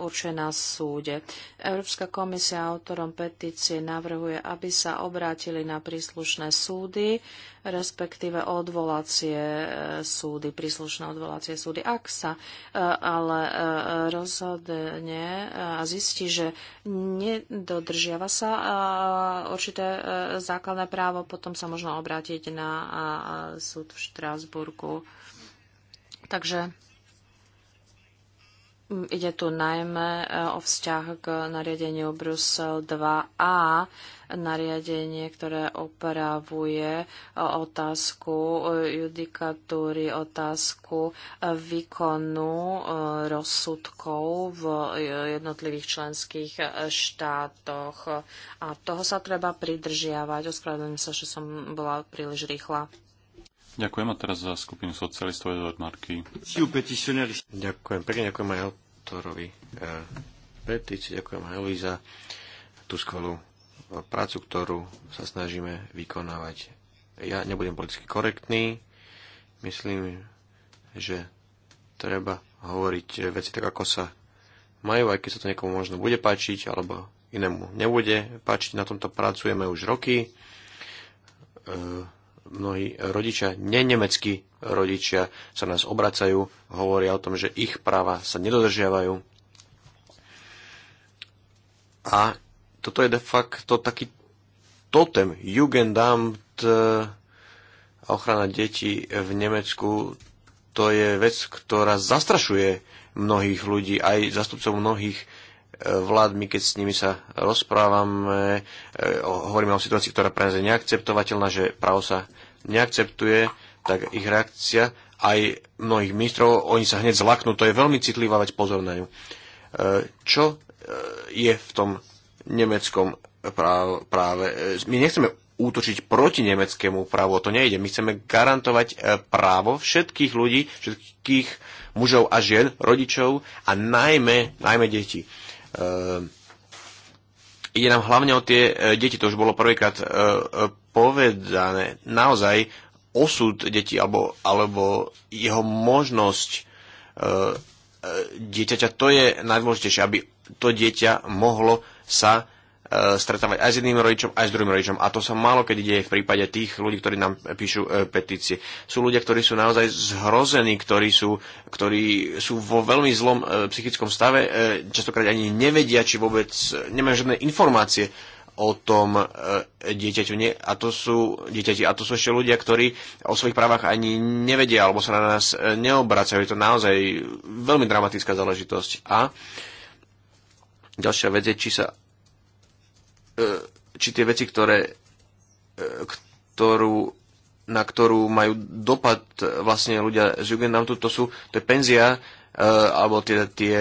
určuje na súde. Európska komisia autorom petície navrhuje, aby sa obrátili na príslušné súdy, respektíve odvolacie súdy, príslušné odvolacie súdy. Ak sa ale rozhodne a zistí, že nedodržiava sa určité základné právo, potom sa možno obrátiť na súd v Štrásburgu. Takže mm, Ide tu najmä e, o vzťah k nariadeniu Brusel 2a, nariadenie, ktoré opravuje e, otázku e, judikatúry, otázku výkonu rozsudkov v jednotlivých členských štátoch. A toho sa treba pridržiavať. Ospravedlňujem sa, že som bola príliš rýchla. Ďakujem a teraz za skupinu socialistov Eduard Marky. Ďakujem pekne, ďakujem aj autorovi eh, petície, ďakujem aj za tú skvelú eh, prácu, ktorú sa snažíme vykonávať. Ja nebudem politicky korektný, myslím, že treba hovoriť veci tak, ako sa majú, aj keď sa to niekomu možno bude páčiť, alebo inému nebude páčiť. Na tomto pracujeme už roky. E mnohí rodičia, nenemeckí rodičia sa nás obracajú, hovoria o tom, že ich práva sa nedodržiavajú. A toto je de facto taký totem, Jugendamt e, a ochrana detí v Nemecku, to je vec, ktorá zastrašuje mnohých ľudí, aj zastupcov mnohých vládmi, keď s nimi sa rozprávame, e, hovoríme o situácii, ktorá pre nás je neakceptovateľná, že právo sa neakceptuje, tak ich reakcia aj mnohých ministrov, oni sa hneď zlaknú, to je veľmi citlivá vec, pozor na ňu. E, čo e, je v tom nemeckom práve? My nechceme útočiť proti nemeckému právu, o to nejde. My chceme garantovať právo všetkých ľudí, všetkých mužov a žien, rodičov a najmä, najmä detí. Ehm, ide nám hlavne o tie e, deti, to už bolo prvýkrát e, e, povedané. Naozaj osud detí alebo, alebo jeho možnosť dieťaťa, to je najdôležitejšie, aby to dieťa mohlo sa E, stretávať aj s jedným rodičom, aj s druhým rodičom. A to sa málo keď deje v prípade tých ľudí, ktorí nám píšu e, petície. Sú ľudia, ktorí sú naozaj zhrození, ktorí sú, ktorí sú vo veľmi zlom e, psychickom stave, častokrát ani nevedia, či vôbec nemajú žiadne informácie o tom dieťaťu. Nie, a to sú dieťati, a to sú ešte ľudia, ktorí o svojich právach ani nevedia, alebo sa na nás neobracajú. Je to naozaj veľmi dramatická záležitosť. A ďalšia vec je, či sa E, či tie veci, ktoré, e, ktorú, na ktorú majú dopad vlastne ľudia z Jugendamtu, to sú, to je penzia, e, alebo tie, tie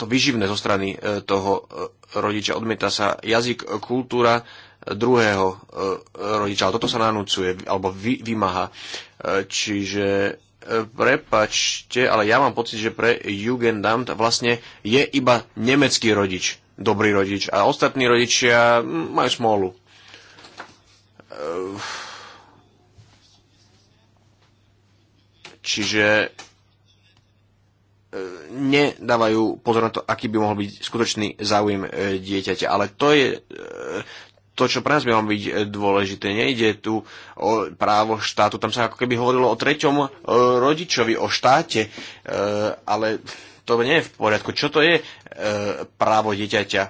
to vyživné zo strany toho rodiča. Odmieta sa jazyk, kultúra druhého rodiča. Ale toto sa nanúcuje alebo vy, vymáha. Čiže prepačte, ale ja mám pocit, že pre Jugendamt vlastne je iba nemecký rodič dobrý rodič a ostatní rodičia majú smolu. Čiže e, nedávajú pozor na to, aký by mohol byť skutočný záujem e, dieťaťa. Ale to je e, to, čo pre nás by malo byť dôležité. Nejde tu o právo štátu, tam sa ako keby hovorilo o treťom rodičovi, o štáte, ale to nie je v poriadku. Čo to je e, právo dieťaťa,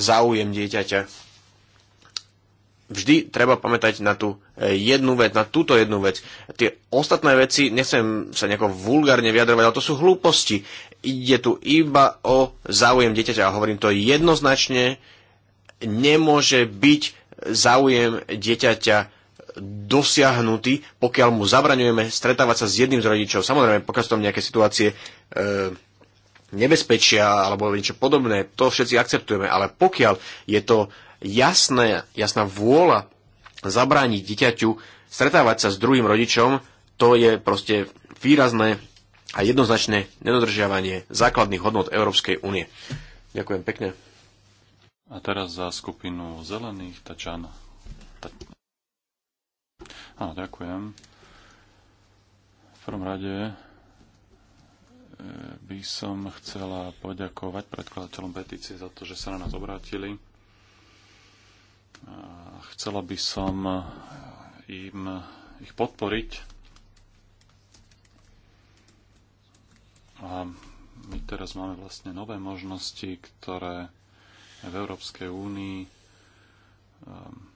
záujem dieťaťa? Vždy treba pamätať na tú e, jednu vec, na túto jednu vec. Tie ostatné veci, nechcem sa nejako vulgárne vyjadrovať, ale to sú hlúposti. Ide tu iba o záujem dieťaťa a hovorím to jednoznačne, nemôže byť záujem dieťaťa dosiahnutý, pokiaľ mu zabraňujeme stretávať sa s jedným z rodičov. Samozrejme, pokiaľ sú tam nejaké situácie e, nebezpečia alebo niečo podobné, to všetci akceptujeme, ale pokiaľ je to jasné, jasná vôľa zabrániť dieťaťu stretávať sa s druhým rodičom, to je proste výrazné a jednoznačné nedodržiavanie základných hodnot Európskej únie. Ďakujem pekne. A teraz za skupinu zelených Tačan. Ta... Áno, ďakujem. V prvom rade by som chcela poďakovať predkladateľom petície za to, že sa na nás obrátili. Chcela by som im ich podporiť. A my teraz máme vlastne nové možnosti, ktoré v Európskej únii ehm,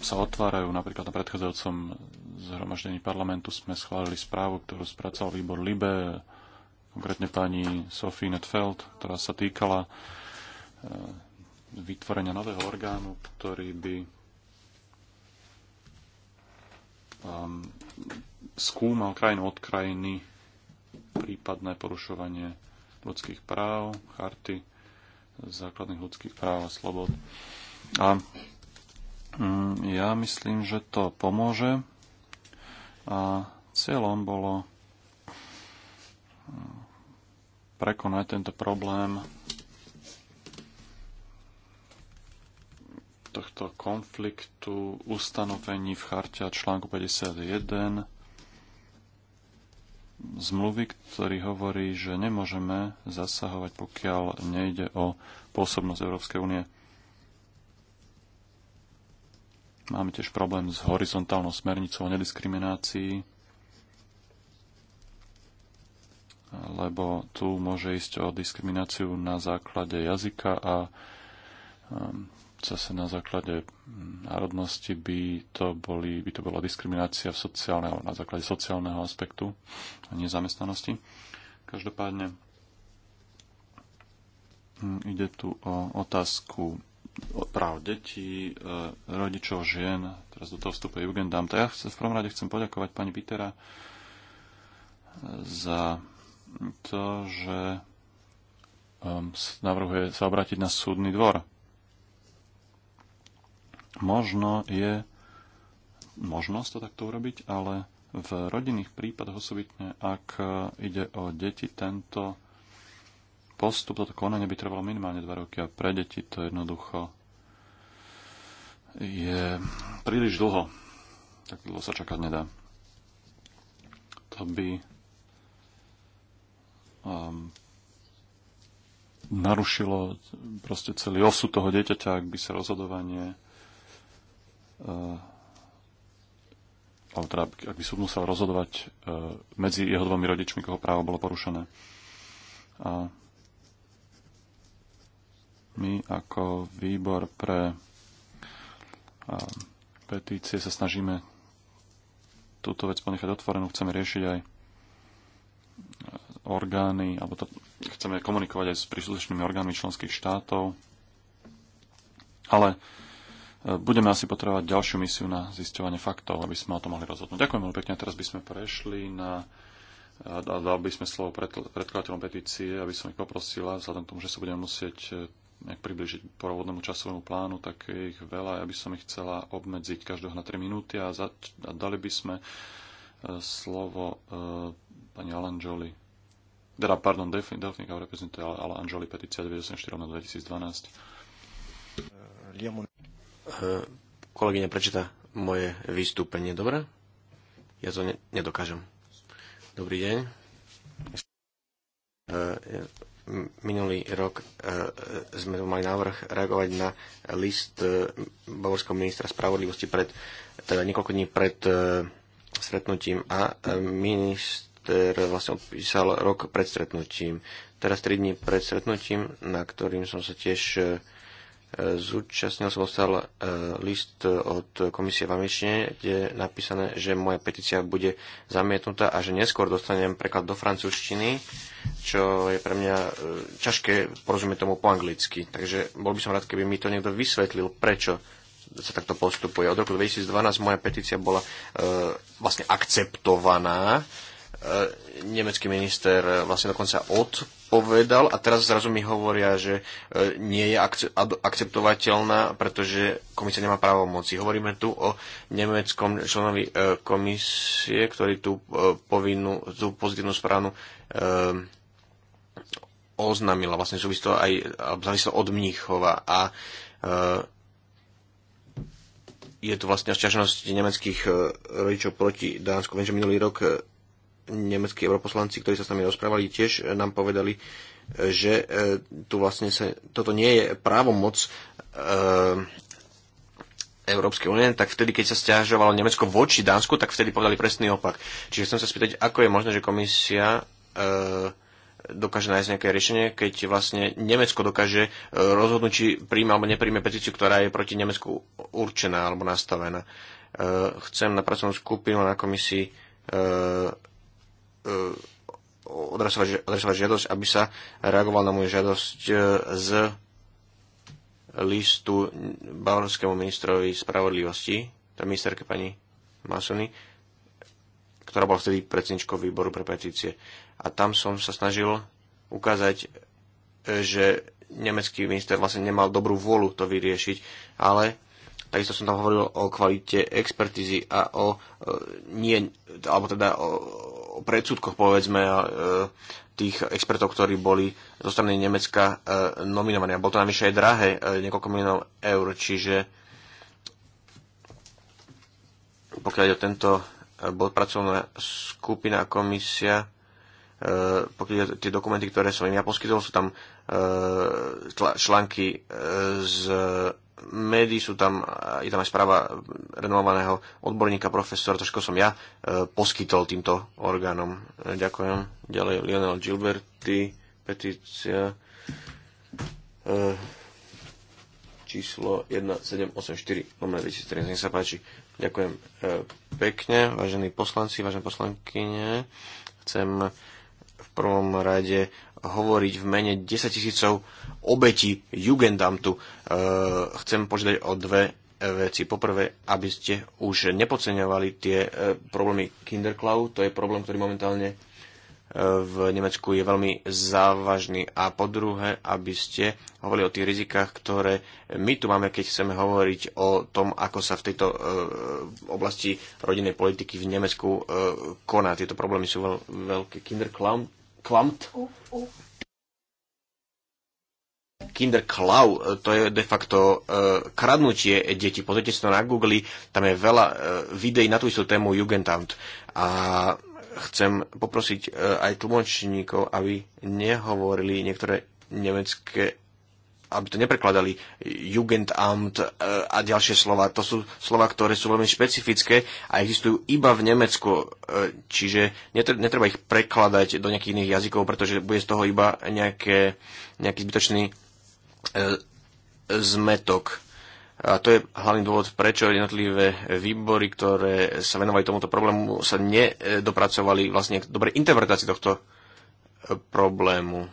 sa otvárajú. Napríklad na predchádzajúcom zhromaždení parlamentu sme schválili správu, ktorú spracoval výbor Libe, konkrétne pani Sophie Netfeld, ktorá sa týkala e, vytvorenia nového orgánu, ktorý by um, skúmal krajinu od krajiny prípadné porušovanie ľudských práv, charty základných ľudských práv a slobod. A Mm, ja myslím, že to pomôže a cieľom bolo mm, prekonať tento problém tohto konfliktu ustanovení v charte a článku 51 zmluvy, ktorý hovorí, že nemôžeme zasahovať, pokiaľ nejde o pôsobnosť Európskej únie. Máme tiež problém s horizontálnou smernicou o nediskriminácii, lebo tu môže ísť o diskrimináciu na základe jazyka a um, zase na základe národnosti by to, boli, by to bola diskriminácia v sociálneho, na základe sociálneho aspektu a nezamestnanosti. Každopádne hm, ide tu o otázku práv detí, e, rodičov, žien, teraz do toho vstupuje Jugendamt. A ja sa v prvom rade chcem poďakovať pani Pitera e, za to, že navrhuje sa obrátiť na súdny dvor. Možno je možnosť to takto urobiť, ale v rodinných prípadoch osobitne, ak e, ide o deti, tento postup, toto konanie by trvalo minimálne 2 roky a pre deti to jednoducho je príliš dlho. Tak dlho sa čakať nedá. To by um, narušilo proste celý osud toho dieťaťa, ak by sa rozhodovanie uh, alebo teda, ak by súd musel rozhodovať uh, medzi jeho dvomi rodičmi, koho právo bolo porušené. A uh, my ako výbor pre petície sa snažíme túto vec ponechať otvorenú. Chceme riešiť aj e, orgány, alebo to, chceme komunikovať aj s príslušnými orgánmi členských štátov. Ale e, budeme asi potrebovať ďalšiu misiu na zisťovanie faktov, aby sme o tom mohli rozhodnúť. Ďakujem veľmi pekne. teraz by sme prešli na a dal by sme slovo predkladateľom petície, aby som ich poprosila, vzhľadom k tomu, že sa budeme musieť e, nejak približiť porovodnému časovému plánu, tak je ich veľa. Ja by som ich chcela obmedziť každého na 3 minúty a, za, a dali by sme e, slovo e, pani Alanžoli. Teda, pardon, Delfin, Delfin reprezentuje Alan Anžoli petícia 94 na 2012. Kolegyňa prečíta moje vystúpenie, dobre? Ja to ne- nedokážem. Dobrý deň. E, Minulý rok e, e, sme tu mali návrh reagovať na list e, bavorského ministra spravodlivosti pred, teda niekoľko dní pred stretnutím a minister vlastne odpísal rok pred stretnutím. Teraz 3 dní pred stretnutím, na ktorým som sa tiež zúčastnil som dostal e, list od komisie v kde je napísané, že moja petícia bude zamietnutá a že neskôr dostanem preklad do francúzštiny, čo je pre mňa e, ťažké porozumieť tomu po anglicky. Takže bol by som rád, keby mi to niekto vysvetlil, prečo sa takto postupuje. Od roku 2012 moja petícia bola e, vlastne akceptovaná. nemecký minister vlastne dokonca od povedal a teraz zrazu mi hovoria, že e, nie je akceptovateľná, pretože komisia nemá právo moci. Hovoríme tu o nemeckom členovi e, komisie, ktorý tú, e, povinnú, tú pozitívnu správnu oznámila. Vlastne súvislo aj závislo od Mníchova a je to vlastne o nemeckých rodičov proti Dánsku. Viem, že minulý rok nemeckí europoslanci, ktorí sa s nami rozprávali, tiež nám povedali, že e, tu vlastne sa, toto nie je právomoc e, Európskej únie, tak vtedy, keď sa stiažovalo Nemecko voči Dánsku, tak vtedy povedali presný opak. Čiže chcem sa spýtať, ako je možné, že komisia e, dokáže nájsť nejaké riešenie, keď vlastne Nemecko dokáže e, rozhodnúť, či príjme alebo nepríjme petíciu, ktorá je proti Nemecku určená alebo nastavená. E, chcem na pracovnú skupinu na komisii e, adresovať, e, adresovať žiadosť, aby sa reagoval na moju žiadosť e, z listu bavorskému ministrovi spravodlivosti, tá teda ministerke pani Masony, ktorá bola vtedy predsedničkou výboru pre petície. A tam som sa snažil ukázať, e, že nemecký minister vlastne nemal dobrú vôľu to vyriešiť, ale takisto som tam hovoril o kvalite expertízy a o e, nie, alebo teda o, predsudkoch, povedzme, e, tých expertov, ktorí boli zo strany Nemecka e, nominovaní. A bolo to navyše aj drahé, e, niekoľko miliónov eur, čiže pokiaľ ide o tento bod pracovná skupina a komisia, pokiaľ tie dokumenty, ktoré som im ja poskytol, sú tam články z médií, sú tam, je tam aj správa renomovaného odborníka profesora, to som ja, e, poskytol týmto orgánom. E, ďakujem. Ďalej Lionel Gilberti, petícia e, číslo 1784 Nech sa páči. Ďakujem pekne, vážení poslanci, vážené poslankyne. Chcem v prvom rade hovoriť v mene 10 tisícov obetí Jugendamtu. E, chcem požiadať o dve veci. Poprvé, aby ste už nepodceňovali tie e, problémy Kinderklau, to je problém, ktorý momentálne e, v Nemecku je veľmi závažný. A po druhé, aby ste hovorili o tých rizikách, ktoré my tu máme, keď chceme hovoriť o tom, ako sa v tejto e, oblasti rodinnej politiky v Nemecku e, koná. Tieto problémy sú veľ, veľké. Kinderklau Klamt. Kinderklau, e, to je de facto uh, kradnutie detí. Pozrite si to na Google, tam je veľa uh, videí na tú istú tému Jugendamt. A chcem poprosiť uh, aj tlmočníkov, aby nehovorili niektoré nemecké aby to neprekladali Jugendamt e, a ďalšie slova. To sú slova, ktoré sú veľmi špecifické a existujú iba v Nemecku, e, čiže netreba ich prekladať do nejakých iných jazykov, pretože bude z toho iba nejaké, nejaký zbytočný e, zmetok. A to je hlavný dôvod, prečo jednotlivé výbory, ktoré sa venovali tomuto problému, sa nedopracovali vlastne k dobrej interpretácii tohto problému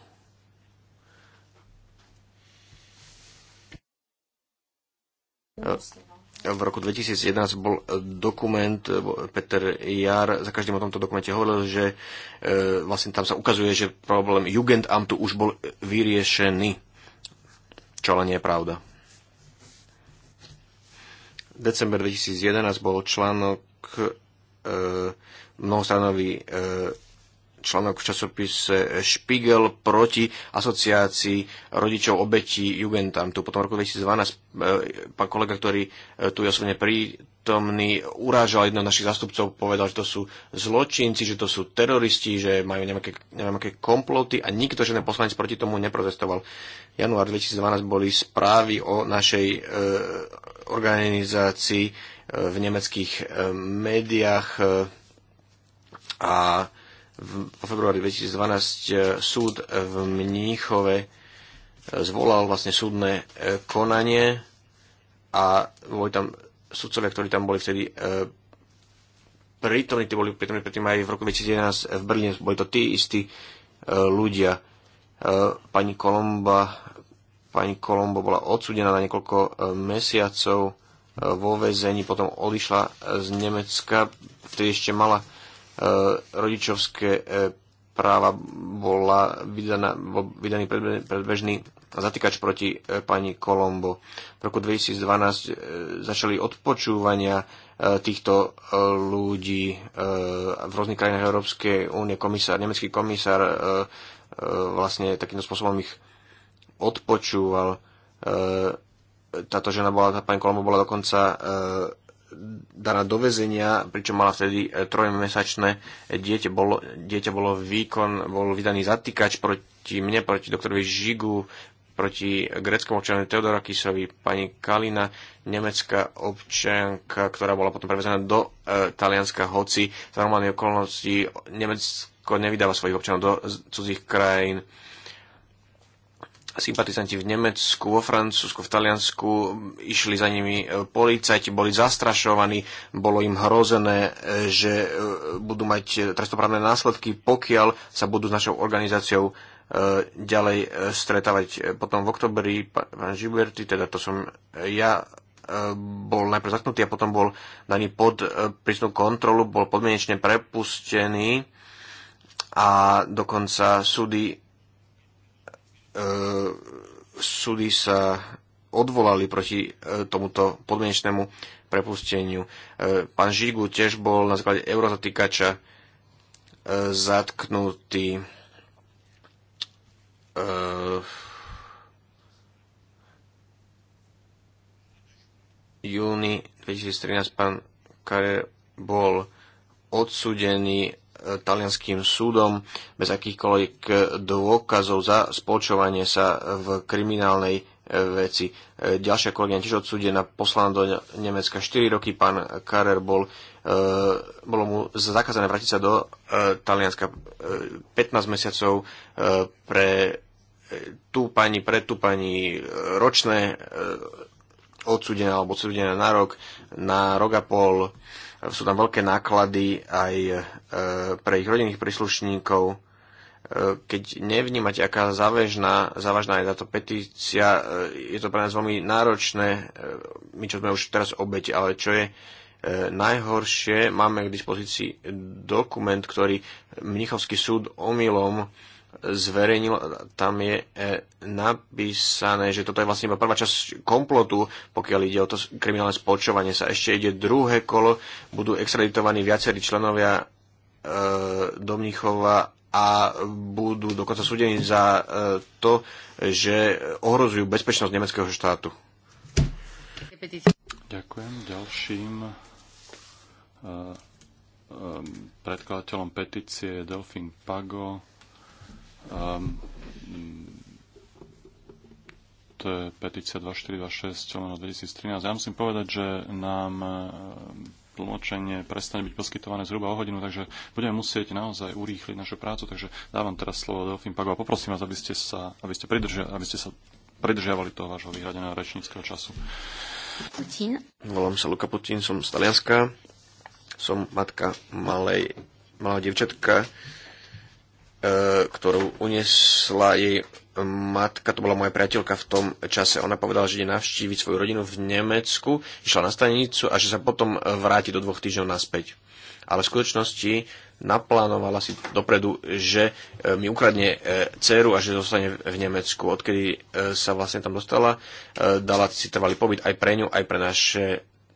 v roku 2011 bol dokument, eh, Peter Jar za každým o tomto dokumente hovoril, že eh, vlastne tam sa ukazuje, že problém Jugendamtu už bol vyriešený, čo ale nie je pravda. December 2011 bol článok e, mnohostranový e, článok v časopise Špigel proti asociácii rodičov obetí Jugendam. Tu Potom v roku 2012 e, pán kolega, ktorý e, tu je osobne prítomný, urážal jedno z našich zástupcov, povedal, že to sú zločinci, že to sú teroristi, že majú nejaké, neviem, aké komploty a nikto, žiaden poslanec proti tomu neprotestoval. Január 2012 boli správy o našej e, organizácii e, v nemeckých e, médiách e, a v februári 2012 e, súd v Mníchove e, zvolal vlastne súdne e, konanie a boli tam sudcovia, ktorí tam boli vtedy prítomní, tí boli prítomní predtým aj v roku 2011 v Berlíne, boli to tí istí ľudia. Pani Kolomba, pani Kolombo bola odsudená na niekoľko mesiacov vo väzení, potom odišla z Nemecka, vtedy ešte mala E, rodičovské e, práva bola vydaná, bol vydaný predbežný zatýkač proti e, pani Kolombo. V roku 2012 začali odpočúvania týchto ľudí v rôznych krajinách Európskej únie. Komisár, nemecký komisár vlastne takýmto spôsobom ich odpočúval. Táto žena bola, tá pani Kolombo bola dokonca daná do vezenia, pričom mala vtedy e, trojmesačné dieťa. Bolo, dieťa bolo výkon, bol vydaný zatýkač proti mne, proti doktorovi Žigu, proti greckému občanovi Teodorakisovi, pani Kalina, nemecká občianka, ktorá bola potom prevezená do e, Talianska, hoci za normálnej okolnosti Nemecko nevydáva svojich občanov do cudzích krajín. E, sympatizanti v Nemecku, vo Francúzsku, v Taliansku, išli za nimi e, policajti, boli zastrašovaní, bolo im hrozené, e, že e, budú mať trestoprávne následky, pokiaľ sa budú s našou organizáciou ďalej stretávať. Potom v oktobri pán Žiberty, teda to som ja, bol najprv zatknutý a potom bol daný pod prísnu kontrolu, bol podmienečne prepustený a dokonca súdy E, súdy sa odvolali proti e, tomuto podmienečnému prepusteniu. E, pán Žigu tiež bol na základe eurozatýkača zatknutý júni 2013 pán Kare bol odsudený talianským súdom bez akýchkoľvek dôkazov za spolčovanie sa v kriminálnej e, veci. E, ďalšia kolegyňa tiež odsúdená, poslaná do Nemecka 4 roky, pán Karer bol, e, bolo mu zakázané vrátiť sa do Talianska 15 mesiacov pre tú pani, pre tú pani ročné e, alebo odsudená na rok, na rok a pol sú tam veľké náklady aj e, pre ich rodinných príslušníkov. E, keď nevnímate, aká závažná, závažná je táto petícia, e, je to pre nás veľmi náročné, my čo sme už teraz obete, ale čo je najhoršie, máme k dispozícii dokument, ktorý Mnichovský súd omylom zverejnil, tam je e, napísané, že toto je vlastne iba prvá časť komplotu, pokiaľ ide o to kriminálne spočovanie sa. Ešte ide druhé kolo, budú extraditovaní viacerí členovia e, Domnichova a budú dokonca súdení za e, to, že ohrozujú bezpečnosť nemeckého štátu. Ďakujem. Ďalším e, e predkladateľom petície je Delfín Pago Um, to je petícia 2426 2013. Ja musím povedať, že nám um, tlmočenie prestane byť poskytované zhruba o hodinu, takže budeme musieť naozaj urýchliť našu prácu, takže dávam teraz slovo Delfín Pagu a poprosím vás, aby ste sa, aby ste, pridržia, aby ste sa pridržiavali toho vášho vyhradeného rečníckého času. Putin. Volám sa Luka Putin, som z Talianska, som matka malej, malého devčatka, E, ktorú uniesla jej matka, to bola moja priateľka v tom čase, ona povedala, že ide navštíviť svoju rodinu v Nemecku, išla na stanicu a že sa potom vráti do dvoch týždňov naspäť. Ale v skutočnosti naplánovala si dopredu, že e, mi ukradne e, dceru a že zostane v Nemecku. Odkedy sa vlastne tam dostala, dala si trvalý pobyt aj pre ňu, aj pre, naše,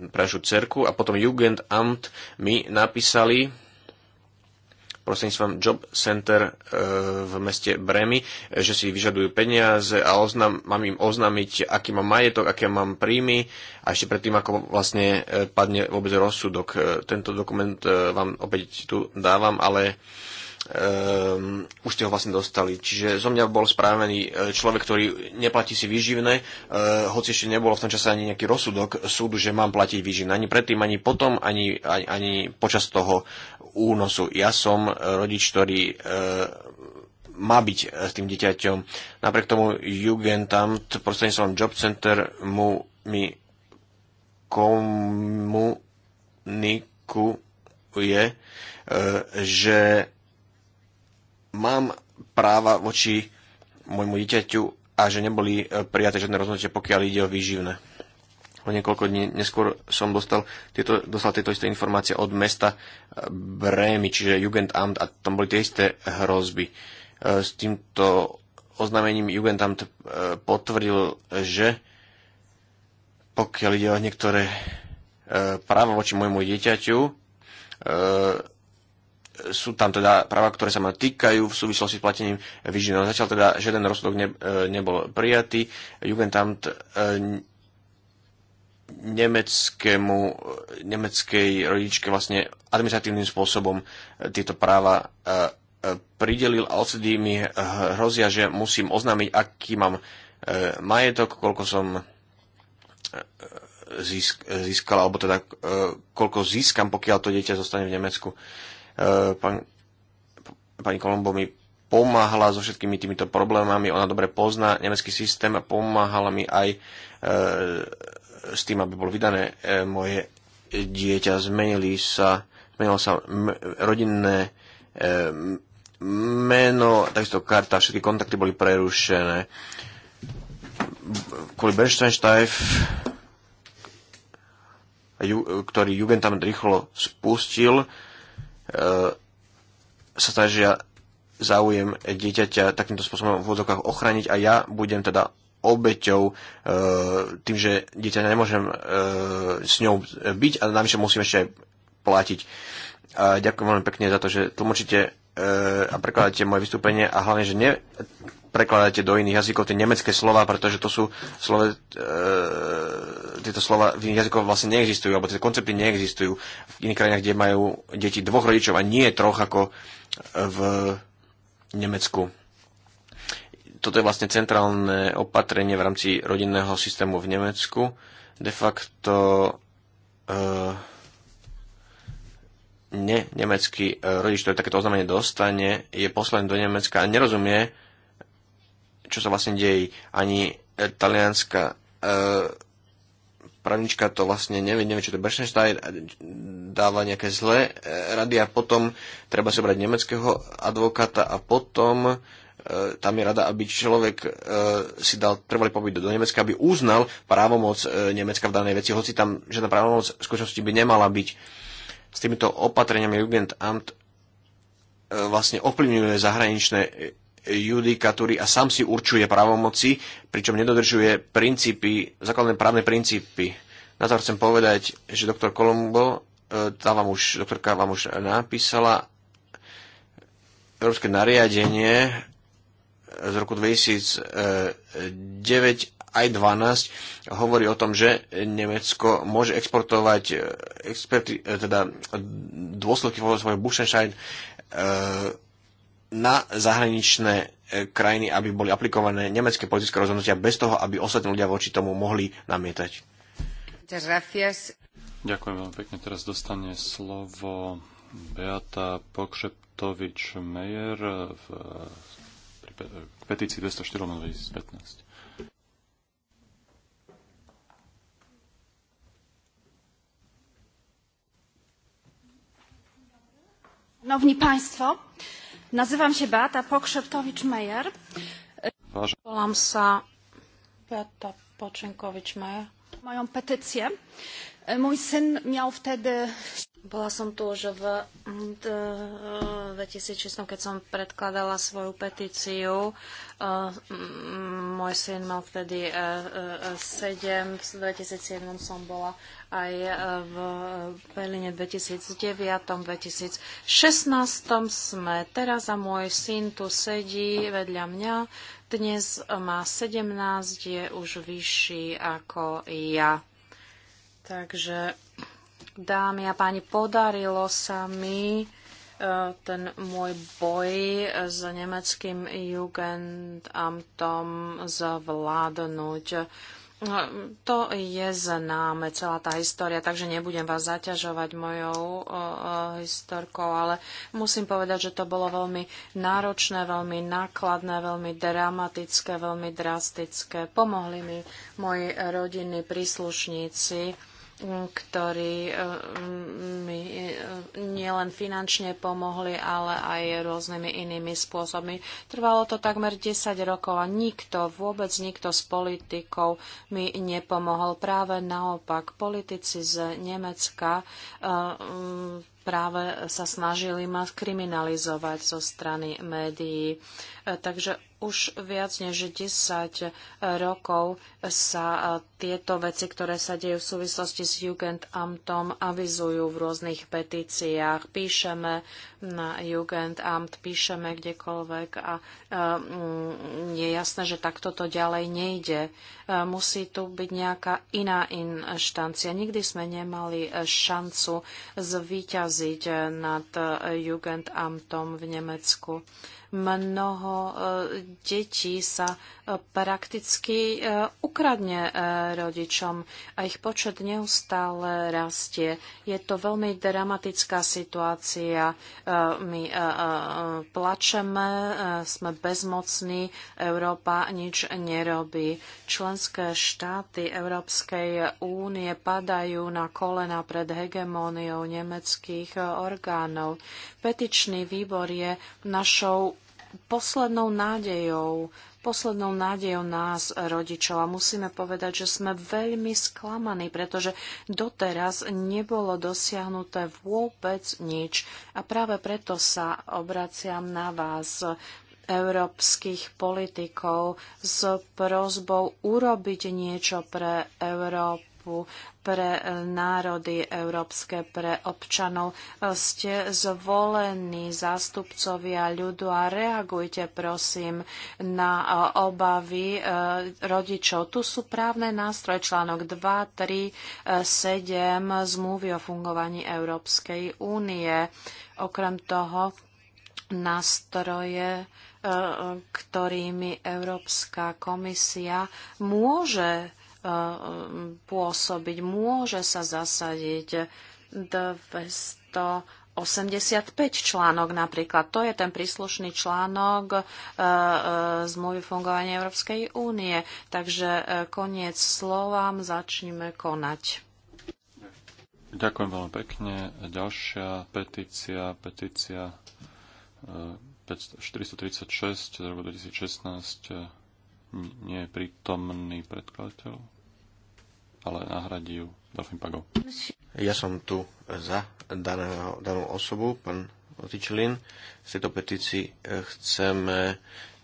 pre našu cerku a potom Jugendamt mi napísali, vám, Job Center e, v meste Bremy, e, že si vyžadujú peniaze a oznam, mám im oznámiť, aký mám majetok, aké mám príjmy a ešte predtým, ako vlastne e, padne vôbec rozsudok. Tento dokument vám opäť tu dávam, ale um, už ste ho vlastne dostali. Čiže zo mňa bol správený e, človek, ktorý neplatí si výživné, uh, hoci ešte nebolo v tom čase ani nejaký rozsudok súdu, že mám platiť výživné. Ani predtým, ani potom, ani, ani, ani počas toho únosu. Ja som e, rodič, ktorý uh, má byť s tým dieťaťom. Napriek tomu Jugendamt prostredníctvom Job Center mu mi komunikuje, že mám práva voči môjmu dieťaťu a že neboli e, prijaté žiadne rozhodnutie, pokiaľ ide o výživné. O niekoľko dní neskôr som dostal tieto, dostal tieto isté informácie od mesta e, Brémy, čiže Jugendamt a tam boli tie isté hrozby. E, s týmto oznámením Jugendamt potvrdil, že pokiaľ ide o niektoré práva voči môjmu dieťaťu, sú tam teda práva, ktoré sa ma týkajú v súvislosti s platením výživného. Zatiaľ teda žiaden rozsudok ne, e, nebol prijatý. Jugendamt e, nemeckému, e, nemeckej rodičke vlastne administratívnym spôsobom tieto práva pridelil a odtedy mi hrozia, že musím oznámiť, aký mám majetok, koľko som získal alebo teda koľko získam, pokiaľ to dieťa zostane v Nemecku. Eh, Pán, pani Kolombo mi pomáhala so všetkými týmito problémami, ona dobre pozná nemecký systém a pomáhala mi aj e, s tým, aby bolo vydané e, moje dieťa. Zmenili sa, zmenilo sa m- rodinné e, meno, takisto karta, všetky kontakty boli prerušené. Kvôli Bernsteinsteif, ju, ktorý Jugendamt rýchlo spustil, E, sa snažia záujem dieťaťa takýmto spôsobom v úvodzovkách ochrániť a ja budem teda obeťou e, tým, že dieťa nemôžem e, s ňou byť a navyše musím ešte aj platiť. A ďakujem veľmi pekne za to, že tlmočíte E, a prekladáte moje vystúpenie a hlavne, že ne, prekladáte do iných jazykov tie nemecké slova, pretože to sú slove, e, tieto slova v iných jazykoch vlastne neexistujú, alebo tie koncepty neexistujú v iných krajinách, kde majú deti dvoch rodičov a nie troch ako v Nemecku. Toto je vlastne centrálne opatrenie v rámci rodinného systému v Nemecku. De facto e, ne, nemecký e, rodič, ktorý takéto oznámenie dostane, je poslaný do Nemecka a nerozumie, čo sa vlastne deje. Ani e, talianská e, pravnička to vlastne nevie, nevie, čo to je Bersenstein, dáva nejaké zlé e, rady a potom treba si brať nemeckého advokáta a potom e, tam je rada, aby človek e, si dal trvalý pobyt do Nemecka, aby uznal právomoc e, Nemecka v danej veci, hoci tam žiadna právomoc v skutočnosti by nemala byť s týmito opatreniami Jugendamt e, vlastne ovplyvňuje zahraničné e, judikatúry a sám si určuje právomoci, pričom nedodržuje princípy, základné právne princípy. Na to chcem povedať, že doktor Kolombo, e, tá vám už, doktorka vám už napísala, Európske nariadenie z roku 2009 aj 12 hovorí o tom, že Nemecko môže exportovať e, experti, e, teda dôsledky vo svojho Buchenschein e, na zahraničné krajiny, aby boli aplikované nemecké politické rozhodnutia bez toho, aby ostatní ľudia voči tomu mohli namietať. Ďakujem veľmi pekne. Teraz dostane slovo Beata Pokšeptovič-Mejer v, petícii 204 2015. Szanowni Państwo, nazywam się Beata Pokrzeptowicz-Meyer. Volám sa Beata Počenkovič-Meyer. Moją petycję. Mój syn miał wtedy... Bola som tu už v 2006, eh, keď som predkladala svoju petíciu. Eh, môj syn mal vtedy 7, eh, v 2007 som bola aj v Berlíne 2009, 2016 sme teraz a môj syn tu sedí vedľa mňa. Dnes má 17, je už vyšší ako ja. Takže Dámy a páni, podarilo sa mi e, ten môj boj s nemeckým Jugendamtom zvládnuť. E, to je známe, celá tá história, takže nebudem vás zaťažovať mojou e, historkou, ale musím povedať, že to bolo veľmi náročné, veľmi nákladné, veľmi dramatické, veľmi drastické. Pomohli mi moji rodinní príslušníci ktorí e, mi e, nielen finančne pomohli, ale aj rôznymi inými spôsobmi. Trvalo to takmer 10 rokov a nikto, vôbec nikto z politikov mi nepomohol. Práve naopak, politici z Nemecka e, práve sa snažili ma kriminalizovať zo strany médií. Takže už viac než 10 rokov sa tieto veci, ktoré sa dejú v súvislosti s Jugendamtom, avizujú v rôznych petíciách. Píšeme na Jugendamt, píšeme kdekoľvek a e, mm, je jasné, že takto to ďalej nejde. E, musí tu byť nejaká iná inštancia. Nikdy sme nemali e, šancu zvíťaziť nad Jugendamtom v Nemecku mnoho detí sa prakticky ukradne rodičom a ich počet neustále rastie. Je to veľmi dramatická situácia. E, my e, e, plačeme, sme bezmocní, Európa nič nerobí. Členské štáty Európskej únie padajú na kolena pred hegemóniou nemeckých orgánov. Petičný výbor je našou poslednou nádejou, poslednou nádejou nás, rodičov. A musíme povedať, že sme veľmi sklamaní, pretože doteraz nebolo dosiahnuté vôbec nič. A práve preto sa obraciam na vás, európskych politikov, s prozbou urobiť niečo pre Európu Európu, pre e, národy európske, pre občanov. E, ste zvolení zástupcovia ľudu a reagujte prosím na e, obavy rodičov. Tu sú právne nástroje článok 2, 3, 7 zmluvy o fungovaní Európskej únie. Okrem toho nástroje ktorými Európska komisia môže Um, pôsobiť. Môže sa zasadiť 285 článok napríklad. To je ten príslušný článok e, e, zmluvy fungovania Európskej únie. Takže e, koniec slovám, začneme konať. Ďakujem veľmi pekne. Ďalšia petícia, petícia 436 z roku 2016 nie je prítomný predkladateľ ale nahradí ju Delfín Pagov. Ja som tu za daného, danú osobu, pán Otičlin. Z tejto petícii eh, chceme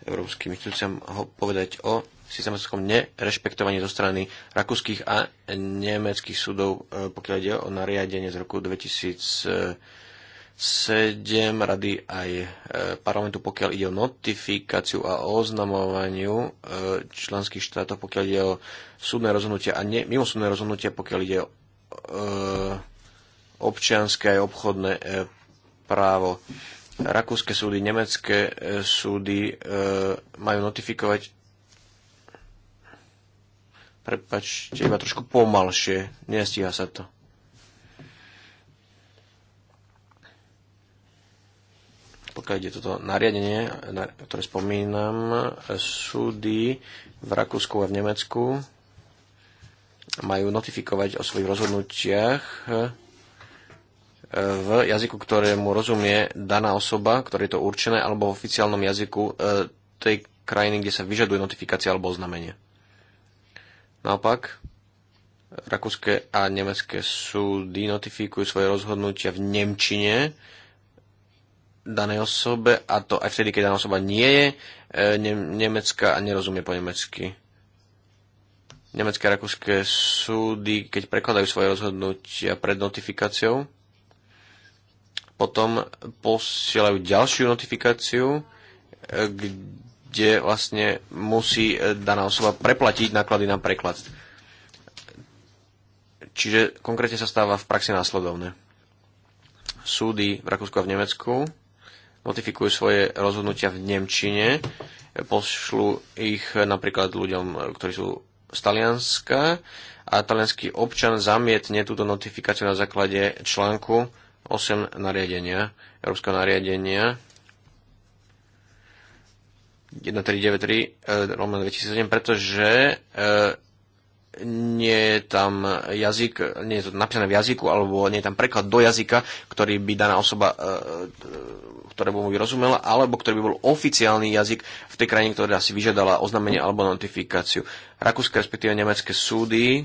európskym inštitúciám povedať o systematickom nerešpektovaní zo strany rakúskych a nemeckých súdov, eh, pokiaľ ide o nariadenie z roku 2000 7 rady aj e, parlamentu, pokiaľ ide o notifikáciu a oznamovaniu e, členských štátov, pokiaľ ide o súdne rozhodnutia a ne, mimo súdne rozhodnutia, pokiaľ ide o e, občianske občianské aj obchodné právo. Rakúske súdy, nemecké súdy majú notifikovať prepačte, iba trošku pomalšie, nestíha sa to. pokiaľ ide toto nariadenie, ktoré spomínam, súdy v Rakúsku a v Nemecku majú notifikovať o svojich rozhodnutiach e, v jazyku, ktorému rozumie daná osoba, ktoré je to určené, alebo v oficiálnom jazyku e, tej krajiny, kde sa vyžaduje notifikácia alebo oznamenie. Naopak, rakúske a nemecké súdy notifikujú svoje rozhodnutia v Nemčine, danej osobe a to aj vtedy, keď daná osoba nie je e, ne, nemecká a nerozumie po nemecky. Nemecké a rakúske súdy, keď prekladajú svoje rozhodnutia pred notifikáciou, potom posielajú ďalšiu notifikáciu, e, kde vlastne musí e, daná osoba preplatiť náklady na preklad. Čiže konkrétne sa stáva v praxi následovné. Súdy v Rakúsku a v Nemecku notifikujú svoje rozhodnutia v Nemčine, Pošlu ich napríklad ľuďom, ktorí sú z Talianska a talianský občan zamietne túto notifikáciu na základe článku 8 nariadenia, Európskeho nariadenia 1393 eh, Roman 2007, pretože eh, nie je tam jazyk, nie je to napísané v jazyku, alebo nie je tam preklad do jazyka, ktorý by daná osoba, e, e, ktorá by rozumela, alebo ktorý by bol oficiálny jazyk v tej krajine, ktorá si vyžiadala oznámenie alebo notifikáciu. Rakúske, respektíve nemecké súdy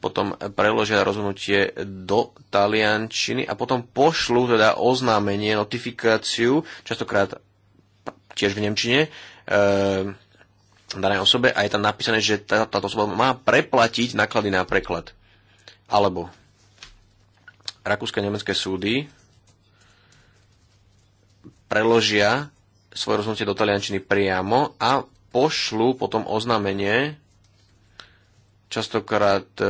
potom preložia rozhodnutie do taliančiny a potom pošlu teda oznámenie, notifikáciu, častokrát tiež v Nemčine, e danej osobe a je tam napísané, že tá, táto osoba má preplatiť náklady na preklad. Alebo rakúske a nemecké súdy preložia svoje rozhodnutie do taliančiny priamo a pošlu potom oznámenie častokrát e,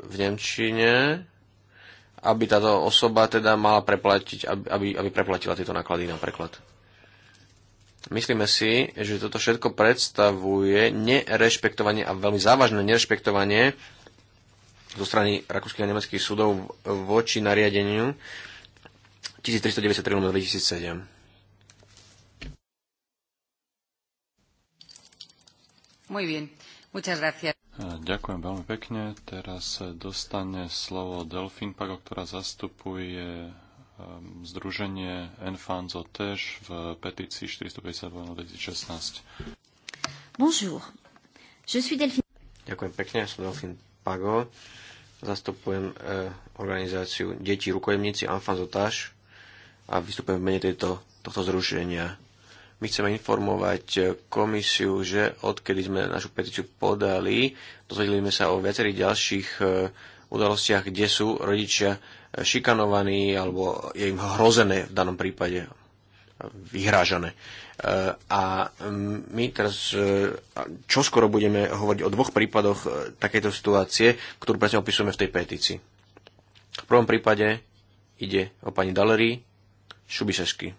v Nemčine, aby táto osoba teda mala preplatiť, aby, aby, aby preplatila tieto náklady na preklad. Myslíme si, že toto všetko predstavuje nerešpektovanie a veľmi závažné nerešpektovanie zo strany rakúskych a nemeckých súdov voči nariadeniu 1393 2007. Muy bien. Muchas gracias. Ďakujem veľmi pekne. Teraz dostane slovo Delfín ktorá zastupuje Ehm, združenie Enfanzo tež v petícii 452 2016. Bonjour. Je suis Delphine. Ďakujem pekne, ja som Delfín Pago. Zastupujem eh, organizáciu Deti rukojemníci Enfanzo Taš a vystupujem v mene tejto, tohto zrušenia. My chceme informovať eh, komisiu, že odkedy sme našu petíciu podali, dozvedeli sme sa o viacerých ďalších eh, udalostiach, kde sú rodičia šikanovaní alebo je im hrozené v danom prípade vyhrážané. E, a my teraz e, čo skoro budeme hovoriť o dvoch prípadoch e, takejto situácie, ktorú presne opisujeme v tej petícii. V prvom prípade ide o pani Dalery Šubisešky.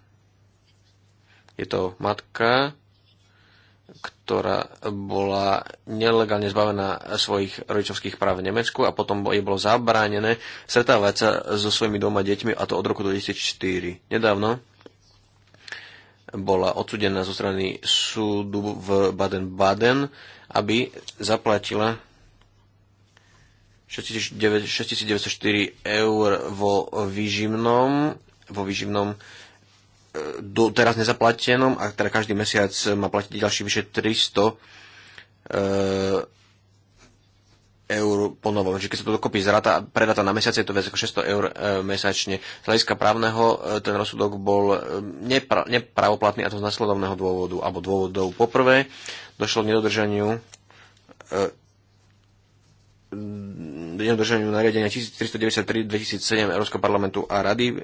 Je to matka, ktorá bola nelegálne zbavená svojich rodičovských práv v Nemecku a potom jej bolo zabránené stretávať sa so svojimi doma deťmi a to od roku 2004. Nedávno bola odsudená zo strany súdu v Baden-Baden, aby zaplatila 6904 eur vo výživnom, vo výživnom do teraz nezaplatenom a teda každý mesiac má platiť ďalší vyše 300 e, eur po novom. Čiže keď sa to dokopy zrata, predáta na mesiac, je to viac ako 600 eur e, mesačne. Z hľadiska právneho e, ten rozsudok bol e, nepra- nepravoplatný a to z nasledovného dôvodu, alebo dôvodov. Poprvé, došlo k nedodržaniu e, nedodržaniu nariadenia 1393-2007 Európskeho parlamentu a Rady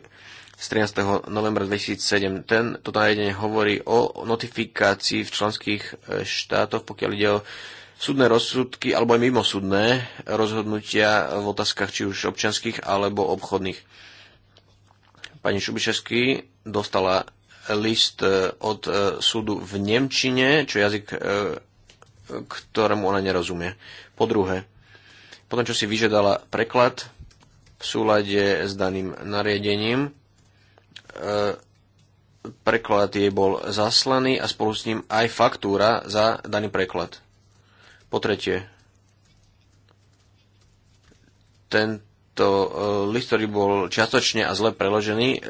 z 13. novembra 2007. Ten, toto nariadenie hovorí o notifikácii v členských e, štátoch, pokiaľ ide o súdne rozsudky alebo aj mimosúdne rozhodnutia v otázkach či už občianských alebo obchodných. Pani Šubiševský dostala list e, od e, súdu v Nemčine, čo je jazyk, ktorému ona nerozumie. Po druhé, potom čo si vyžiadala preklad v súlade s daným nariadením, E, preklad jej bol zaslaný a spolu s ním aj faktúra za daný preklad. Po tretie, tento e, list, ktorý bol čiastočne a zle preložený,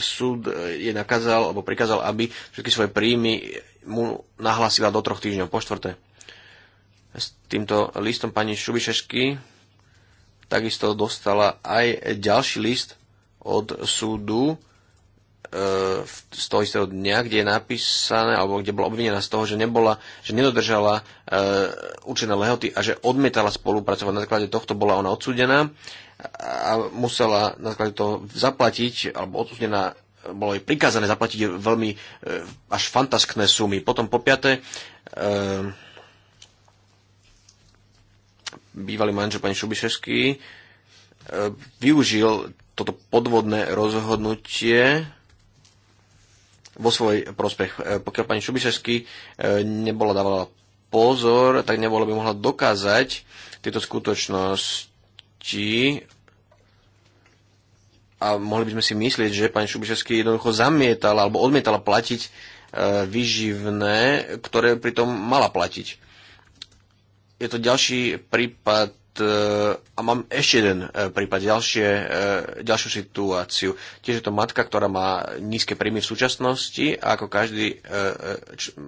súd je nakázal, alebo prikázal, aby všetky svoje príjmy mu nahlásila do troch týždňov. Po štvrté, s týmto listom pani Šubišešky takisto dostala aj ďalší list od súdu, E, z toho istého dňa, kde je napísané, alebo kde bola obvinená z toho, že nebola, že nedodržala e, určené lehoty a že odmietala spolupracovať. Na základe tohto bola ona odsudená a musela na základe toho zaplatiť, alebo odsudená bolo jej prikázané zaplatiť veľmi e, až fantaskné sumy. Potom po piaté bývalý manžel pani Šubiševský využil toto podvodné rozhodnutie vo svoj prospech. E, pokiaľ pani Šubišesky e, nebola dávala pozor, tak nebola by mohla dokázať tieto skutočnosti a mohli by sme si myslieť, že pani Šubišesky jednoducho zamietala alebo odmietala platiť e, výživné, ktoré pritom mala platiť. Je to ďalší prípad E, a mám ešte jeden e, prípad, ďalšie, e, ďalšiu situáciu. Tiež je to matka, ktorá má nízke príjmy v súčasnosti a ako každý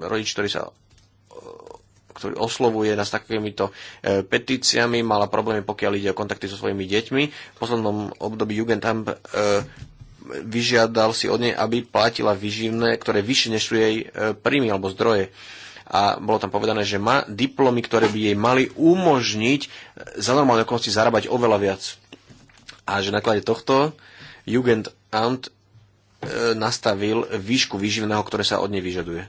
rodič, ktorý sa ktorý oslovuje nás takýmito e, petíciami, mala problémy, pokiaľ ide o kontakty so svojimi deťmi. V poslednom období Jugendamt e, vyžiadal si od nej, aby platila vyživné, ktoré vyššie než sú jej e, príjmy alebo zdroje. E, a bolo tam povedané, že má diplomy, ktoré by jej mali umožniť e, za normálne okolnosti zarábať oveľa viac. A že na klade tohto Jugendamt e, nastavil výšku výživného, ktoré sa od nej vyžaduje.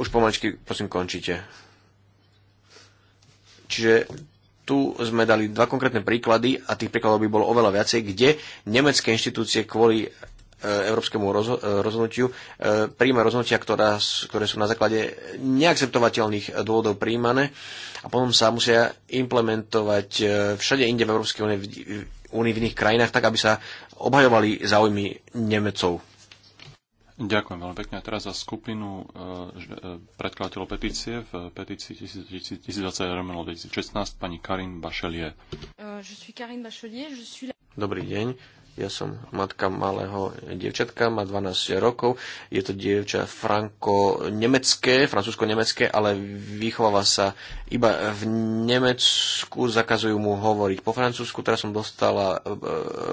Už pomaličky, prosím, končíte. Čiže tu sme dali dva konkrétne príklady a tých príkladov by bolo oveľa viacej, kde nemecké inštitúcie kvôli európskemu rozho- rozhodnutiu príjma rozhodnutia, ktorá, ktoré sú na základe neakceptovateľných dôvodov príjmané a potom sa musia implementovať všade inde v Európskej únii v, v iných krajinách, tak aby sa obhajovali záujmy Nemecov. Ďakujem veľmi pekne. A teraz za skupinu predkladateľov petície v petícii 1021-2016 pani Karin Bachelier. Dobrý deň. Ja som matka malého dievčatka, má 12 rokov. Je to dievča franko-nemecké, francúzsko-nemecké, ale vychováva sa iba v Nemecku. Zakazujú mu hovoriť po francúzsku. Teraz som dostala e,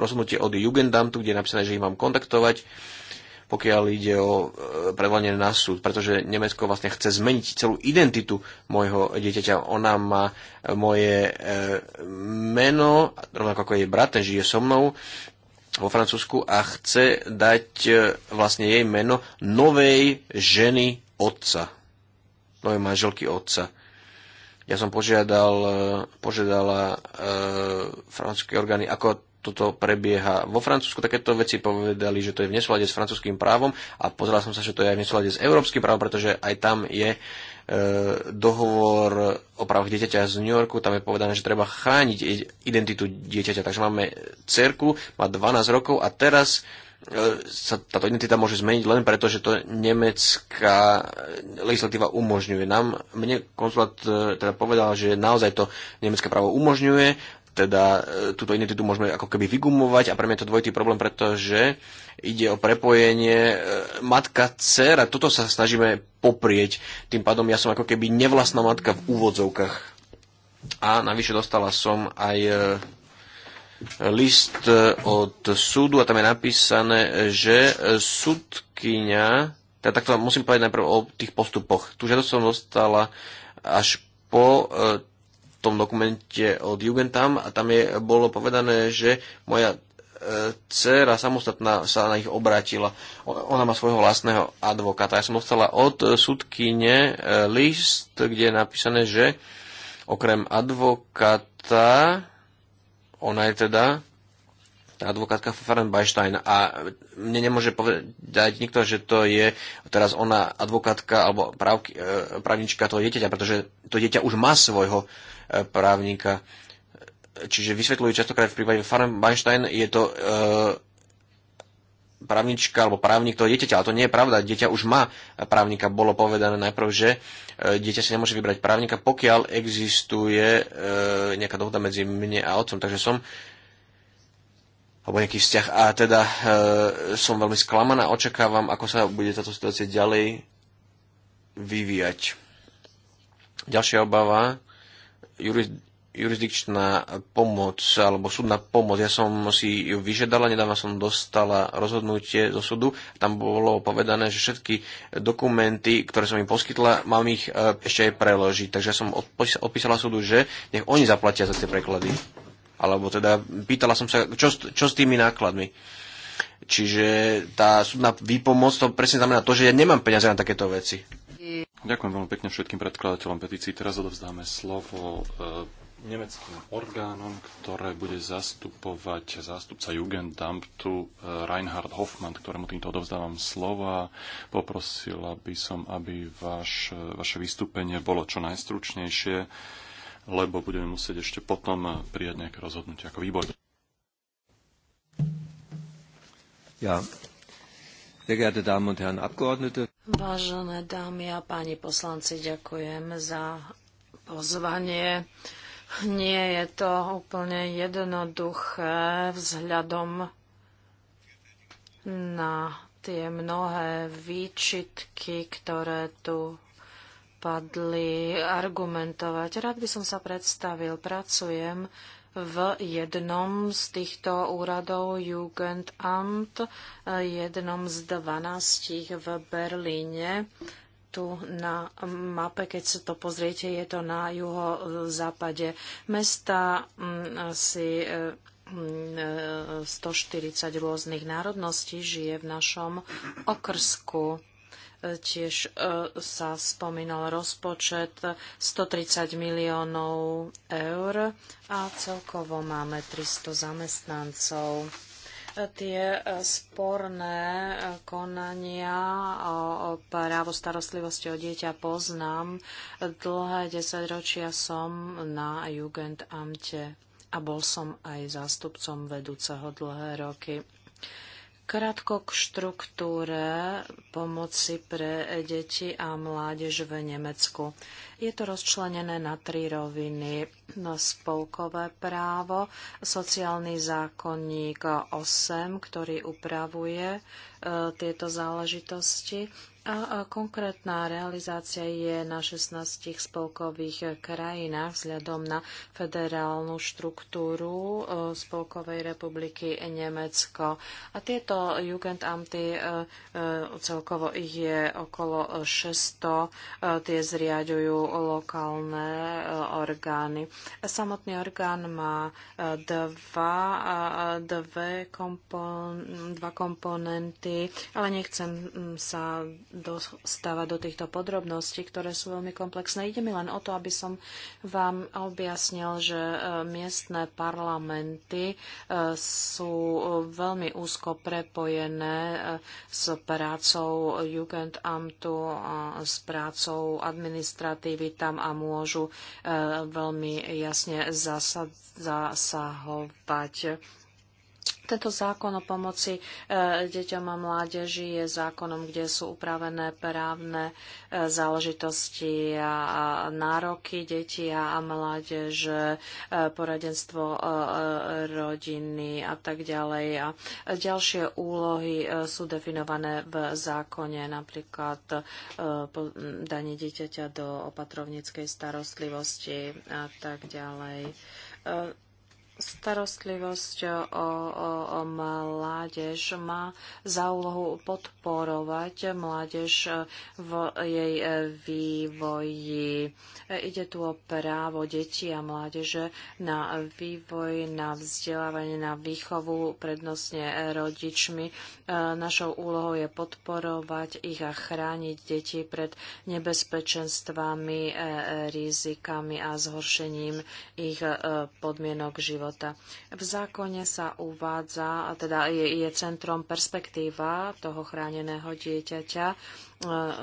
rozhodnutie od Jugendamtu, kde je napísané, že ich mám kontaktovať pokiaľ ide o e, prevolenie na súd, pretože Nemecko vlastne chce zmeniť celú identitu môjho dieťaťa. Ona má e, moje meno, rovnako ako jej brat, ten žije so mnou, vo Francúzsku a chce dať e, vlastne jej meno novej ženy otca. Novej manželky otca. Ja som požiadal, e, požiadala e, francúzske orgány, ako toto prebieha vo Francúzsku. Takéto veci povedali, že to je v nesúlade s francúzským právom a pozeral som sa, že to je aj v nesúlade s európskym právom, pretože aj tam je e, E, dohovor o právach dieťaťa z New Yorku, tam je povedané, že treba chrániť identitu dieťaťa. Takže máme cerku, má 12 rokov a teraz e, sa táto identita môže zmeniť len preto, že to nemecká legislatíva umožňuje. Nám, mne konzulát e, teda povedal, že naozaj to nemecké právo umožňuje teda e, túto identitu môžeme ako keby vygumovať a pre mňa je to dvojitý problém, pretože ide o prepojenie e, matka, dcera. Toto sa snažíme poprieť. Tým pádom ja som ako keby nevlastná matka v úvodzovkách. A navyše dostala som aj e, list od súdu a tam je napísané, že súdkyňa, teda takto musím povedať najprv o tých postupoch. Tu žiadosť som dostala až po tom dokumente od Jugendam a tam je, bolo povedané, že moja e, dcera samostatná sa na nich obrátila. Ona má svojho vlastného advokáta. Ja som dostala od súdkyne e, list, kde je napísané, že okrem advokáta, ona je teda tá advokátka Fahrenbeinstein a mne nemôže povedať nikto, že to je teraz ona advokátka alebo právky, e, právnička toho dieťaťa, pretože to dieťa už má svojho právnika. Čiže vysvetľujú častokrát v prípade Weinstein, je to e, právnička alebo právnik toho dieťaťa, ale to nie je pravda. Dieťa už má právnika. Bolo povedané najprv, že e, dieťa si nemôže vybrať právnika, pokiaľ existuje e, nejaká dohoda medzi mne a otcom. Takže som alebo nejaký vzťah. A teda e, som veľmi sklamaná, očakávam, ako sa bude táto situácia ďalej vyvíjať. Ďalšia obava jurisdikčná pomoc alebo súdna pomoc. Ja som si ju vyžiadala, nedávno som dostala rozhodnutie zo súdu. Tam bolo povedané, že všetky dokumenty, ktoré som im poskytla, mám ich e, ešte aj preložiť. Takže som odpísala súdu, že nech oni zaplatia za tie preklady. Alebo teda pýtala som sa, čo, čo s tými nákladmi. Čiže tá súdna výpomoc, to presne znamená to, že ja nemám peniaze na takéto veci. Ďakujem veľmi pekne všetkým predkladateľom petícií. Teraz odovzdáme slovo e, nemeckým orgánom, ktoré bude zastupovať zástupca Jugendamtu e, Reinhard Hoffmann, ktorému týmto odovzdávam slova. Poprosila by som, aby vaš, e, vaše vystúpenie bolo čo najstručnejšie, lebo budeme musieť ešte potom prijať nejaké rozhodnutie ako výbor. Ja, Sehr geehrte Damen und Herren Abgeordnete. Vážené dámy a páni poslanci, ďakujem za pozvanie. Nie je to úplne jednoduché vzhľadom na tie mnohé výčitky, ktoré tu padli, argumentovať. Rád by som sa predstavil. Pracujem v jednom z týchto úradov Jugendamt, jednom z dvanástich v Berlíne. Tu na mape, keď sa to pozriete, je to na juhozápade mesta mm, asi 140 mm, mm, rôznych národností žije v našom okrsku. Tiež e, sa spomínal rozpočet 130 miliónov eur a celkovo máme 300 zamestnancov tie e, sporné e, konania o právo starostlivosti o dieťa poznám. Dlhé desaťročia som na Jugendamte a bol som aj zástupcom vedúceho dlhé roky. Krátko k štruktúre pomoci pre deti a mládež v Nemecku. Je to rozčlenené na tri roviny. Spolkové právo, sociálny zákonník 8, ktorý upravuje e, tieto záležitosti, a konkrétna realizácia je na 16 spolkových krajinách vzhľadom na federálnu štruktúru e, Spolkovej republiky Nemecko. A tieto Jugendamty, e, celkovo ich je okolo 600, tie zriaďujú lokálne eh, orgány. Samotný orgán má eh, dva, eh, dve kompon, dva komponenty, ale nechcem mm, sa dostávať do týchto podrobností, ktoré sú veľmi komplexné. Ide mi len o to, aby som vám objasnil, že miestne parlamenty sú veľmi úzko prepojené s prácou Jugendamtu, s prácou administratívy vplyvy tam a môžu eh, veľmi jasne zasahovať tento zákon o pomoci e, deťom a mládeži je zákonom, kde sú upravené právne e, záležitosti a nároky detí a mládeže, e, poradenstvo rodiny a tak ďalej. A ďalšie úlohy sú definované v zákone, napríklad danie dieťaťa do opatrovníckej starostlivosti a tak ďalej Starostlivosť o, o, o mládež má za úlohu podporovať mládež v jej vývoji. Ide tu o právo detí a mládeže na vývoj, na vzdelávanie, na výchovu prednostne rodičmi. E, našou úlohou je podporovať ich a chrániť deti pred nebezpečenstvami, e, rizikami a zhoršením ich e, podmienok života života. V zákone sa uvádza, a teda je, je centrom perspektíva toho chráneného dieťaťa. E,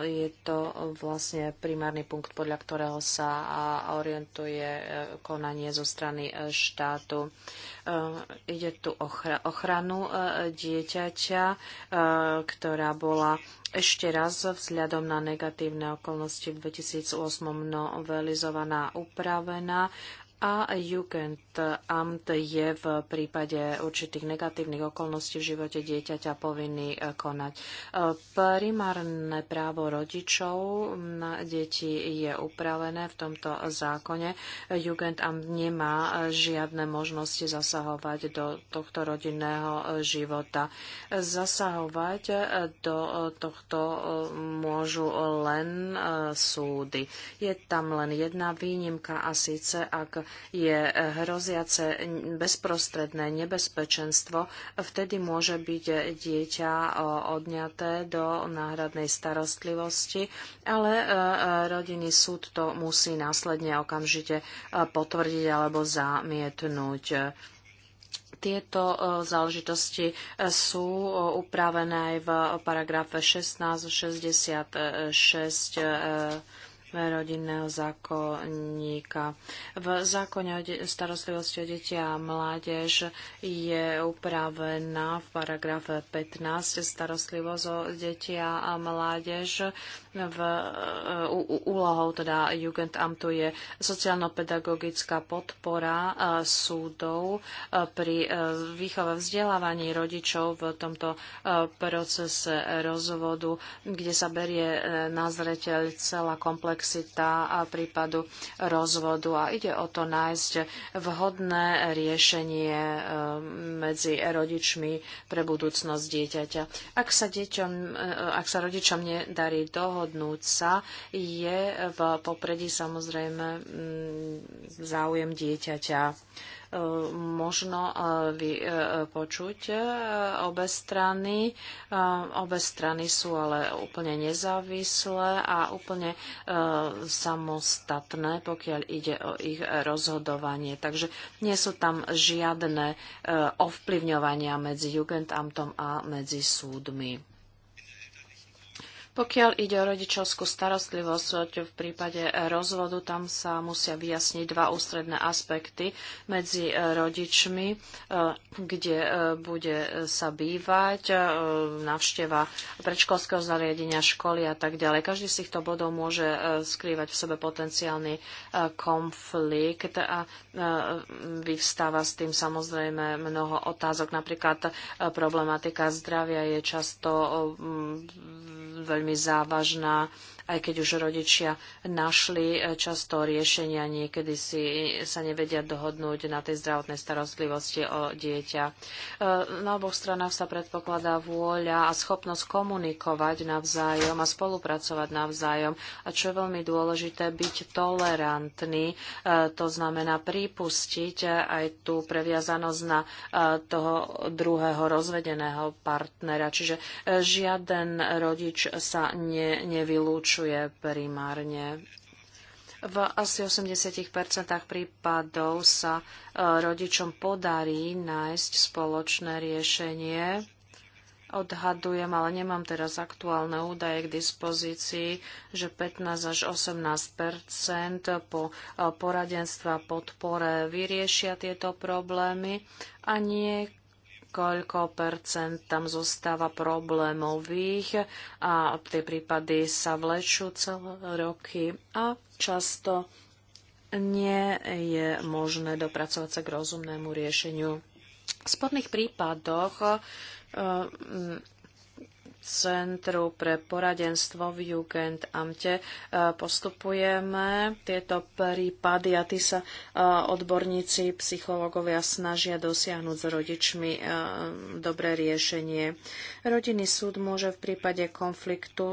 je to vlastne primárny punkt, podľa ktorého sa orientuje e, konanie zo strany e, štátu. Ide tu o ochranu dieťaťa, ktorá bola ešte raz vzhľadom na negatívne okolnosti v 2008 novelizovaná, upravená a Jugendamt je v prípade určitých negatívnych okolností v živote dieťaťa povinný e, konať. E, primárne právo rodičov na deti je upravené v tomto zákone. Jugendamt nemá žiadne možnosti zasahovať do tohto rodinného života. Zasahovať e, do tohto môžu len súdy. Je tam len jedna výnimka a síce ak je hroziace bezprostredné nebezpečenstvo, vtedy môže byť dieťa odňaté do náhradnej starostlivosti, ale e, e, rodinný súd to musí následne okamžite e, potvrdiť alebo zamietnúť tieto záležitosti sú upravené aj v paragrafe 16, 66 rodinného zákonníka. V zákone o starostlivosti o deti a mládež je upravená v paragrafe 15 starostlivosť o deti a mládež. V, e, úlohou teda Jugendamtu je sociálno-pedagogická podpora e, súdov e, pri výchove vzdelávaní rodičov v tomto procese rozvodu, kde sa berie na zreteľ celá komplexná komplexita a prípadu rozvodu. A ide o to nájsť vhodné riešenie e, medzi rodičmi pre budúcnosť dieťaťa. Ak sa, deťom, e, ak sa rodičom nedarí dohodnúť sa, je v popredí samozrejme záujem dieťaťa možno eh, eh, počuť eh, obe strany. Obe strany sú ale úplne nezávislé a úplne samostatné, pokiaľ ide o ich rozhodovanie. Takže nie sú tam žiadne ovplyvňovania medzi Jugendamtom a medzi súdmi. Pokiaľ ide o rodičovskú starostlivosť v prípade rozvodu, tam sa musia vyjasniť dva ústredné aspekty medzi e, rodičmi, e, kde e, bude sa bývať, navšteva predškolského zariadenia, školy a tak ďalej. Každý z týchto bodov môže skrývať v sebe potenciálny konflikt a vyvstáva s tým samozrejme mnoho otázok. Napríklad problematika zdravia je často veľmi závažná aj keď už rodičia našli e, často riešenia, niekedy si sa nevedia dohodnúť na tej zdravotnej starostlivosti o dieťa. E, na oboch stranách sa predpokladá vôľa a schopnosť komunikovať navzájom a spolupracovať navzájom. A čo je veľmi dôležité, byť tolerantný, e, to znamená pripustiť aj tú previazanosť na toho druhého rozvedeného partnera. Čiže žiaden rodič sa ne, nevylúčuje zvyšuje primárne. V asi 80 prípadov sa e, rodičom podarí nájsť spoločné riešenie. Odhadujem, ale nemám teraz aktuálne údaje k dispozícii, že 15 až 18 po e, poradenstva podpore vyriešia tieto problémy a nie koľko percent tam zostáva problémových a tie prípady sa vlečú celé roky a často nie je možné dopracovať sa k rozumnému riešeniu. V sporných prípadoch eh, Centru pre poradenstvo v Jugend Amte e, postupujeme tieto prípady a tí sa e, odborníci, psychológovia snažia dosiahnuť s rodičmi e, dobré riešenie. Rodinný súd môže v prípade konfliktu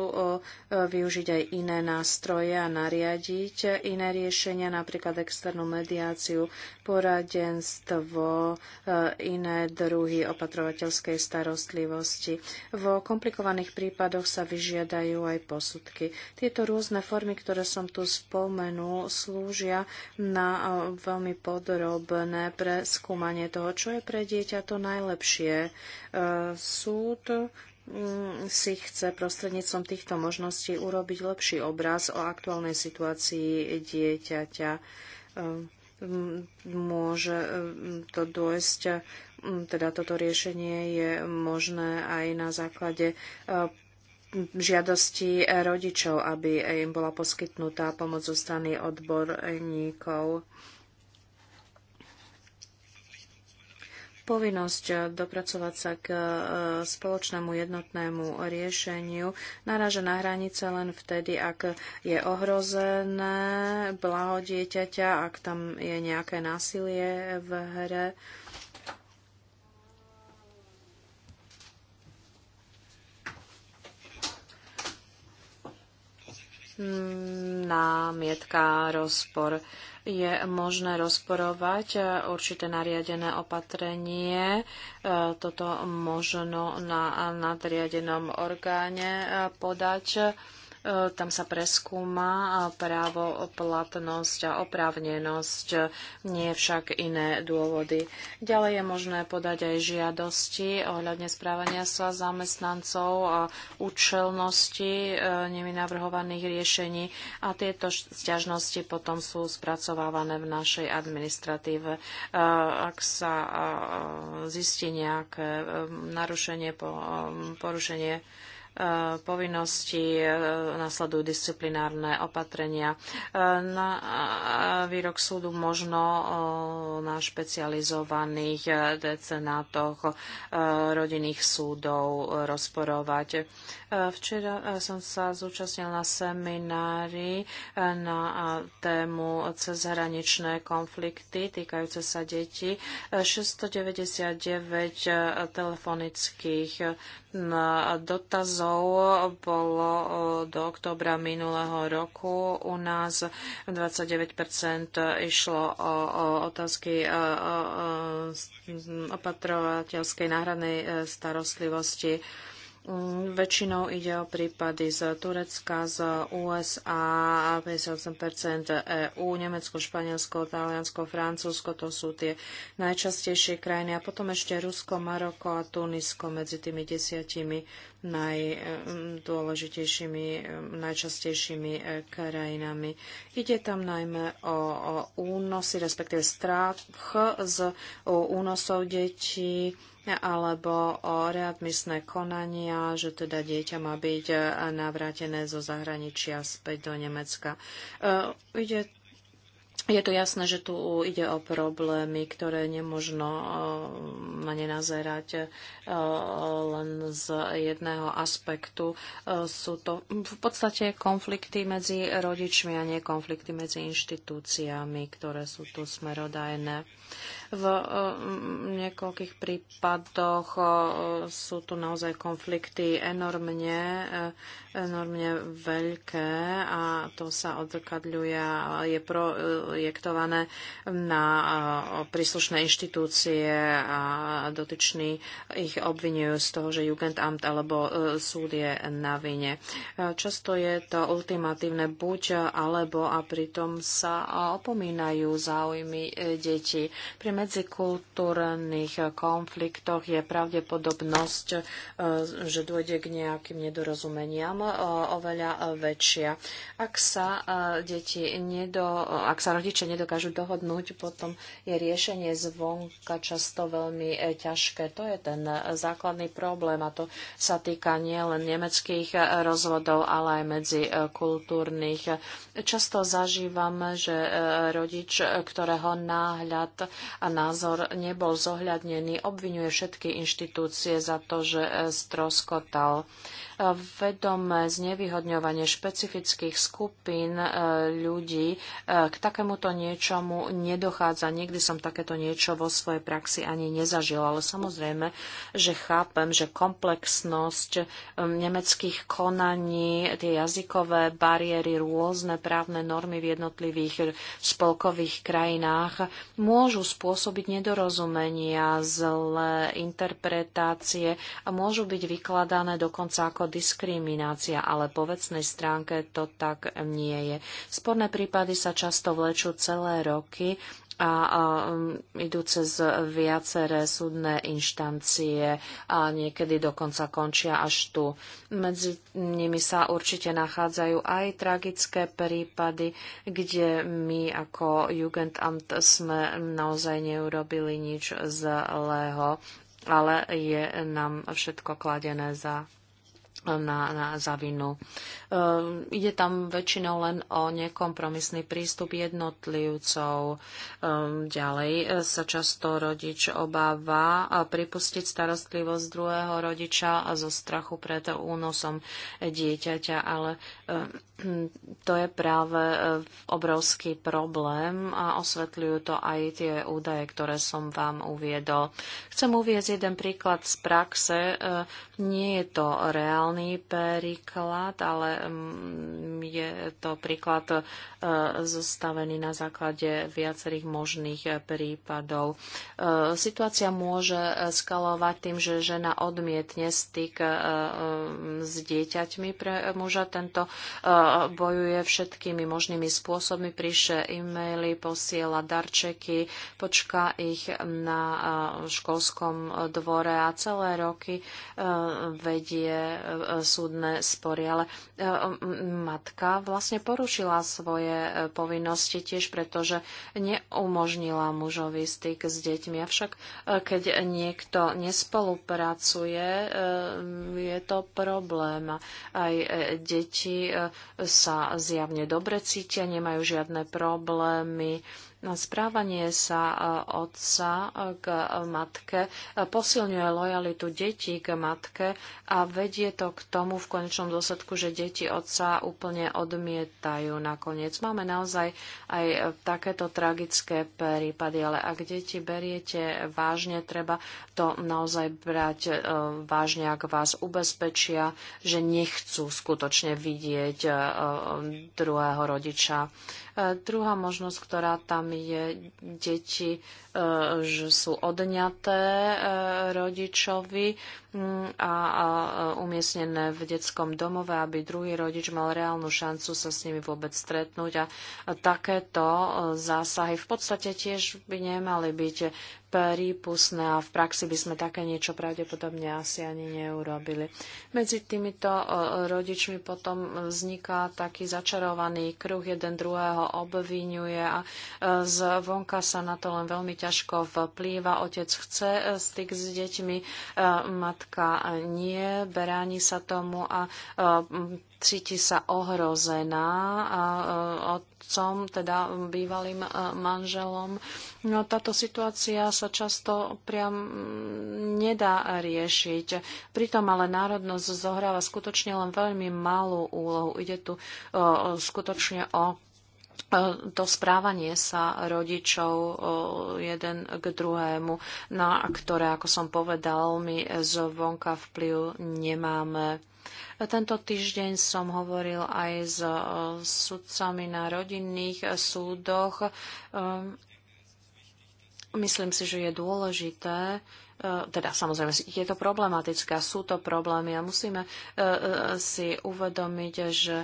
využiť aj iné nástroje a nariadiť iné riešenia, napríklad externú mediáciu, poradenstvo, iné druhy opatrovateľskej starostlivosti. V komplikovaných komplikovaných prípadoch sa vyžiadajú aj posudky. Tieto rôzne formy, ktoré som tu spomenul, slúžia na eh, veľmi podrobné preskúmanie toho, čo je pre dieťa to najlepšie. Eh, súd mm, si chce prostrednícom týchto možností urobiť lepší obraz o aktuálnej situácii dieťaťa eh, môže to dôjsť Mm, teda toto riešenie je možné aj na základe e, žiadosti rodičov, aby im bola poskytnutá pomoc zo strany odborníkov. povinnosť dopracovať sa k e, spoločnému jednotnému riešeniu naráža na hranice len vtedy, ak je ohrozené blaho dieťaťa, ak tam je nejaké násilie v hre námietka, rozpor. Je možné rozporovať e, určité nariadené opatrenie. E, toto možno na nadriadenom orgáne e, podať E, tam sa preskúma e, právo, platnosť a oprávnenosť, nie však iné dôvody. Ďalej je možné podať aj žiadosti ohľadne správania sa zamestnancov a účelnosti e, nimi navrhovaných riešení a tieto sťažnosti potom sú spracovávané v našej administratíve. Ak sa zistí nejaké narušenie, porušenie Eh, povinnosti, eh, nasledujú disciplinárne opatrenia. Eh, na výrok súdu možno na špecializovaných decenátoch rodinných súdov rozporovať. Včera som sa zúčastnil na seminári na tému cezhraničné konflikty týkajúce sa detí. 699 telefonických dotazov utečencov bolo do oktobra minulého roku. U nás 29 išlo o otázky opatrovateľskej náhradnej e, starostlivosti. Mm, väčšinou ide o prípady z Turecka, z USA, 58% EU, Nemecko, Španielsko, Taliansko, Francúzsko, to sú tie najčastejšie krajiny. A potom ešte Rusko, Maroko a Tunisko medzi tými desiatimi najdôležitejšími, najčastejšími e, krajinami. Ide tam najmä o, únosy, respektíve strach z únosov detí, Hm, alebo o readmisné konania, že teda dieťa má byť eh, navrátené zo zahraničia späť do Nemecka. Eh, ide je to jasné, že tu ide o problémy, ktoré nemožno eh, ma nenazerať len z jedného aspektu. Sú to v podstate konflikty medzi rodičmi a nie konflikty medzi inštitúciami, ktoré sú tu smerodajné. V eh, niekoľkých prípadoch eh, sú tu naozaj konflikty enormne, eh, enormne veľké a to sa odrkadľuje a je projektované na príslušné inštitúcie a dotyční ich obvinujú z toho, že Jugendamt alebo súd je na vine. Často je to ultimatívne buď alebo a pritom sa opomínajú záujmy detí. Pri medzikultúrnych konfliktoch je pravdepodobnosť, e, že dôjde k nejakým nedorozumeniam e, oveľa väčšia. Ak sa, e, deti nedo, ak sa rodičia nedokážu dohodnúť, potom je riešenie zvonka často veľmi ťažké. To je ten základný problém a to sa týka nielen nemeckých rozvodov, ale aj medzikultúrnych. Často zažívame, že rodič, ktorého náhľad a názor nebol zohľadnený. Obvinuje všetky inštitúcie za to, že e, stroskotal. E, vedomé znevýhodňovanie špecifických skupín e, ľudí k takémuto niečomu nedochádza. Nikdy som takéto niečo vo svojej praxi ani nezažil, ale samozrejme, že chápem, že komplexnosť nemeckých konaní, tie jazykové bariéry, rôzne právne normy v jednotlivých spolkových krajinách môžu spôsobiť spôsobiť nedorozumenia, zlé interpretácie a môžu byť vykladané dokonca ako diskriminácia, ale po vecnej stránke to tak nie je. Sporné prípady sa často vlečú celé roky a, a um, idú cez viaceré súdne inštancie a niekedy dokonca končia až tu. Medzi nimi sa určite nachádzajú aj tragické prípady, kde my ako Jugendamt sme naozaj neurobili nič zlého, ale je nám všetko kladené za na, na zavinu. E, ehm, ide tam väčšinou len o nekompromisný prístup jednotlivcov. Ehm, e, ďalej sa často rodič obáva e, pripustiť starostlivosť druhého rodiča a zo strachu pred únosom dieťaťa, ale e, Hm, to je práve e, obrovský problém a osvetľujú to aj tie údaje, ktoré som vám uviedol. Chcem uvieť jeden príklad z praxe. E, nie je to reálny príklad, ale mm, je to príklad e, zostavený na základe viacerých možných prípadov. Situácia môže skalovať tým, že žena odmietne styk s dieťaťmi pre muža. Tento bojuje všetkými možnými spôsobmi, píše e-maily, posiela darčeky, počká ich na eh, školskom dvore a celé roky eh, vedie eh, súdne spory. Ale matka vlastne porušila svoje povinnosti tiež, pretože neumožnila mužovi styk s deťmi. Avšak keď niekto nespolupracuje, je to problém. Aj deti sa zjavne dobre cítia, nemajú žiadne problémy Správanie sa e, otca k matke e, posilňuje lojalitu detí k matke a vedie to k tomu v konečnom dôsledku, že deti otca úplne odmietajú nakoniec. Máme naozaj aj e, takéto tragické prípady, ale ak deti beriete vážne, treba to naozaj brať vážne, ak vás ubezpečia, že nechcú skutočne vidieť druhého rodiča. E, druhá možnosť, ktorá tam je, deti, e, že sú odňaté e, rodičovi Mm, a umiestnené v detskom domove, aby druhý rodič mal reálnu šancu sa s nimi vôbec stretnúť. A takéto e, zásahy v podstate tiež by nemali byť prípustné a v praxi by sme také niečo pravdepodobne asi ani neurobili. Medzi týmito e, rodičmi potom vzniká taký začarovaný kruh, jeden druhého obvinuje a e, zvonka sa na to len veľmi ťažko vplýva. Otec chce styk s deťmi, matka matka nie, beráni sa tomu a e, cíti sa ohrozená a e, otcom, teda bývalým e, manželom. No, táto situácia sa často priam nedá riešiť. Pritom ale národnosť zohráva skutočne len veľmi malú úlohu. Ide tu skutočne o E, to správanie sa rodičov e, jeden k druhému, na no ktoré, ako som povedal, my zvonka vplyv nemáme. E, tento týždeň som hovoril aj s sudcami na rodinných súdoch. Myslím si, že je dôležité, E, teda samozrejme je to problematické, sú to problémy a musíme e, e, si uvedomiť, že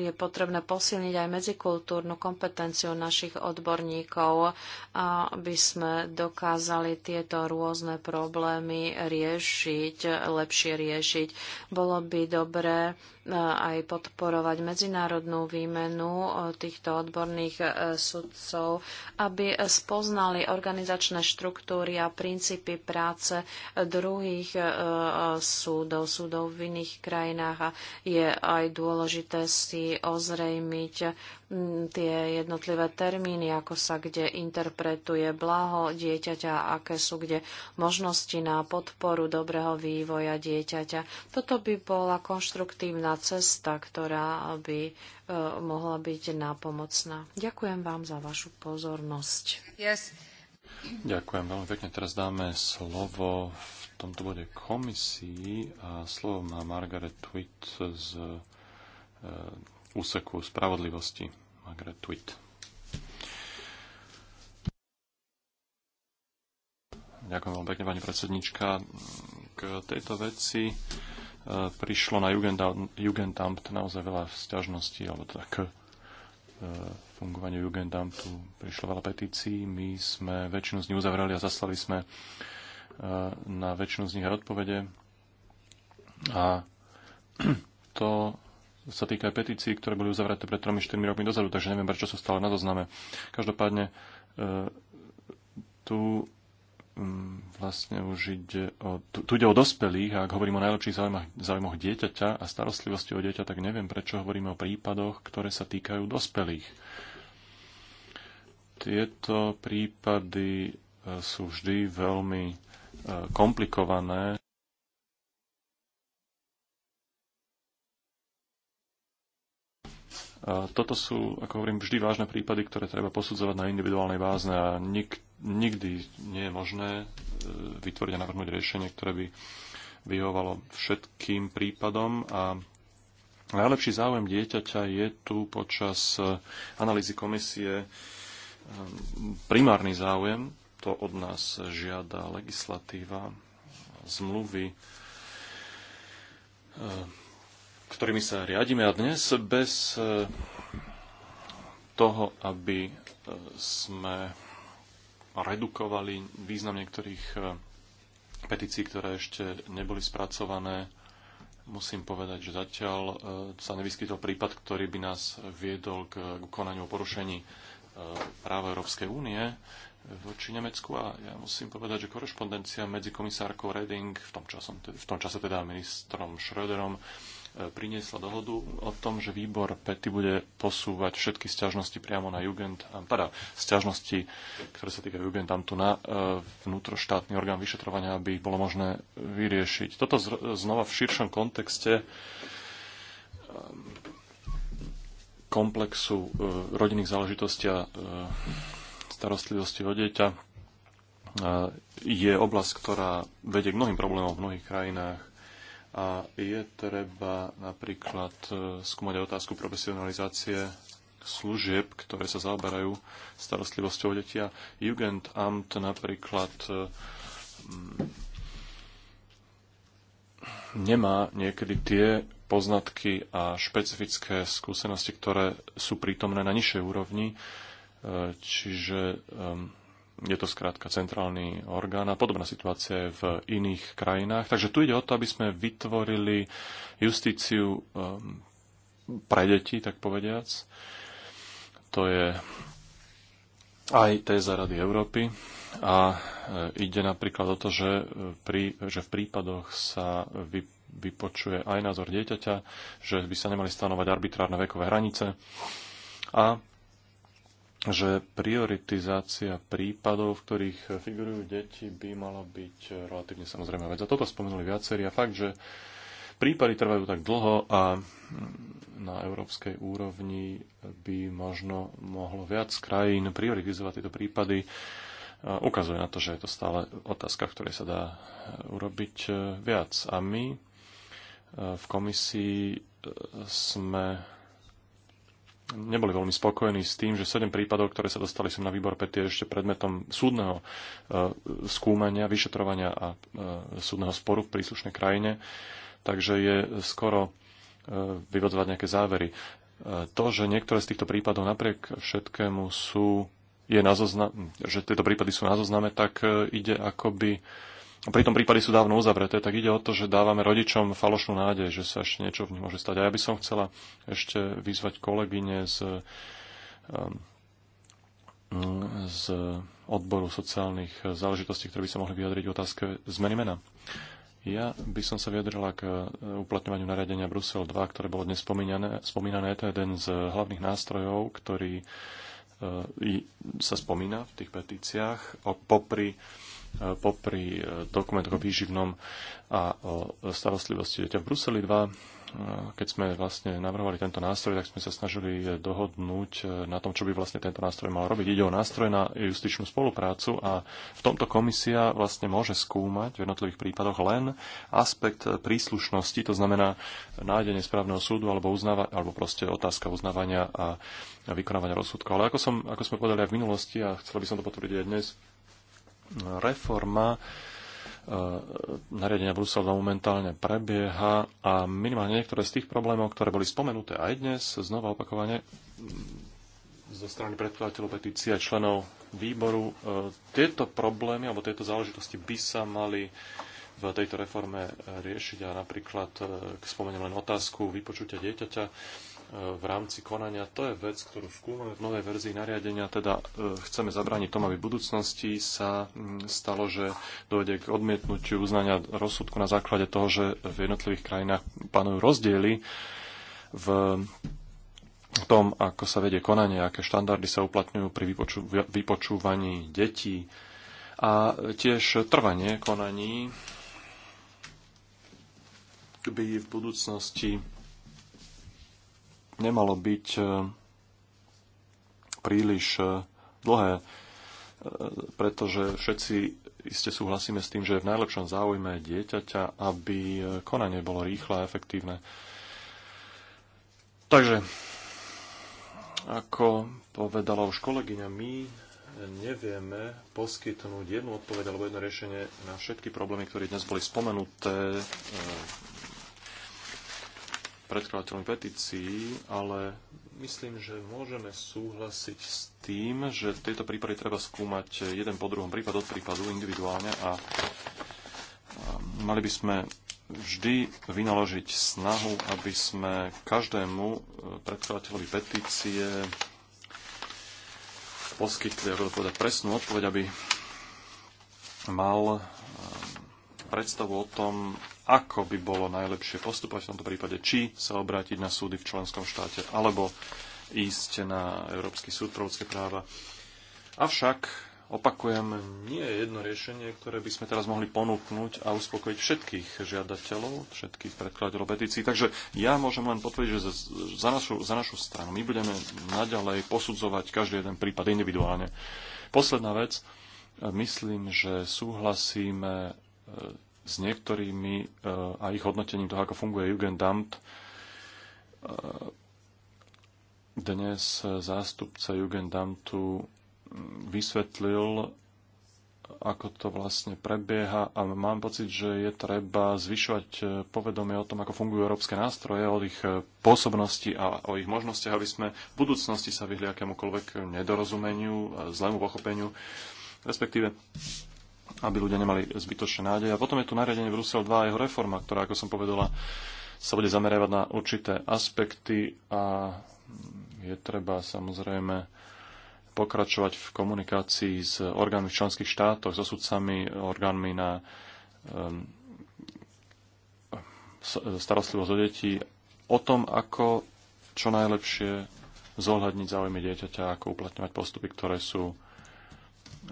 je potrebné posilniť aj medzikultúrnu kompetenciu našich odborníkov, aby sme dokázali tieto rôzne problémy riešiť, lepšie riešiť. Bolo by dobré aj podporovať medzinárodnú výmenu e, týchto odborných e, sudcov, aby spoznali organizačné štruktúry a princípy práce druhých e, súdov, súdov v iných krajinách a je aj dôležité si ozrejmiť tie jednotlivé termíny, ako sa kde interpretuje blaho dieťaťa, aké sú kde možnosti na podporu dobrého vývoja dieťaťa. Toto by bola konštruktívna cesta, ktorá by e, mohla byť nápomocná. Ďakujem vám za vašu pozornosť. Yes. Ďakujem veľmi pekne. Teraz dáme slovo v tomto bode komisii a slovo má Margaret Twitt z e, úseku spravodlivosti. Margaret Tweet. Ďakujem veľmi pekne, pani predsednička. K tejto veci e, prišlo na Jugendamt naozaj veľa vzťažností, alebo teda k e, fungovaniu Jugendamtu prišlo veľa petícií. My sme väčšinu z nich uzavreli a zaslali sme e, na väčšinu z nich aj odpovede. A to sa týka aj petícií, ktoré boli uzavreté pred 3-4 rokmi dozadu, takže neviem, prečo sú stále na zozname. Každopádne e, tu mm, vlastne už ide o, tu, tu ide o dospelých a ak hovorím o najlepších záujmoch, záujmoch dieťaťa a starostlivosti o dieťa, tak neviem, prečo hovoríme o prípadoch, ktoré sa týkajú dospelých. Tieto prípady e, sú vždy veľmi e, komplikované Toto sú, ako hovorím, vždy vážne prípady, ktoré treba posudzovať na individuálnej bázne a nik, nikdy nie je možné e, vytvoriť a navrhnúť riešenie, ktoré by vyhovalo všetkým prípadom a najlepší záujem dieťaťa je tu počas e, analýzy komisie e, primárny záujem, to od nás žiada legislatíva, zmluvy, ktorými sa riadíme a dnes bez e, toho, aby e, sme redukovali význam niektorých e, petícií, ktoré ešte neboli spracované, musím povedať, že zatiaľ sa nevyskytol prípad, ktorý by nás viedol k konaniu o porušení práva Európskej únie voči Nemecku a ja musím povedať, že korešpondencia medzi komisárkou Reding, v tom, časom, v tom čase teda ministrom Schröderom, priniesla dohodu o tom, že výbor PETI bude posúvať všetky sťažnosti priamo na Jugend, teda sťažnosti, ktoré sa týkajú tu, na e, vnútroštátny orgán vyšetrovania, aby ich bolo možné vyriešiť. Toto znova v širšom kontexte e, komplexu e, rodinných záležitostí a starostlivosti o dieťa je oblasť, ktorá vedie k mnohým problémom v mnohých krajinách a je treba napríklad e, skúmať otázku profesionalizácie služieb, ktoré sa zaoberajú starostlivosťou detia. Jugendamt napríklad e, mm, nemá niekedy tie poznatky a špecifické skúsenosti, ktoré sú prítomné na nižšej úrovni. E, čiže je to skrátka centrálny orgán a podobná situácia je v iných krajinách. Takže tu ide o to, aby sme vytvorili justíciu ehm, pre deti, tak povediac. To je aj téza Rady Európy. A e, ide napríklad o to, že, e, pri, že v prípadoch sa vy, vypočuje aj názor dieťaťa, že by sa nemali stanovať arbitrárne vekové hranice. A že prioritizácia prípadov, v ktorých figurujú deti, by mala byť relatívne samozrejme vec. A toto spomenuli viacerí a fakt, že prípady trvajú tak dlho a na európskej úrovni by možno mohlo viac krajín prioritizovať tieto prípady. Ukazuje na to, že je to stále otázka, v ktorej sa dá urobiť viac. A my v komisii sme neboli veľmi spokojní s tým, že 7 prípadov, ktoré sa dostali sem na výbor petie ešte predmetom súdneho e, skúmania, vyšetrovania a e, súdneho sporu v príslušnej krajine, takže je skoro e, vyvodzovať nejaké závery. To, že niektoré z týchto prípadov napriek všetkému sú, je na zoznam, že tieto prípady sú na zozname, tak ide akoby pri tom prípade sú dávno uzavreté, tak ide o to, že dávame rodičom falošnú nádej, že sa ešte niečo v nich môže stať. A ja by som chcela ešte vyzvať kolegyne z, um, z odboru sociálnych záležitostí, ktoré by sa mohli vyjadriť v otázke zmeny mena. Ja by som sa vyjadrila k uplatňovaniu nariadenia Brusel 2, ktoré bolo dnes spomínané. spomínané. To je jeden z hlavných nástrojov, ktorý uh, sa spomína v tých petíciách popri popri e, dokument o výživnom a o starostlivosti dieťa. V Bruseli 2, e, keď sme vlastne navrhovali tento nástroj, tak sme sa snažili dohodnúť e, na tom, čo by vlastne tento nástroj mal robiť. Ide o nástroj na justičnú spoluprácu a v tomto komisia vlastne môže skúmať v jednotlivých prípadoch len aspekt príslušnosti, to znamená nájdenie správneho súdu alebo, uznáva, alebo proste otázka uznávania a vykonávania rozsudkov. Ale ako, som, ako sme povedali aj v minulosti a chcel by som to potvrdiť aj dnes, Reforma e, nariadenia Bruselu momentálne prebieha a minimálne niektoré z tých problémov, ktoré boli spomenuté aj dnes, znova opakovane mm, zo strany predkladateľov petície a členov výboru, e, tieto problémy alebo tieto záležitosti by sa mali v tejto reforme riešiť a napríklad, e, spomeniem len otázku vypočutia dieťaťa, v rámci konania, to je vec, ktorú skúmame v novej verzii nariadenia, teda e, chceme zabrániť tomu, aby v budúcnosti sa stalo, že dojde k odmietnutiu uznania rozsudku na základe toho, že v jednotlivých krajinách panujú rozdiely v tom, ako sa vedie konanie, aké štandardy sa uplatňujú pri vypoču- vypočúvaní detí a tiež trvanie konaní by v budúcnosti nemalo byť e, príliš e, dlhé, e, pretože všetci iste súhlasíme s tým, že je v najlepšom záujme dieťaťa, aby konanie bolo rýchle a efektívne. Takže, ako povedala už kolegyňa, my nevieme poskytnúť jednu odpoveď alebo jedno riešenie na všetky problémy, ktoré dnes boli spomenuté predkladateľmi petícií, ale myslím, že môžeme súhlasiť s tým, že v tejto prípade treba skúmať jeden po druhom prípad od prípadu individuálne a mali by sme vždy vynaložiť snahu, aby sme každému e, predkladateľovi petície poskytli, ako to povedať, presnú odpoveď, aby mal e, predstavu o tom, ako by bolo najlepšie postupovať v tomto prípade, či sa obrátiť na súdy v členskom štáte, alebo ísť na Európsky súd pro ľudské práva. Avšak, opakujem, nie je jedno riešenie, ktoré by sme teraz mohli ponúknuť a uspokojiť všetkých žiadateľov, všetkých predkladateľov petícií. Takže ja môžem len potvrdiť, že za našu, za našu stranu my budeme naďalej posudzovať každý jeden prípad individuálne. Posledná vec, myslím, že súhlasíme s niektorými e, a ich hodnotením toho, ako funguje Jugendamt, e, dnes zástupca Jugendamtu vysvetlil, ako to vlastne prebieha a mám pocit, že je treba zvyšovať e, povedomie o tom, ako fungujú európske nástroje, o ich pôsobnosti a o ich možnostiach, aby sme v budúcnosti sa vyhli akémukoľvek nedorozumeniu, zlému pochopeniu, respektíve aby ľudia nemali zbytočné nádeje. A potom je tu nariadenie Brusel 2 a jeho reforma, ktorá, ako som povedala, sa bude zameriavať na určité aspekty a je treba samozrejme pokračovať v komunikácii s orgánmi v členských štátoch, so sudcami, orgánmi na um, starostlivosť o detí, o tom, ako čo najlepšie zohľadniť záujmy dieťaťa, ako uplatňovať postupy, ktoré sú E,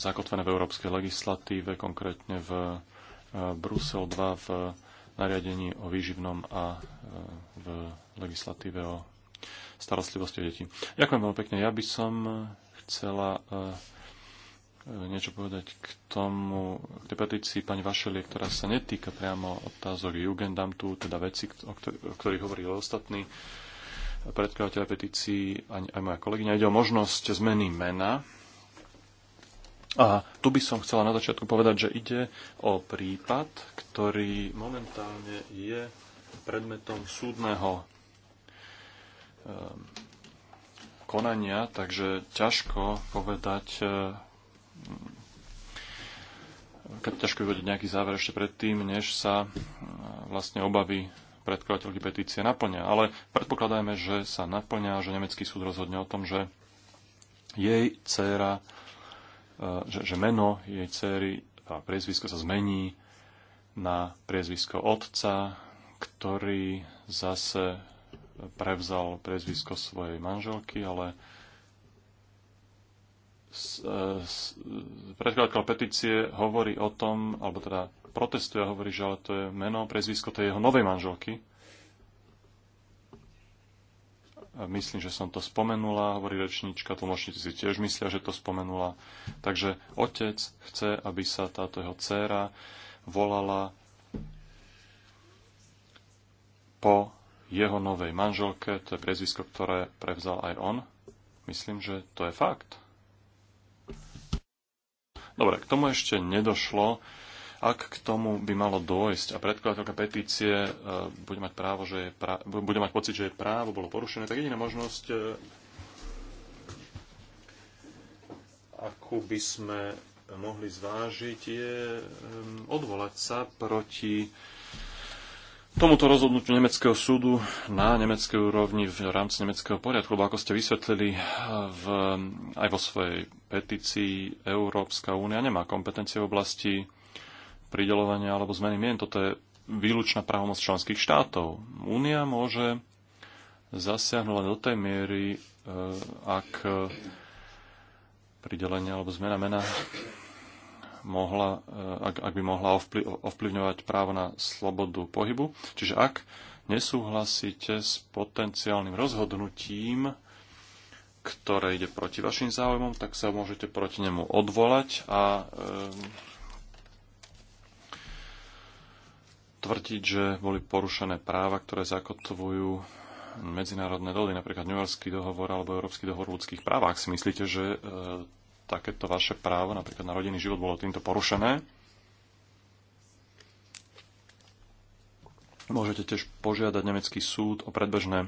zakotvené v európskej legislatíve, konkrétne v e, Brusel 2 v nariadení o výživnom a e, v legislatíve o starostlivosti o deti. Ďakujem veľmi pekne. Ja by som chcela niečo povedať k tomu, k tej petícii pani Vašelie, ktorá sa netýka priamo otázok Jugendamtu, teda veci, o ktorých hovorili ostatní predkladateľa petícii aj, aj moja kolegyňa. Ide o možnosť zmeny mena a tu by som chcela na začiatku povedať, že ide o prípad, ktorý momentálne je predmetom súdneho ehm, konania, takže ťažko povedať, ehm, keď ťažko vyvodiť nejaký záver ešte predtým, než sa ehm, vlastne obavy predkladateľky petície naplňa. Ale predpokladajme, že sa naplňa, že nemecký súd rozhodne o tom, že jej dcéra E, že, že meno jej cery a priezvisko sa zmení na priezvisko otca, ktorý zase prevzal priezvisko svojej manželky, ale e, predkladateľ petície hovorí o tom, alebo teda protestuje a hovorí, že ale to je meno, prezvisko tej jeho novej manželky myslím, že som to spomenula, hovorí rečníčka, tlmočníci si tiež myslia, že to spomenula. Takže otec chce, aby sa táto jeho dcéra volala po jeho novej manželke, to je priezvisko, ktoré prevzal aj on. Myslím, že to je fakt. Dobre, k tomu ešte nedošlo. Ak k tomu by malo dôjsť a predkladateľka petície e, bude mať, právo, že je pra- bude mať pocit, že je právo bolo porušené, tak jediná možnosť, e, akú by sme mohli zvážiť, je e, odvolať sa proti tomuto rozhodnutiu nemeckého súdu na nemeckej úrovni v rámci nemeckého poriadku, lebo ako ste vysvetlili v, aj vo svojej petícii, Európska únia nemá kompetencie v oblasti pridelovania alebo zmeny mien. Toto je výlučná právomoc členských štátov. Únia môže zasiahnuť len do tej miery, e, ak pridelenie alebo zmena mena mohla, e, ak, ak by mohla ovplyvňovať právo na slobodu pohybu. Čiže ak nesúhlasíte s potenciálnym rozhodnutím, ktoré ide proti vašim záujmom, tak sa môžete proti nemu odvolať a e, tvrdiť, že boli porušené práva, ktoré zakotvujú medzinárodné dohody, napríklad New Yorkský dohovor alebo Európsky dohovor o ľudských právach. Ak si myslíte, že e, takéto vaše právo, napríklad na rodinný život, bolo týmto porušené, môžete tiež požiadať nemecký súd o predbežné,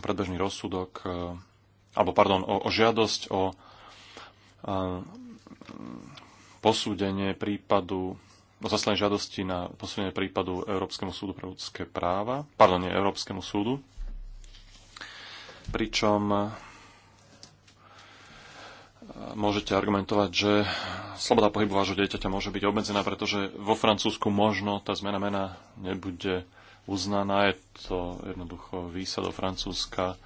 predbežný rozsudok, e, alebo pardon, o, o žiadosť o e, posúdenie prípadu o zaslanie žiadosti na posunenie prípadu Európskemu súdu pre ľudské práva, pardon, nie Európskemu súdu, pričom e, môžete argumentovať, že sloboda pohybu vášho dieťaťa môže byť obmedzená, pretože vo Francúzsku možno tá zmena mena nebude uznaná. Je to jednoducho výsad do Francúzska,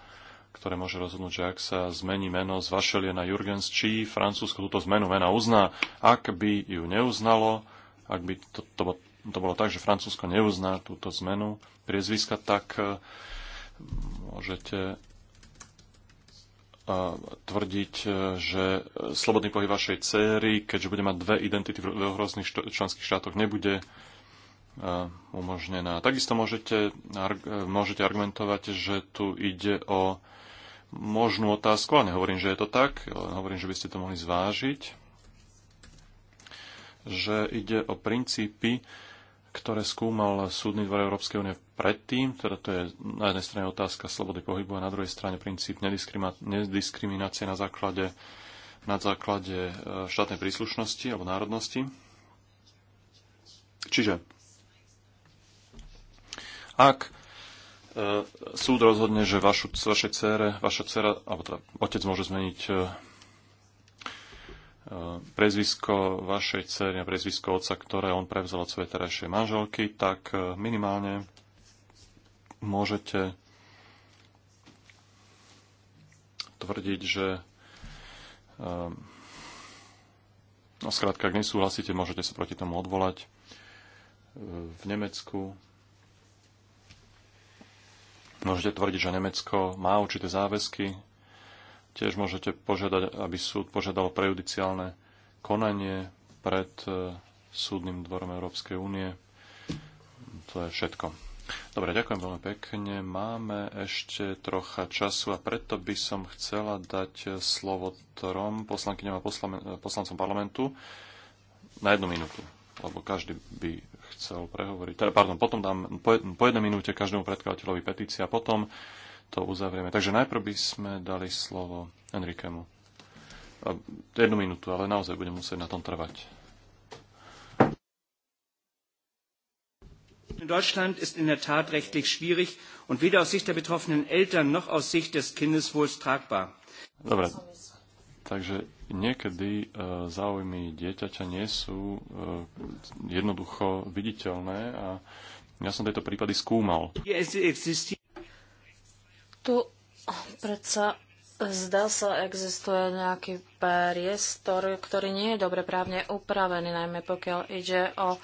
ktoré môže rozhodnúť, že ak sa zmení meno z Vašelie na Jurgens, či Francúzsko túto zmenu mena uzná. Ak by ju neuznalo, ak by to, to, to bolo tak, že Francúzsko neuzná túto zmenu priezviska, tak e, môžete e, tvrdiť, e, že slobodný pohyb vašej céry, keďže bude mať dve identity v rôznych členských štátoch, nebude umožnená. Takisto môžete, môžete argumentovať, že tu ide o možnú otázku, ale nehovorím, že je to tak, len hovorím, že by ste to mohli zvážiť že ide o princípy, ktoré skúmal Súdny dvor Európskej únie predtým, teda to je na jednej strane otázka slobody pohybu a na druhej strane princíp nediskriminácie na základe, na základe e, štátnej príslušnosti alebo národnosti. Čiže ak e, súd rozhodne, že vašu, vašej cére, vaša dcera, alebo teda otec môže zmeniť e, E, prezvisko vašej cery a prezvisko otca, ktoré on prevzal od svojej terajšej manželky, tak e, minimálne môžete tvrdiť, že e, no skrátka, ak nesúhlasíte, môžete sa proti tomu odvolať. V Nemecku môžete tvrdiť, že Nemecko má určité záväzky Tiež môžete požiadať, aby súd požiadal prejudiciálne konanie pred e, súdnym dvorom Európskej únie. To je všetko. Dobre, ďakujem veľmi pekne. Máme ešte trocha času a preto by som chcela dať e, slovo trom poslankyňom a e, poslancom parlamentu na jednu minútu, lebo každý by chcel prehovoriť. Teda, pardon, potom dám po, jednej minúte každému predkladateľovi petícia a potom to uzavrieme. Takže najprv by sme dali slovo Enrikemu. Jednu minútu, ale naozaj budem musieť na tom trvať. In Deutschland ist in der Tat rechtlich schwierig und weder aus Sicht der betroffenen Eltern noch aus Sicht des Kindeswohls tragbar. Dobre, takže niekedy uh, záujmy dieťaťa nie sú uh, jednoducho viditeľné a ja som tieto prípady skúmal. Existuje tu predsa Zdá sa, existuje nejaký priestor, ktorý nie je dobre právne upravený, najmä pokiaľ ide o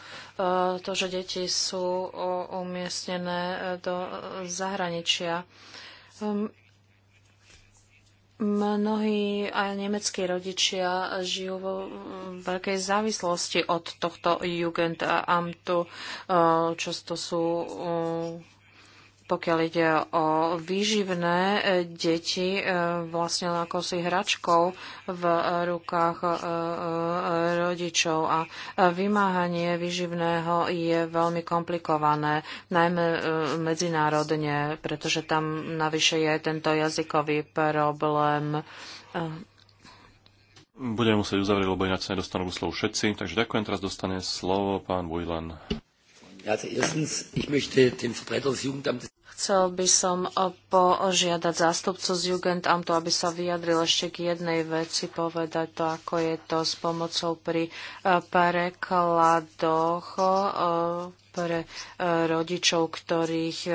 to, že deti sú umiestnené e, do zahraničia. Ehm, mnohí aj nemeckí rodičia žijú vo veľkej závislosti od tohto Jugendamtu. E, často sú pokiaľ ide o výživné e, deti, e, vlastne ako si hračkou v rukách e, rodičov a vymáhanie výživného je veľmi komplikované, najmä medzinárodne, pretože tam navyše je tento jazykový problém. Budeme musieť uzavrieť, lebo ináč sa nedostanú slovo všetci. Takže ďakujem, teraz dostane slovo pán Vujlan. Chcel by som požiadať zástupcu z Jugendamtu, aby sa vyjadril ešte k jednej veci, povedať to, ako je to s pomocou pri e, prekladoch e, pre e, rodičov, ktorých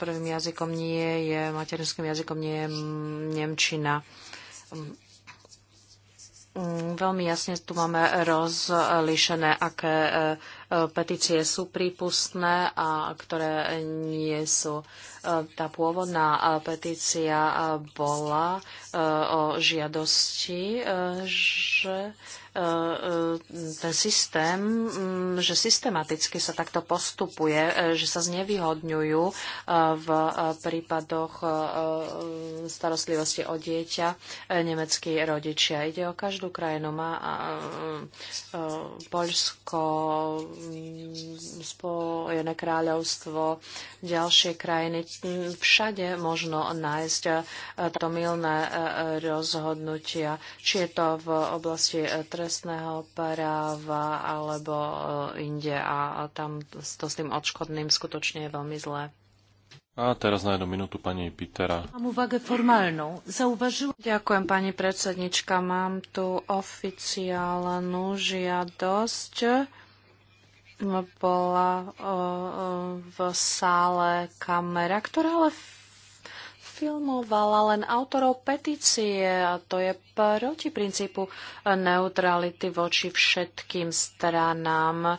prvým jazykom nie je, materinským jazykom nie je Nemčina mm, veľmi jasne tu máme rozlišené, aké E, petície sú prípustné a ktoré nie sú. E, tá pôvodná e, petícia bola o žiadosti, že E, e, ten systém, mm, že systematicky sa takto postupuje, e, že sa znevýhodňujú v prípadoch starostlivosti o dieťa nemeckí rodičia. Ide o každú krajinu. Má Poľsko, mm, Spojené kráľovstvo, ďalšie krajiny. Všade možno nájsť to milné rozhodnutia, či je to v oblasti trestu, trestného práva alebo e, inde a tam to s tým odškodným skutočne je veľmi zlé. A teraz na jednu minútu pani Pitera. Mám uvage formálnu. Zauvažila... Ďakujem, pani predsednička. Mám tu oficiálnu žiadosť bola e, e, v sále kamera, ktorá ale filmovala len autorov petície a to je proti princípu neutrality voči všetkým stranám, e,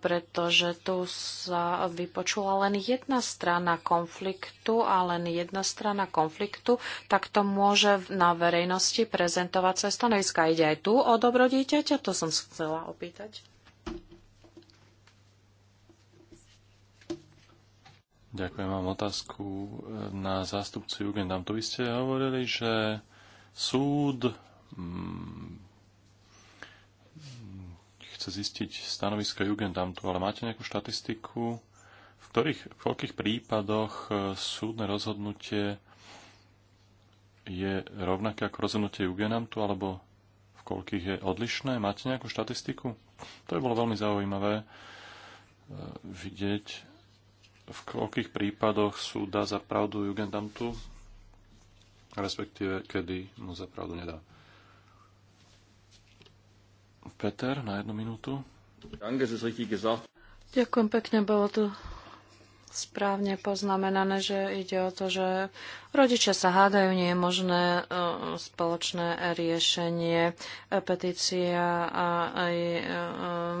pretože tu sa vypočula len jedna strana konfliktu a len jedna strana konfliktu, tak to môže na verejnosti prezentovať sa stanoviska. Ide aj tu o dobro dieťaťa, to som chcela opýtať. Ďakujem, mám otázku eh, na zástupcu Jugendam. Tu by ste hovorili, že súd mm, chce zistiť stanovisko Jugendamtu, ale máte nejakú štatistiku, v ktorých, v koľkých prípadoch eh, súdne rozhodnutie je rovnaké ako rozhodnutie Jugendamtu, alebo v koľkých je odlišné? Máte nejakú štatistiku? To je bolo veľmi zaujímavé eh, vidieť v koľkých prípadoch sú dá za pravdu Jugendamtu, respektíve kedy mu za pravdu nedá. Peter, na jednu minútu. Ďakujem pekne, bolo to správne poznamenané, že ide o to, že Rodičia sa hádajú, nie je možné e, spoločné riešenie. E, petícia aj, e,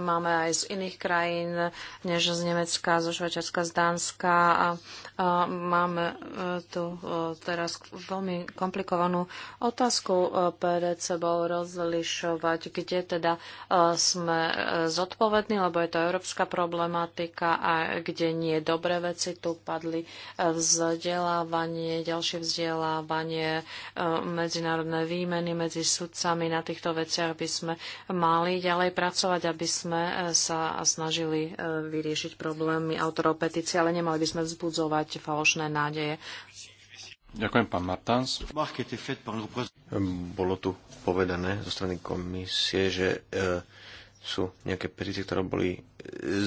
máme aj z iných krajín, než z Nemecka, zo Švajčiarska, z Dánska. A, a máme tu teraz veľmi komplikovanú otázku pred sebou rozlišovať, kde teda sme zodpovední, lebo je to európska problematika a kde nie. Dobré veci tu padli, vzdelávanie, ďalšie ďalšie vzdelávanie, e, medzinárodné výmeny medzi sudcami na týchto veciach by sme mali ďalej pracovať, aby sme e, sa snažili e, vyriešiť problémy autorov petície, ale nemali by sme vzbudzovať falošné nádeje. Ďakujem, pán Martans. Bolo tu povedané zo strany komisie, že e, sú nejaké petície, ktoré boli e,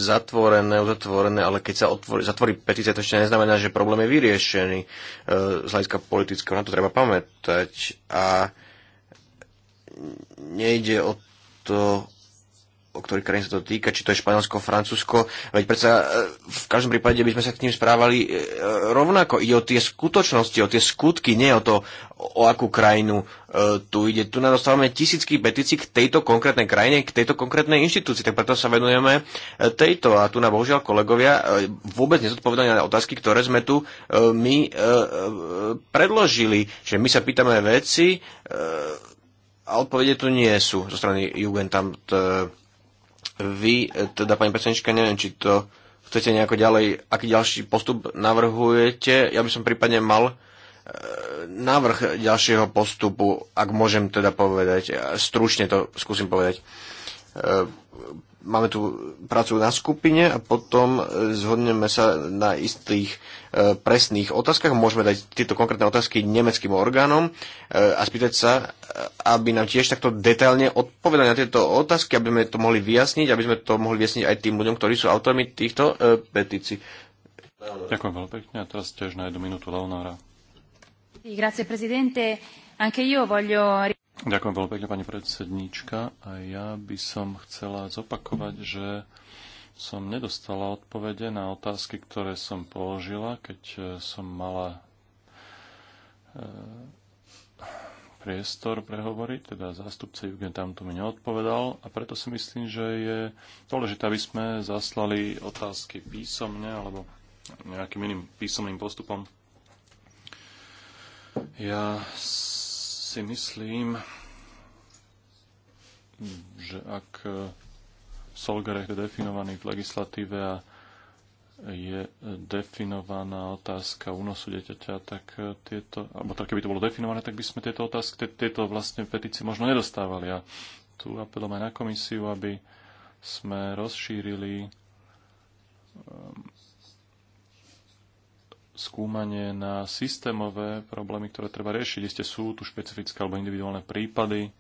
zatvorené, uzatvorené, ale keď sa otvorí, zatvorí petícia, to ešte neznamená, že problém je vyriešený. E, z hľadiska politického na to treba pamätať. A nejde o to o ktorých krajín sa to týka, či to je Španielsko, Francúzsko, veď predsa e, v každom prípade by sme sa k tým správali e, rovnako. Ide o tie skutočnosti, o tie skutky, nie o to, o akú krajinu e, tu ide. Tu nám tisícky petíci k tejto konkrétnej krajine, k tejto konkrétnej inštitúcii, tak preto sa venujeme tejto. A tu na bohužiaľ kolegovia vôbec nezodpovedali na otázky, ktoré sme tu my predložili. Že my sa pýtame veci, a odpovede tu nie sú zo strany Jugendamt. Vy, teda pani predsednička, neviem, či to chcete nejako ďalej, aký ďalší postup navrhujete. Ja by som prípadne mal e, návrh ďalšieho postupu, ak môžem teda povedať, stručne to skúsim povedať. E, máme tu prácu na skupine a potom e, zhodneme sa na istých e, presných otázkach. Môžeme dať tieto konkrétne otázky nemeckým orgánom e, a spýtať sa, aby nám tiež takto detailne odpovedali na tieto otázky, aby sme to mohli vyjasniť, aby sme to mohli vyjasniť aj tým ľuďom, ktorí sú autormi týchto petícií. Ďakujem veľmi pekne. A teraz tiež na jednu minútu Leonora. Grazie, presidente. Anche io voglio... Ďakujem veľmi pekne, pani predsedníčka. A ja by som chcela zopakovať, že som nedostala odpovede na otázky, ktoré som položila, keď e, som mala e, priestor prehovoriť, teda zástupca tam to mi neodpovedal a preto si myslím, že je dôležité, aby sme zaslali otázky písomne alebo nejakým iným písomným postupom. Ja si myslím, že ak Solgerech je definovaný v legislatíve a je definovaná otázka únosu dieťaťa, tak tieto, alebo tak keby to bolo definované, tak by sme tieto otázky, tieto vlastne petície možno nedostávali. A tu apelom aj na komisiu, aby sme rozšírili skúmanie na systémové problémy, ktoré treba riešiť. Isté sú tu špecifické alebo individuálne prípady.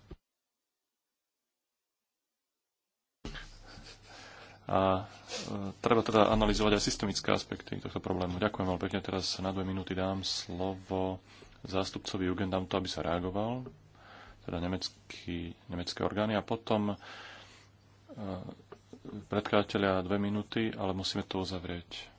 A e, treba teda analyzovať aj systemické aspekty tohto problému. Ďakujem veľmi pekne. Teraz na dve minúty dám slovo zástupcovi Jugendamtu, aby sa reagoval, teda nemecký, nemecké orgány. A potom e, predkladateľa dve minúty, ale musíme to uzavrieť.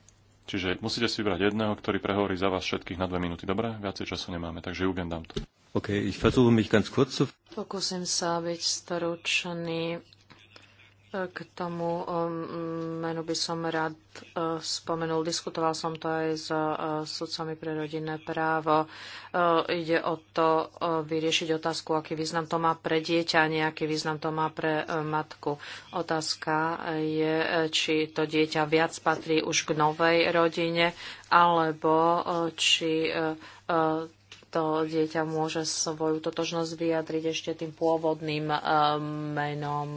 Čiže musíte si vybrať jedného, ktorý prehovorí za vás všetkých na dve minúty. Dobre? Viacej času nemáme, takže Jugen dám to. Okay, ich mich ganz kurz Pokúsim sa byť staročný k tomu um, menu by som rád uh, spomenul. Diskutoval som to aj s uh, sudcami pre rodinné právo. Uh, ide o to vyriešiť otázku, aký význam to má pre dieťa a nejaký význam to má pre matku. Otázka je, či to dieťa viac patrí už k novej rodine, alebo či to dieťa môže svoju totožnosť vyjadriť ešte tým pôvodným eh, menom,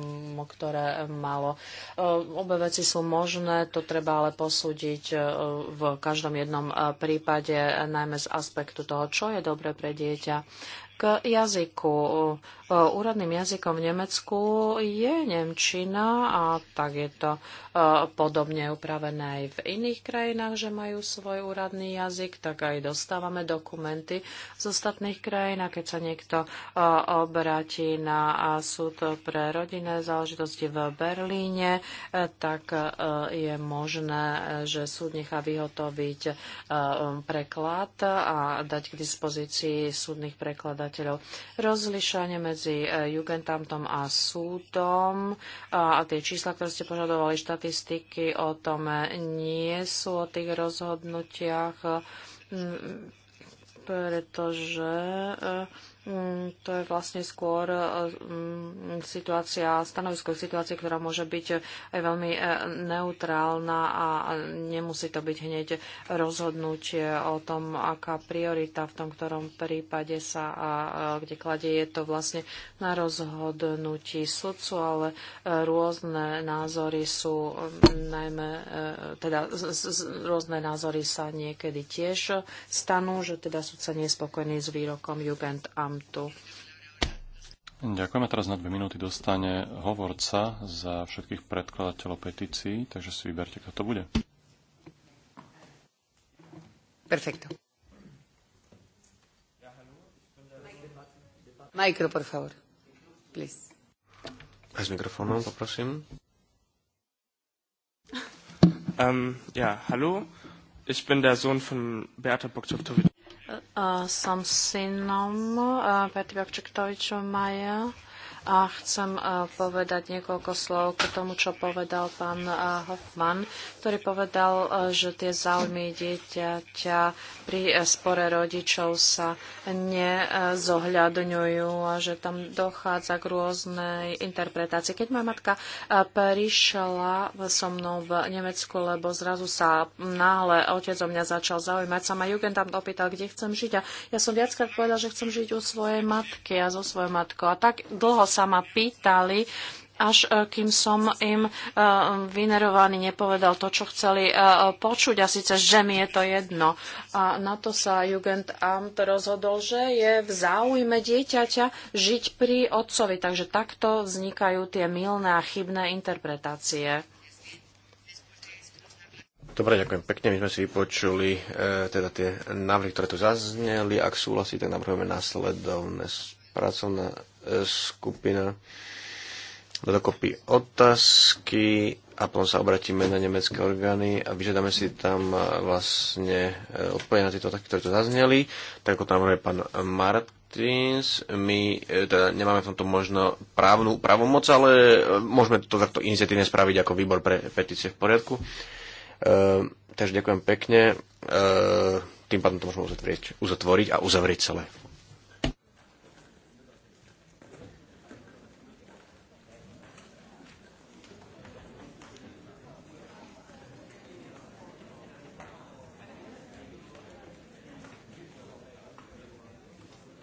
ktoré malo. Eh, obe veci sú možné, to treba ale posúdiť eh, v každom jednom prípade, najmä z aspektu toho, čo je dobre pre dieťa k jazyku. Úradným jazykom v Nemecku je Nemčina a tak je to podobne upravené aj v iných krajinách, že majú svoj úradný jazyk, tak aj dostávame dokumenty z ostatných krajín a keď sa niekto obratí na súd pre rodinné záležitosti v Berlíne, e, tak e, je možné, že súd nechá vyhotoviť e, preklad a dať k dispozícii súdnych prekladateľov podnikateľov. Rozlišanie medzi e, Jugendamtom a súdom e, a tie čísla, ktoré ste požadovali, štatistiky o tom e, nie sú o tých rozhodnutiach, pretože Mm, to je vlastne skôr e, mm, situácia, stanovisko situácie, ktorá môže byť aj e, veľmi e, neutrálna a nemusí to byť hneď rozhodnutie o tom, aká priorita v tom ktorom prípade sa a kde kladie. Je to vlastne na rozhodnutí sudcu, ale rôzne názory sú mm, najmä, teda rôzne názory sa niekedy tiež stanú, že teda sudca nespokojný s výrokom Jugend a Vítam tu. Ďakujem. teraz na dve minúty dostane hovorca za všetkých predkladateľov petícií, takže si vyberte, kto to bude. Perfekto. Micro, por favor. Please. Bez mikrofónu, poprosím. Um, ja, hallo. Ich bin der Sohn von Beata Bogdanovic som synom eh, Petri Babčektoviču Maja a chcem e, povedať niekoľko slov k tomu, čo povedal pán e, Hoffman, ktorý povedal, e, že tie záujmy dieťaťa pri spore rodičov sa nezohľadňujú a že tam dochádza k rôznej interpretácii. Keď moja matka prišla so mnou v Nemecku, lebo zrazu sa náhle otec o mňa začal zaujímať, sa ma tam opýtal, kde chcem žiť a ja som viackrát povedal, že chcem žiť u svojej matky a so svojou matkou. A tak dlho sa ma pýtali, až e, kým som im e, vynerovaný nepovedal to, čo chceli e, počuť a síce, že mi je to jedno. A na to sa Amt rozhodol, že je v záujme dieťaťa žiť pri otcovi. Takže takto vznikajú tie milné a chybné interpretácie. Dobre, ďakujem pekne. My sme si vypočuli e, teda tie návrhy, ktoré tu zazneli. Ak súhlasíte, navrhujeme následovné pracovná skupina dokopy otázky a potom sa obratíme na nemecké orgány a vyžiadame si tam eh, vlastne eh, odpovede na tieto otázky, ktoré tu zazneli. Tak ako tam je pán Martins, my eh, teda nemáme v tomto možno právnu právomoc, ale môžeme to takto iniciatívne spraviť ako výbor pre petície v poriadku. E, takže ďakujem pekne. E, tým pádom to môžeme uzatvoriť, uzatvoriť a uzavrieť celé.